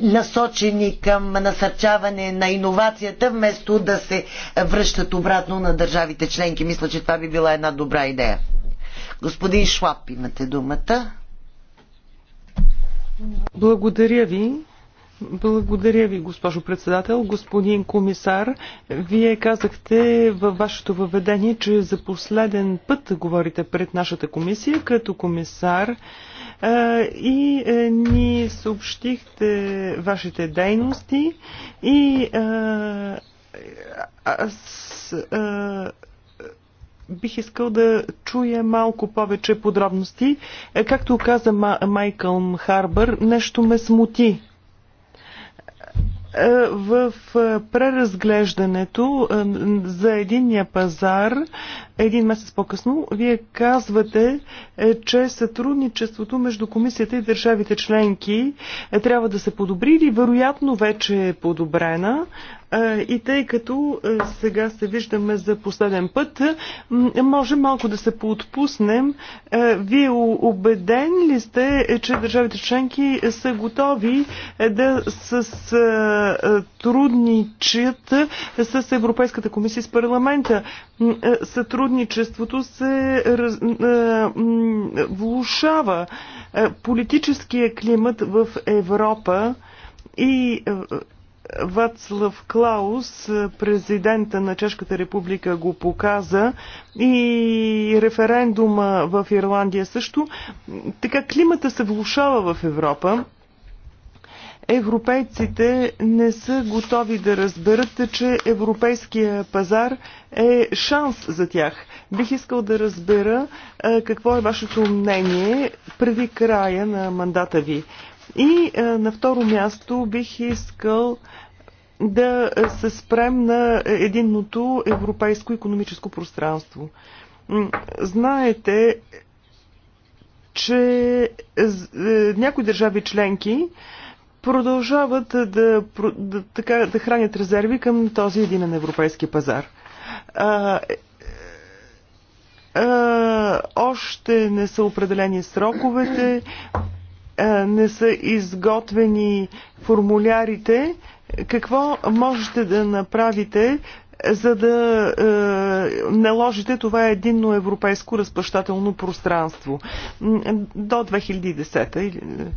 B: насочени към насърчаване на иновацията, вместо да се връщат обратно на държавите членки. Мисля, че това би била една добра идея. Господин Шлап, имате думата.
C: Благодаря ви. Благодаря ви, госпожо председател. Господин комисар, вие казахте във вашето въведение, че за последен път говорите пред нашата комисия като комисар и е, ни съобщихте вашите дейности и аз бих искал да чуя малко повече подробности. Е, както каза Майкъл Харбър, нещо ме смути. Е, в е, преразглеждането за единния пазар, един месец по-късно, вие казвате, че сътрудничеството между комисията и държавите членки трябва да се подобри или вероятно вече е подобрена. И тъй като сега се виждаме за последен път, може малко да се поотпуснем. Вие убеден ли сте, че държавите членки са готови да с трудничат с Европейската комисия с парламента? Сътрудничеството се влушава. Политическия климат в Европа и Вацлав Клаус, президента на Чешката република, го показа и референдума в Ирландия също. Така климата се влушава в Европа. Европейците не са готови да разберат, че европейския пазар е шанс за тях. Бих искал да разбера какво е вашето мнение преди края на мандата ви. И е, на второ място бих искал да се спрем на единното европейско економическо пространство. Знаете, че е, някои държави членки продължават да, да, така, да хранят резерви към този единен европейски пазар. А, е, а, още не са определени сроковете, не са изготвени формулярите, какво можете да направите, за да е, наложите това единно европейско разплащателно пространство до 2010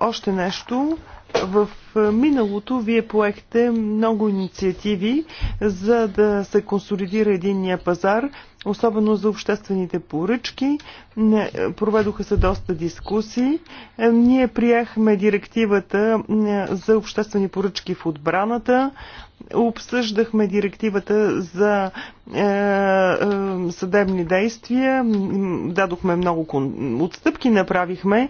C: още нещо. В миналото вие поехте много инициативи, за да се консолидира единния пазар, особено за обществените поръчки. Проведоха се доста дискусии. Е, ние приехме директивата е, за обществени поръчки в отбраната. Обсъждахме директивата за е, е, съдебни действия. Дадохме много отстъпки, направихме,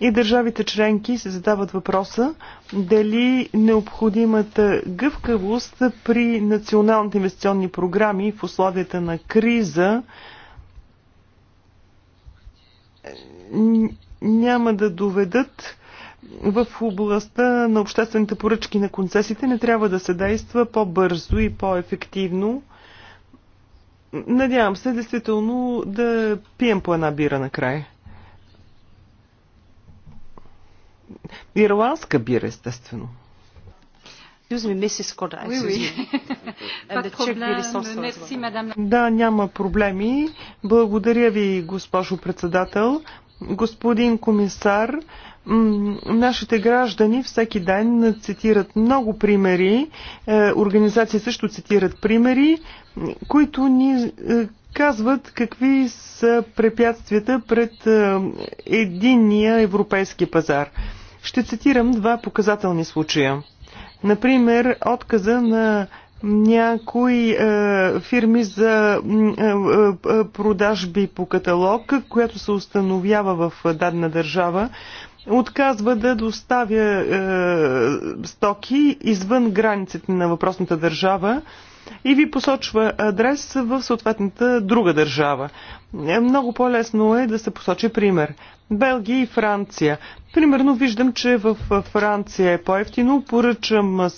C: и държавите членки се задават въпроса дали необходимата гъвкавост при националните инвестиционни програми в условията на криза няма да доведат в областта на обществените поръчки на концесите, не трябва да се действа по-бързо и по-ефективно. Надявам се, действително, да пием по една бира накрая. Ирландска бира, естествено. Да, няма проблеми. Благодаря ви, госпожо председател. Господин комисар, нашите граждани всеки ден цитират много примери, е, организации също цитират примери, които ни е, казват какви са препятствията пред е, единния европейски пазар. Ще цитирам два показателни случая. Например, отказа на някои е, фирми за е, е, е, продажби по каталог, която се установява в дадена държава, отказва да доставя е, стоки извън границите на въпросната държава и ви посочва адрес в съответната друга държава. Много по-лесно е да се посочи пример. Белгия и Франция. Примерно виждам, че в Франция е по-ефтино, поръчам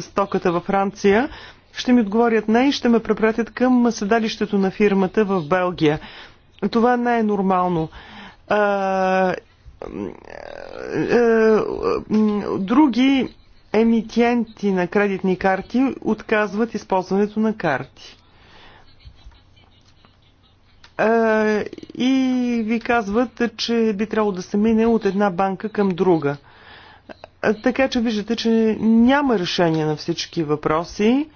C: стоката във Франция, ще ми отговорят не и ще ме препратят към седалището на фирмата в Белгия. Това не е нормално. Други емитенти на кредитни карти отказват използването на карти. И ви казват, че би трябвало да се мине от една банка към друга. Така че виждате, че няма решение на всички въпроси.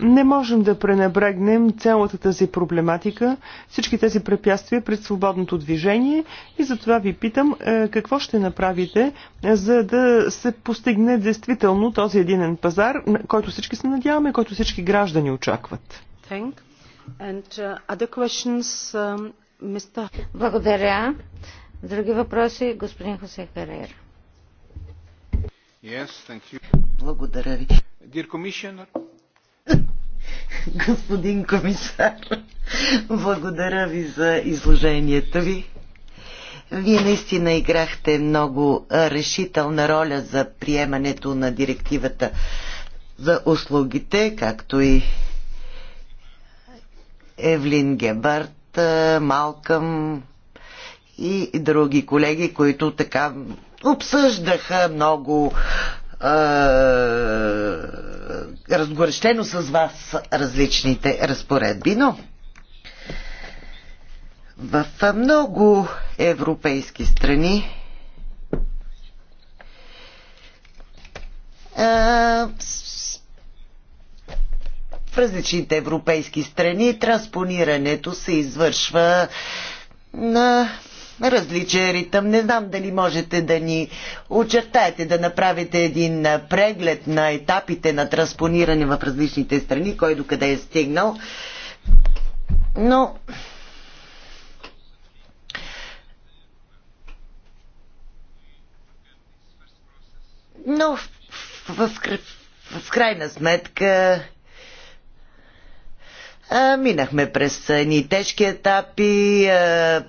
C: Не можем да пренебрегнем цялата тази проблематика, всички тези препятствия пред свободното движение и затова ви питам е, какво ще направите, е, за да се постигне действително този единен пазар, който всички се надяваме, който всички граждани очакват.
A: Uh, um, Благодаря. Други въпроси, господин Хосе Карера.
B: Yes, Благодаря ви. Господин комисар, благодаря ви за изложението ви. Вие наистина играхте много решителна роля за приемането на директивата за услугите, както и Евлин Гебърт, Малкъм и други колеги, които така обсъждаха много разгорещено с вас различните разпоредби, но в много европейски страни в различните европейски страни транспонирането се извършва на различен ритъм. Не знам дали можете да ни очертаете, да направите един преглед на етапите на транспониране в различните страни, кой до къде е стигнал. Но Но в, в, в, в крайна сметка Минахме през едни тежки етапи,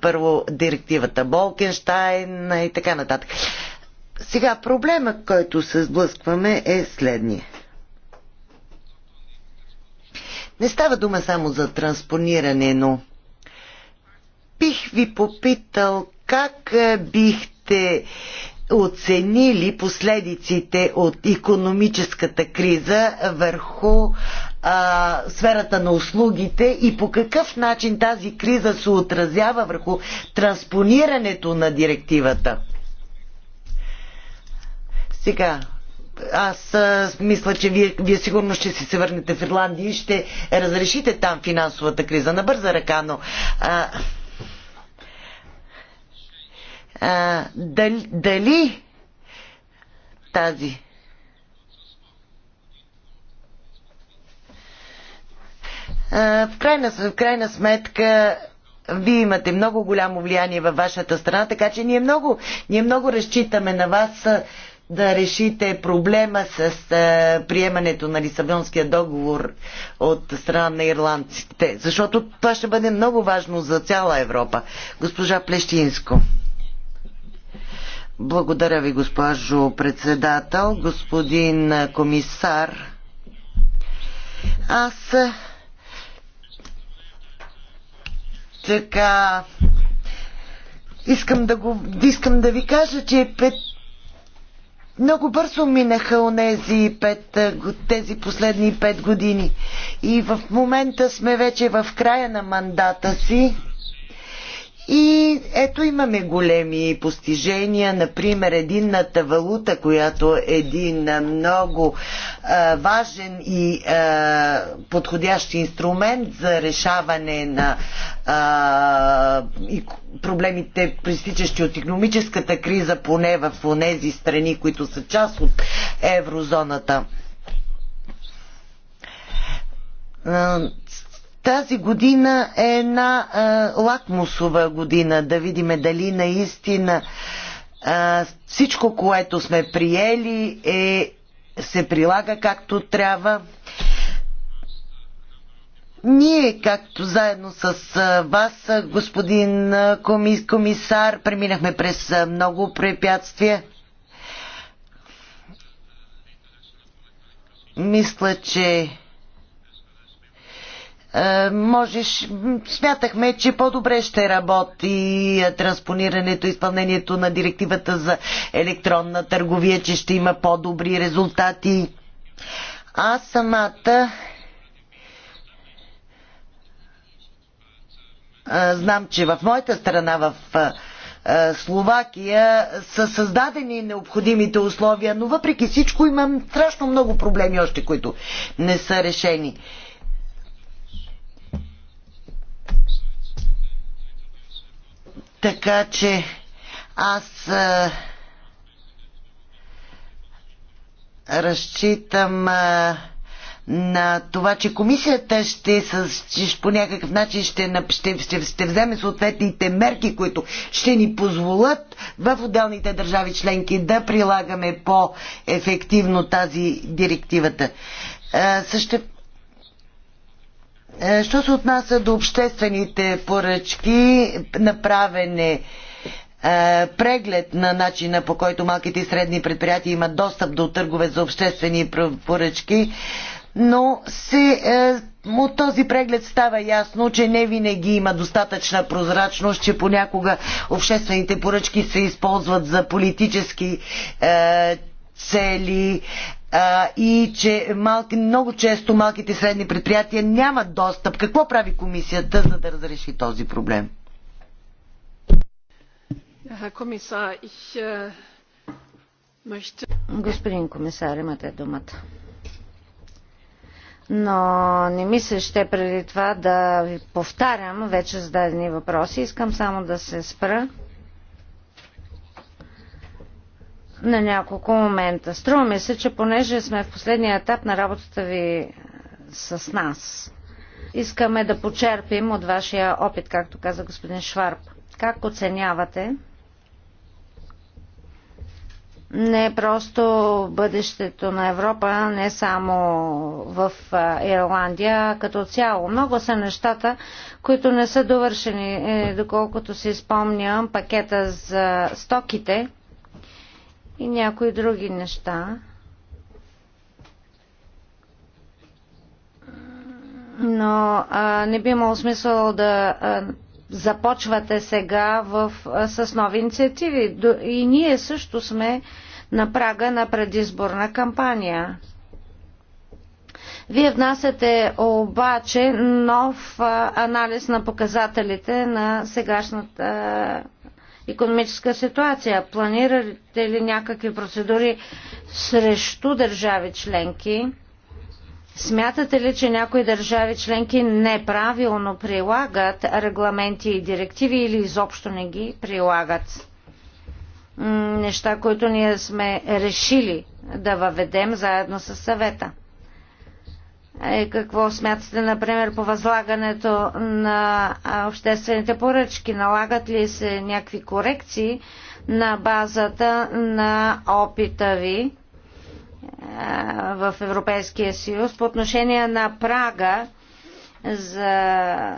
B: първо директивата Болкенштайн и така нататък. Сега проблема, който се сблъскваме е следния. Не става дума само за транспониране, но бих ви попитал как бихте оценили последиците от економическата криза върху а, сферата на услугите и по какъв начин тази криза се отразява върху транспонирането на директивата. Сега, аз а, мисля, че вие, вие сигурно ще си се върнете в Ирландия и ще разрешите там финансовата криза на бърза ръка, но. А, а, дали, дали тази а, в крайна, в крайна сметка вие имате много голямо влияние във вашата страна, така че ние много, ние много разчитаме на вас да решите проблема с приемането на Лисабонския договор от страна на ирландците, защото това ще бъде много важно за цяла Европа. Госпожа Плещинско. Благодаря ви, госпожо председател, господин комисар. Аз така искам да, го, искам да ви кажа, че пет, много бързо минаха онези пет, тези последни пет години. И в момента сме вече в края на мандата си. И ето имаме големи постижения, например единната валута, която е един много а, важен и а, подходящ инструмент за решаване на а, и проблемите, проистичащи от економическата криза, поне в тези страни, които са част от еврозоната тази година е една а, е, лакмусова година, да видим дали наистина а, е, всичко, което сме приели, е, се прилага както трябва. Ние, както заедно с е, вас, господин комис, комисар, преминахме през много препятствия. Мисля, че е, можеш, смятахме, че по-добре ще работи е, транспонирането, изпълнението на директивата за електронна търговия, че ще има по-добри резултати. Аз самата е, знам, че в моята страна, в Словакия са създадени необходимите условия, но въпреки всичко имам страшно много проблеми още, които не са решени. Така че аз а, разчитам а, на това, че комисията ще, с, ще по някакъв начин ще, ще, ще, ще вземе съответните мерки, които ще ни позволят в отделните държави членки да прилагаме по-ефективно тази директивата. А, също е, що се отнася до обществените поръчки, направене е, преглед на начина по който малките и средни предприятия имат достъп до търгове за обществени поръчки, но се, е, от този преглед става ясно, че не винаги има достатъчна прозрачност, че понякога обществените поръчки се използват за политически е, цели, и че малки, много често малките и средни предприятия нямат достъп. Какво прави комисията, за да разреши този
A: проблем? Äh, Господин комисар, имате думата. Но не ми се ще преди това да ви повтарям вече зададени въпроси. Искам само да се спра на няколко момента. Струва ми се, че понеже сме в последния етап на работата ви е, с нас, искаме да почерпим от вашия опит, както каза господин Шварб. Как оценявате не просто бъдещето на Европа, не само в е, Ирландия, като цяло. Много са нещата, които не са довършени. Е, доколкото си спомням, пакета за стоките – и някои други неща. Но а, не би имало смисъл да а, започвате сега в, а, с нови инициативи. До, и ние също сме на прага на предизборна кампания. Вие внасяте обаче нов анализ на показателите на сегашната економическа ситуация? Планирате ли някакви процедури срещу държави членки? Смятате ли, че някои държави членки неправилно прилагат регламенти и директиви или изобщо не ги прилагат? Неща, които ние сме решили да въведем заедно с съвета е, какво смятате, например, по възлагането на обществените поръчки? Налагат ли се някакви корекции на базата на опита ви в Европейския съюз по отношение на прага за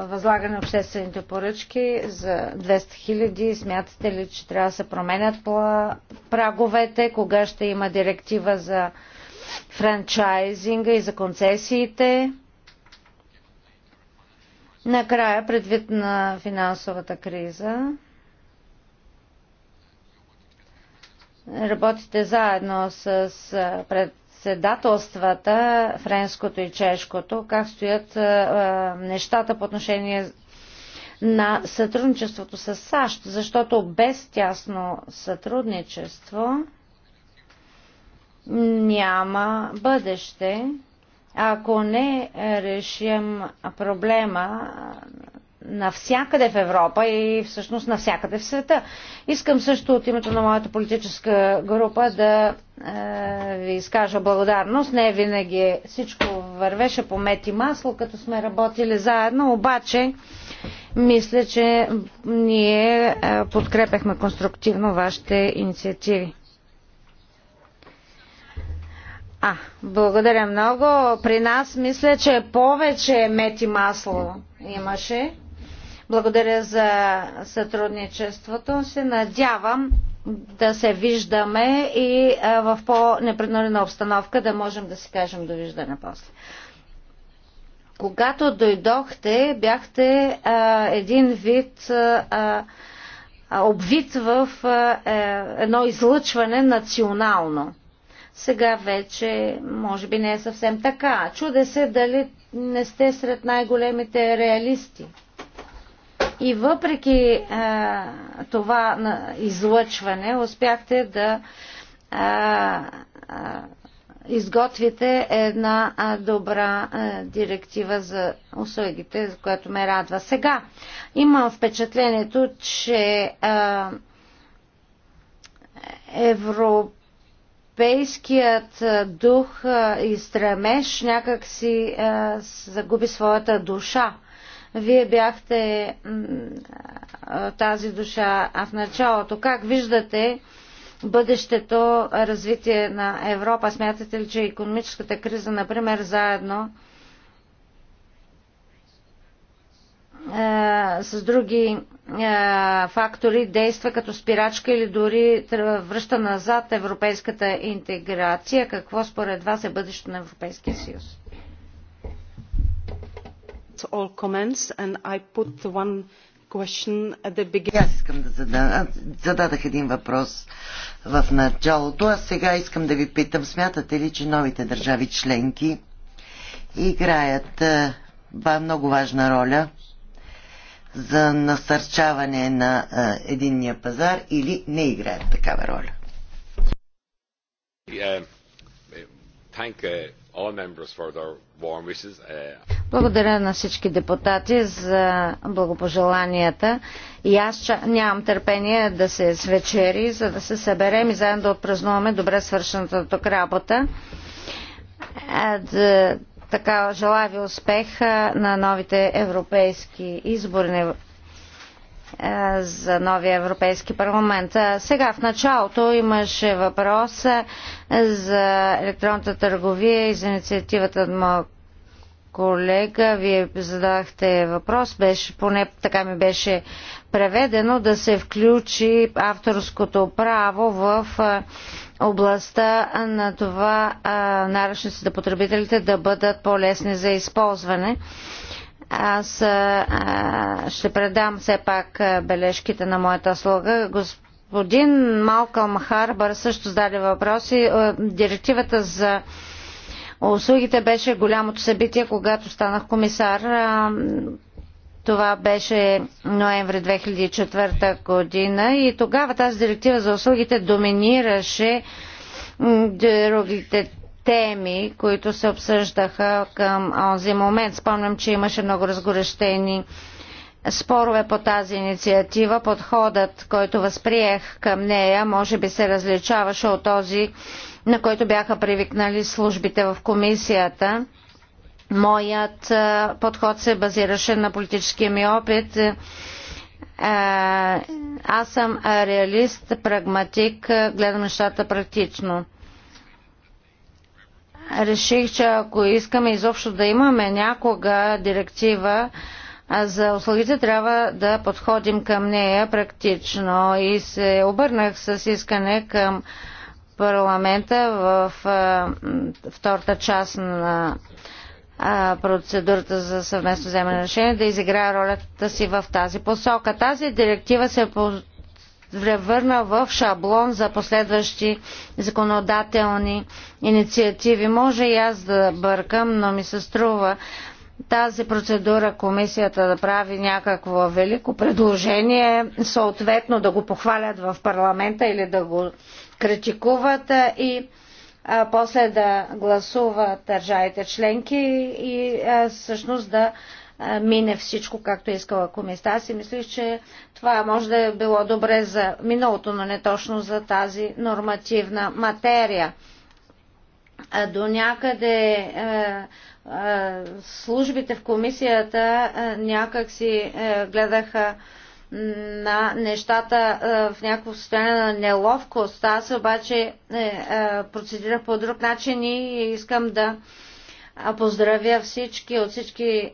A: възлагане на обществените поръчки за 200 хиляди. Смятате ли, че трябва да се променят праговете? Кога ще има директива за франчайзинга и за концесиите. Накрая, предвид на финансовата криза, работите заедно с председателствата, френското и чешкото, как стоят нещата по отношение на сътрудничеството с САЩ, защото без тясно сътрудничество няма бъдеще, ако не решим проблема навсякъде в Европа и всъщност навсякъде в света. Искам също от името на моята политическа група да е, ви изкажа благодарност. Не винаги всичко вървеше по мет и масло, като сме работили заедно, обаче мисля, че ние е, подкрепяхме конструктивно вашите инициативи. А, благодаря много. При нас мисля, че повече мет и масло имаше. Благодаря за сътрудничеството. Се надявам да се виждаме и в по непреднорена обстановка да можем да си кажем довиждане после. Когато дойдохте, бяхте а, един вид а, обвит в а, е, едно излъчване национално. Сега вече, може би не е съвсем така. Чуде се дали не сте сред най-големите реалисти. И въпреки е, това на излъчване, успяхте да е, е, изготвите една е, добра е, директива за услугите, за което ме радва. Сега имам впечатлението, че е, Европа европейският дух и стремеж някак си загуби своята душа. Вие бяхте тази душа а в началото. Как виждате бъдещето развитие на Европа? Смятате ли, че економическата криза, например, заедно Е, с други е, фактори действа като спирачка или дори връща назад европейската интеграция. Какво според вас е бъдещето на Европейския съюз? Аз искам да
B: Зададах един въпрос в началото, а сега искам да ви питам, смятате ли, че новите държави членки играят много важна роля за насърчаване на е, единния пазар или не играят
A: такава роля?
B: Uh, uh,
A: Благодаря на всички депутати за благопожеланията. И аз нямам търпение да се свечери, за да се съберем и заедно да отпразнуваме добре свършената тук работа. Така, желая ви успех на новите европейски избори за новия Европейски парламент. Сега в началото имаше въпрос за електронната търговия и за инициативата на моя колега. Вие зададахте въпрос, беше, поне така ми беше преведено, да се включи авторското право в областта на това наръчници за потребителите да бъдат по-лесни за използване. Аз ще предам все пак бележките на моята слуга. Господин Малкълм Харбър също зададе въпроси. Е, директивата за услугите беше голямото събитие, когато станах комисар. Това беше ноември 2004 година и тогава тази директива за услугите доминираше другите теми, които се обсъждаха към онзи момент. Спомням, че имаше много разгорещени спорове по тази инициатива. Подходът, който възприех към нея, може би се различаваше от този, на който бяха привикнали службите в комисията. Моят подход се базираше на политическия ми опит. Аз съм реалист, прагматик, гледам нещата практично. Реших, че ако искаме изобщо да имаме някога директива, за услугите трябва да подходим към нея практично и се обърнах с искане към парламента в втората част на процедурата за съвместно вземане на решение да изиграе ролята си в тази посока. Тази директива се превърна в шаблон за последващи законодателни инициативи. Може и аз да бъркам, но ми се струва тази процедура комисията да прави някакво велико предложение, съответно да го похвалят в парламента или да го критикуват и после да гласуват държавите членки и всъщност да мине всичко, както е искала комисията. Аз си мислих, че това може да е било добре за миналото, но не точно за тази нормативна материя. до някъде е, е, службите в комисията е, някак си е, гледаха на нещата е, в някакво състояние на неловкост. Аз обаче е, е, процедирах по друг начин и искам да поздравя всички от всички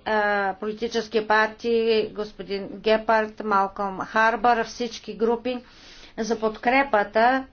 A: политически партии, господин Гепард, Малком Харбър, всички групи за подкрепата.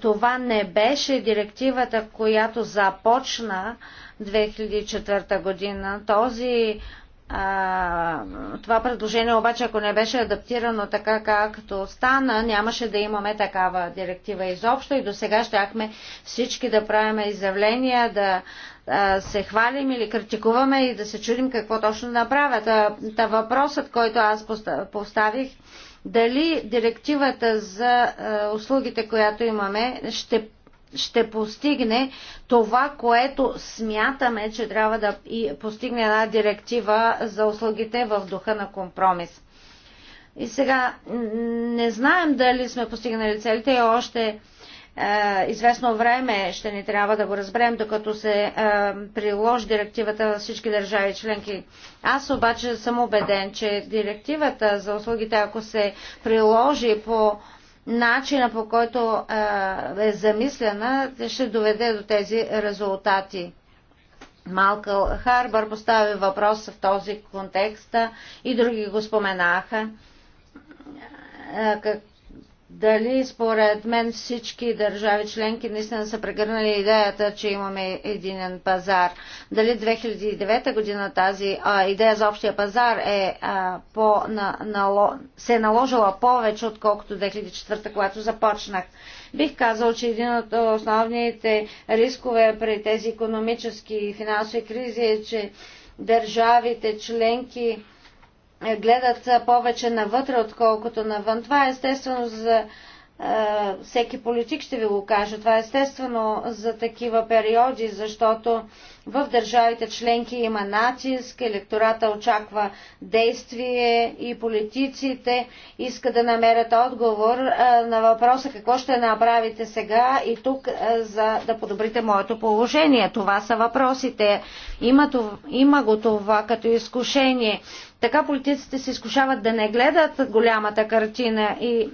A: Това не беше директивата, която започна 2004 година. Този а, това предложение обаче, ако не беше адаптирано така както стана, нямаше да имаме такава директива изобщо и до сега щяхме всички да правим изявления, да а, се хвалим или критикуваме и да се чудим какво точно направят. А, та въпросът, който аз поставих, дали директивата за услугите, която имаме, ще ще постигне това, което смятаме, че трябва да постигне една директива за услугите в духа на компромис. И сега не знаем дали сме постигнали целите и е още е, известно време ще ни трябва да го разберем, докато се е, приложи директивата във всички държави членки. Аз обаче съм убеден, че директивата за услугите, ако се приложи по е, начина по който е замислена, ще доведе до тези резултати. Малкъл Харбър постави въпрос в този контекст и други го споменаха. Как дали според мен всички държави членки наистина са прегърнали идеята, че имаме единен пазар. Дали 2009 година тази а, идея за общия пазар е, а, по, на, на, се е наложила повече, отколкото 2004, когато започнах. Бих казал, че един от основните рискове при тези економически и финансови кризи е, че държавите членки е, гледат повече навътре, отколкото навън. Това е естествено за е, всеки политик ще ви го кажа. Това е естествено за такива периоди, защото в държавите членки има натиск, електората очаква действие и политиците искат да намерят отговор на въпроса какво ще направите сега и тук, за да подобрите моето положение. Това са въпросите. Има, има го това като изкушение. Така политиците се изкушават да не гледат голямата картина и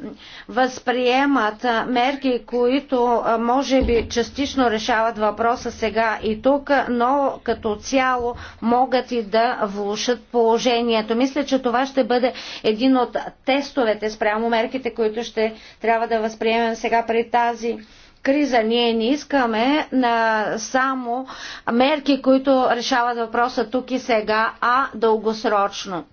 A: възприемат мерки, които може би частично решават въпроса сега и тук, но но като цяло могат и да влушат положението. Мисля, че това ще бъде един от тестовете спрямо мерките, които ще трябва да възприемем сега при тази криза. Ние не искаме на само мерки, които решават въпроса тук и сега, а дългосрочно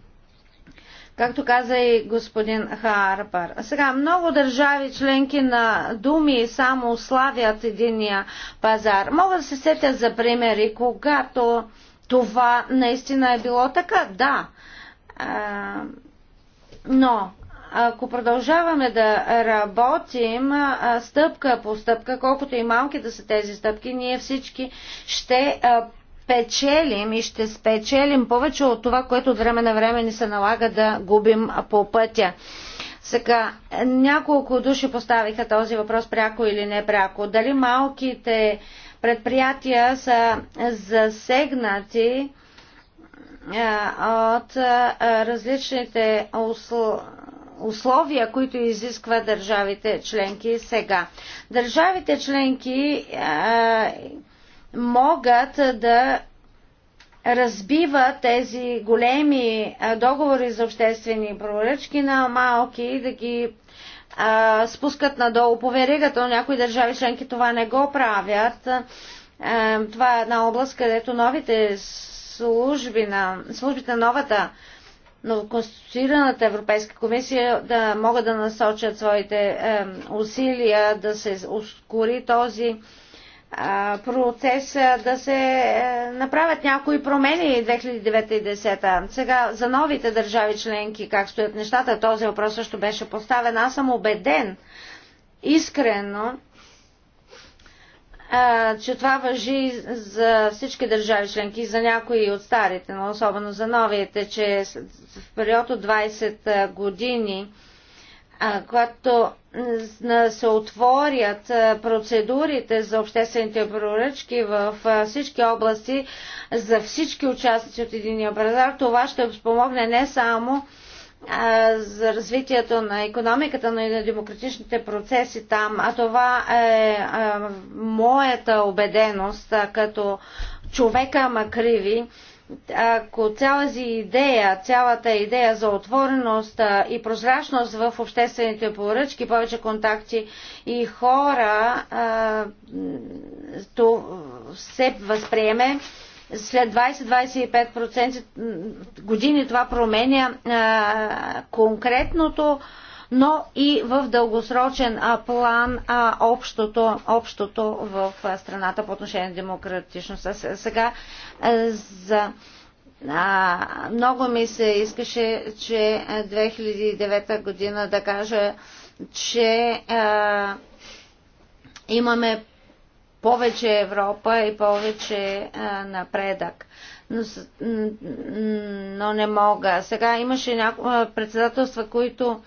A: както каза и господин Харпар. Сега, много държави, членки на думи, само славят единия пазар. Мога да се сетя за примери, когато това наистина е било така, да. но ако продължаваме да работим стъпка по стъпка, колкото и малки да са тези стъпки, ние всички ще спечелим и ще спечелим повече от това, което от време на време ни се налага да губим по пътя. Сега, няколко души поставиха този въпрос пряко или не пряко. Дали малките предприятия са засегнати от различните условия, които изисква държавите членки сега. Държавите членки могат да разбиват тези големи договори за обществени проръчки на малки и да ги а, спускат надолу по веригата, някои държави членки това не го правят. А, това е една област, където новите служби на, службите на новата новоконституираната Европейска комисия да могат да насочат своите е, усилия да се ускори този процес да се е, направят някои промени 2009 2010. Сега за новите държави членки как стоят нещата, този въпрос също беше поставен. Аз съм убеден искрено, че това въжи за всички държави членки, за някои от старите, но особено за новите, че в период от 20 години когато се отворят процедурите за обществените проръчки в всички области, за всички участници от единия пазар, това ще спомогне не само за развитието на економиката, но и на демократичните процеси там. А това е моята убеденост като човека макриви. криви ако цялата идея, цялата идея за отвореност и прозрачност в обществените поръчки, повече контакти и хора, то се възприеме след 20-25% години това променя конкретното но и в дългосрочен план общото, общото в страната по отношение на демократичността. Сега за а, много ми се искаше, че 2009 година да кажа, че а, имаме повече Европа и повече а, напредък. Но, но не мога. Сега имаше някои председателства, които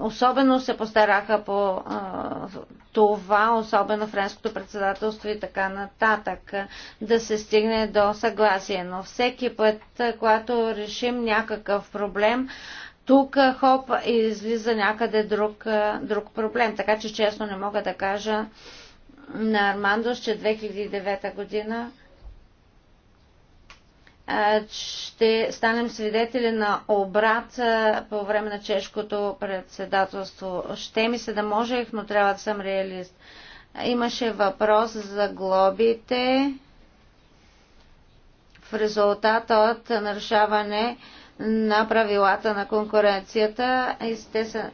A: особено се постараха по това, особено френското председателство и така нататък, да се стигне до съгласие. Но всеки път, когато решим някакъв проблем, тук хоп излиза някъде друг, друг проблем. Така че честно не мога да кажа на Армандос, че 2009 година ще станем свидетели на обрат по време на чешкото председателство. Ще ми се да можех, но трябва да съм реалист. Имаше въпрос за глобите в резултат от нарушаване на правилата на конкуренцията и те са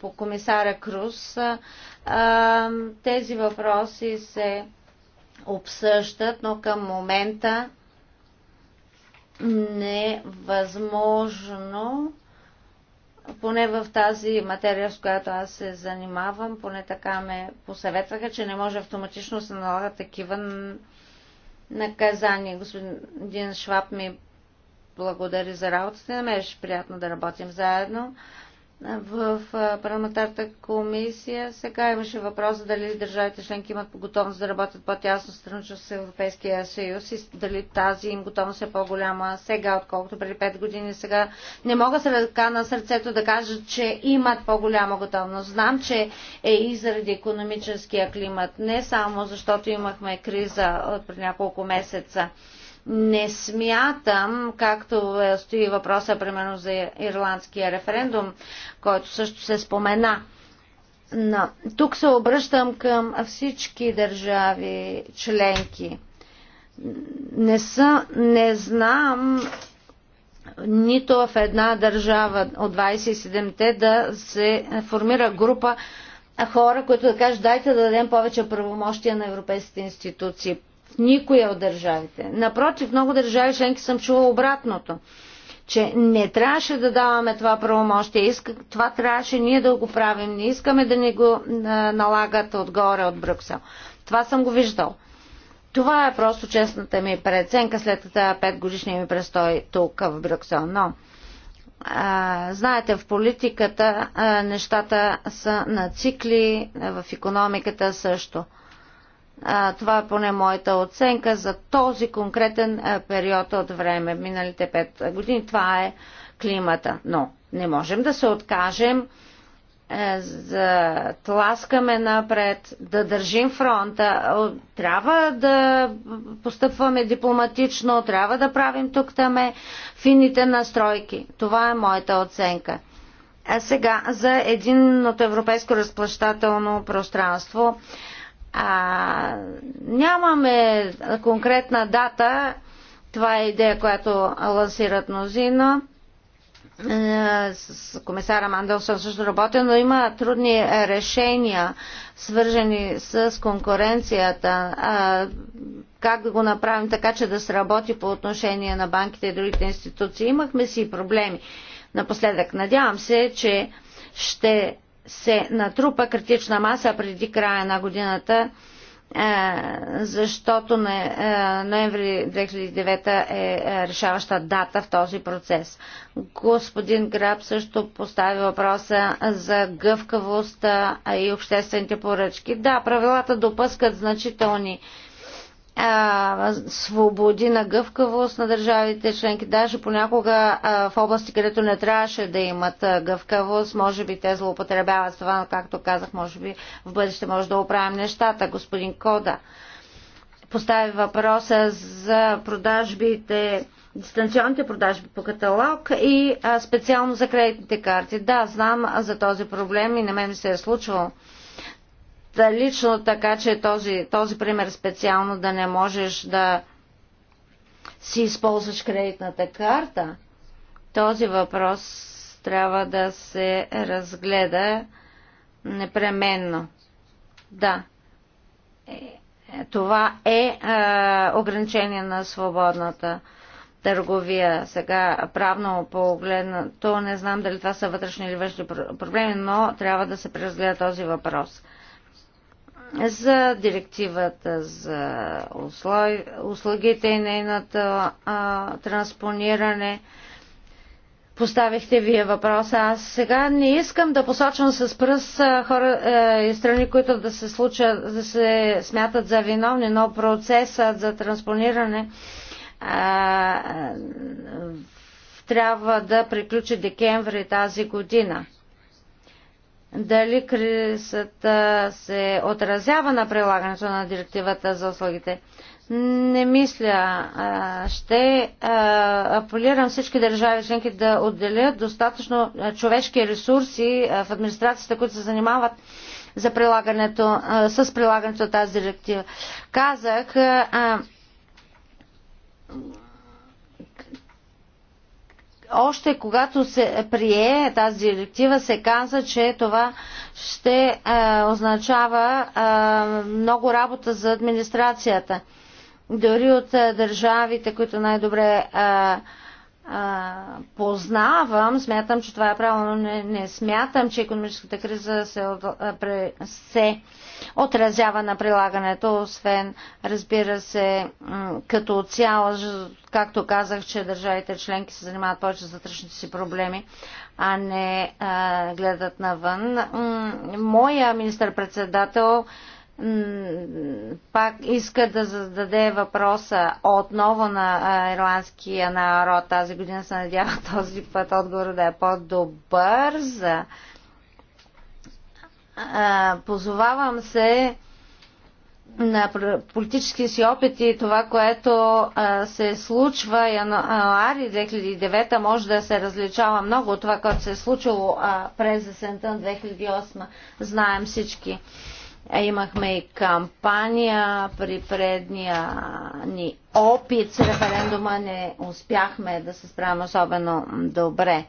A: по комисаря Круз. Тези въпроси се обсъждат, но към момента не е възможно, поне в тази материя, с която аз се занимавам, поне така ме посъветваха, че не може автоматично да се налага такива наказания. Господин Шваб ми благодари за работата ме беше приятно да работим заедно в парламентарната комисия. Сега имаше въпрос дали държавите членки имат готовност да работят по-тясно сътрудничество с Европейския съюз и дали тази им готовност е по-голяма сега, отколкото преди 5 години. Сега не мога с ръка на сърцето да кажа, че имат по-голяма готовност. Знам, че е и заради економическия климат, не само защото имахме криза от преди няколко месеца. Не смятам, както е, стои въпроса, примерно за ирландския референдум, който също се спомена. Но, тук се обръщам към всички държави членки. Не, са, не знам нито в една държава от 27-те да се формира група хора, които да кажат дайте да дадем повече правомощия на европейските институции в никоя от държавите. Напротив, много държави членки съм чула обратното че не трябваше да даваме това правомощие, това трябваше ние да го правим, не искаме да ни го налагат отгоре от Брюксел. Това съм го виждал. Това е просто честната ми преценка след пет годишния ми престой тук в Брюксел. Но, а, знаете, в политиката а, нещата са на цикли, в економиката също това е поне моята оценка за този конкретен период от време, миналите пет години. Това е климата. Но не можем да се откажем да е, тласкаме напред, да държим фронта, трябва да постъпваме дипломатично, трябва да правим тук таме фините настройки. Това е моята оценка. А сега за единното европейско разплащателно пространство. А, нямаме конкретна дата. Това е идея, която лансират мнозина. Е, с комисара Мандълсън също работя, но има трудни решения, свържени с конкуренцията. Как да го направим така, че да сработи по отношение на банките и другите институции? Имахме си проблеми напоследък. Надявам се, че ще се натрупа критична маса преди края на годината, е, защото е, ноември 2009 е, е решаваща дата в този процес. Господин Граб също постави въпроса за гъвкавост и обществените поръчки. Да, правилата допускат значителни а, свободи на гъвкавост на държавите членки. Даже понякога а, в области, където не трябваше да имат а, гъвкавост, може би те злоупотребяват с това, но както казах, може би в бъдеще може да оправим нещата. Господин Кода постави въпроса за продажбите дистанционните продажби по каталог и а, специално за кредитните карти. Да, знам за този проблем и на мен се е случвало лично, така че този, този пример специално да не можеш да си използваш кредитната карта, този въпрос трябва да се разгледа непременно. Да. Е, е, това е, е ограничение на свободната търговия. Сега правно погледнато, не знам дали това са вътрешни или външни проблеми, но трябва да се преразгледа този въпрос за директивата за услугите и нейната а, транспониране. Поставихте вие въпроса. Аз сега не искам да посочвам с пръст хора е, и страни, които да се случат, да се смятат за виновни, но процесът за транспониране а, трябва да приключи декември тази година дали кризата се отразява на прилагането на директивата за услугите. Не мисля. Ще апелирам всички държави членки да отделят достатъчно човешки ресурси в администрацията, които се занимават за прилагането, с прилагането на тази директива. Казах, още когато се прие тази директива, се каза, че това ще е, означава е, много работа за администрацията. Дори от е, държавите, които най-добре е, е, познавам, смятам, че това е правилно, не, не смятам, че економическата криза се, се отразява на прилагането, освен, разбира се, като цяло, както казах, че държавите членки се занимават повече с вътрешните си проблеми, а не а, гледат навън. Моя министър-председател пак иска да зададе въпроса отново на ирландския народ тази година. Се надява този път отговор да е по-добър за а, позовавам се на политически си опит и това, което а, се случва януари 2009 може да се различава много от това, което се е случило а, през есента на 2008. Знаем всички. Имахме и кампания при предния ни опит с референдума. Не успяхме да се справим особено добре.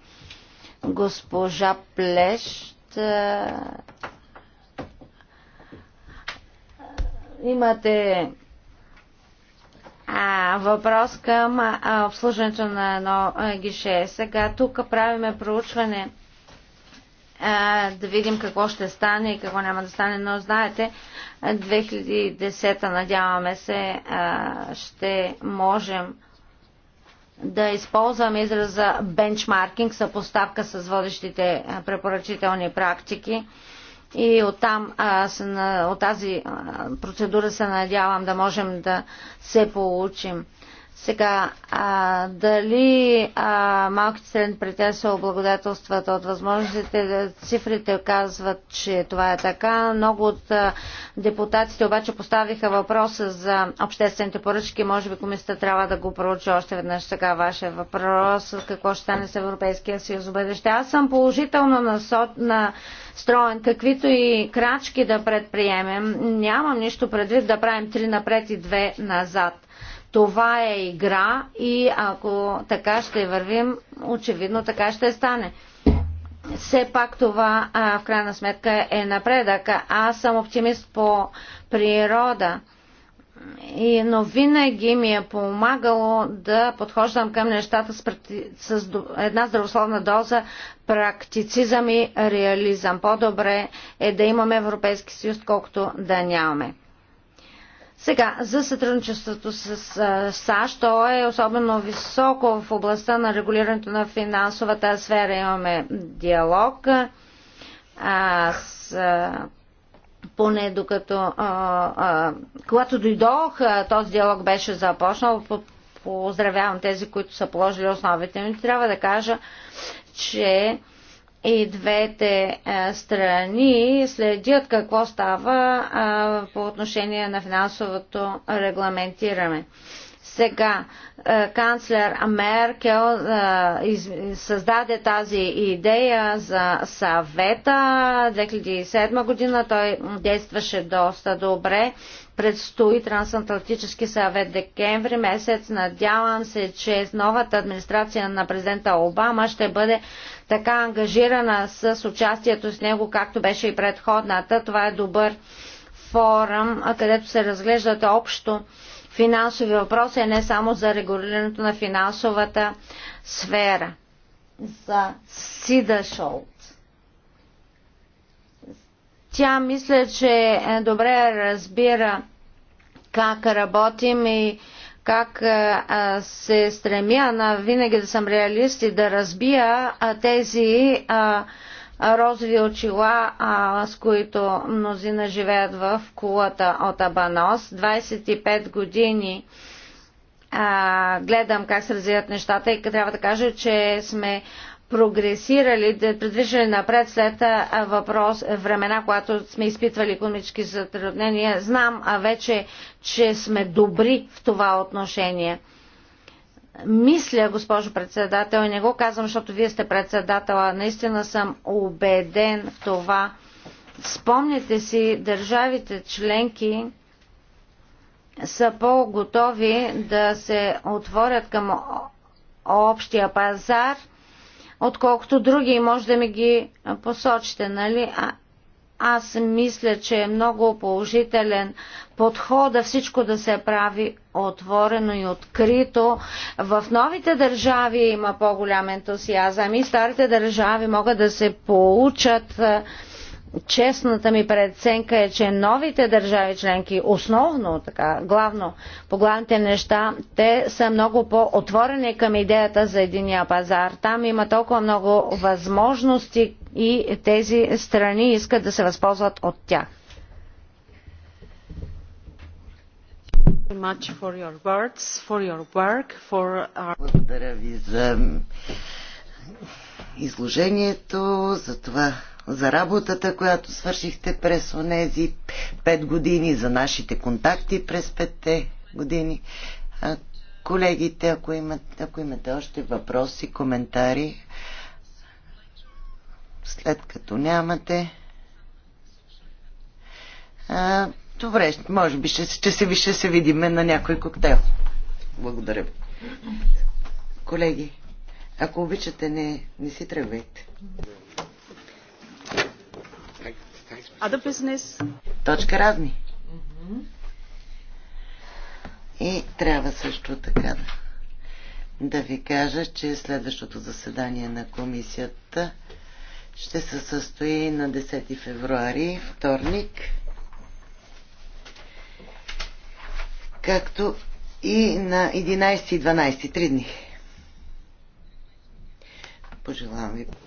A: Госпожа Плещ имате а, въпрос към а, обслужването на едно а, гише. Сега тук правиме проучване а, да видим какво ще стане и какво няма да стане, но знаете, 2010 надяваме се а, ще можем да използваме израза бенчмаркинг, съпоставка с водещите препоръчителни практики. А, и оттам, а, на от тази процедура се надявам да можем да се получим. Сега, а, дали а, малките средни предприятия се облагодателстват от възможностите, цифрите казват, че това е така. Много от а, депутатите обаче поставиха въпроса за обществените поръчки. Може би комисията трябва да го проучи още веднъж сега вашия въпрос. Какво ще стане с Европейския съюз бъдеще? Аз съм положително на строен каквито и крачки да предприемем. Нямам нищо предвид да правим три напред и две назад. Това е игра и ако така ще вървим, очевидно така ще стане. Все пак това а, в крайна сметка е напредък. Аз съм оптимист по природа, и, но винаги ми е помагало да подхождам към нещата с, с една здравословна доза практицизъм и реализъм. По-добре е да имаме Европейски съюз, колкото да нямаме. Сега, за сътрудничеството с САЩ, то е особено високо в областта на регулирането на финансовата сфера. Имаме диалог. а, поне докато а, а, когато дойдох, а, този диалог беше започнал. Поздравявам тези, които са положили основите, но трябва да кажа, че а, и двете страни следят какво става по отношение на финансовото регламентиране. Сега канцлер Меркел създаде тази идея за съвета 2007 година. Той действаше доста добре предстои Трансатлантически съвет декември месец. Надявам се, че новата администрация на президента Обама ще бъде така ангажирана с участието с него, както беше и предходната. Това е добър форум, където се разглеждат общо финансови въпроси, а не само за регулирането на финансовата сфера. За Сида Шоу. Тя мисля, че е добре разбира как работим и как се стремя на винаги да съм реалист и да разбия тези розови очила, с които мнозина живеят в кулата от Абанос. 25 години гледам как се развиват нещата и трябва да кажа, че сме прогресирали, да предвиждали напред след въпрос, времена, когато сме изпитвали економически затруднения. Знам а вече, че сме добри в това отношение. Мисля, госпожо председател, и не го казвам, защото вие сте председател, а наистина съм убеден в това. Спомняте си, държавите членки са по-готови да се отворят към общия пазар – отколкото други. Може да ми ги посочите, нали? А, аз мисля, че е много положителен подхода всичко да се прави отворено и открито. В новите държави има по-голям ентусиазъм и старите държави могат да се получат честната ми преценка е, че новите държави членки, основно така, главно по главните неща, те са много по-отворени към идеята за единия пазар. Там има толкова много възможности и тези страни искат да се възползват от тях.
C: Благодаря ви за
B: изложението, за това за работата, която свършихте през онези пет години, за нашите контакти през петте години. А, колегите, ако имате, ако имате още въпроси, коментари, след като нямате. А, добре, може би ще, ще, се, ще се видиме на някой коктейл. Благодаря ви. Колеги, ако обичате, не, не си тръгвайте.
C: Other business.
B: Точка разни. И трябва също така да, да ви кажа, че следващото заседание на комисията ще се състои на 10 февруари, вторник. Както и на 11 и 12, три дни. Пожелавам ви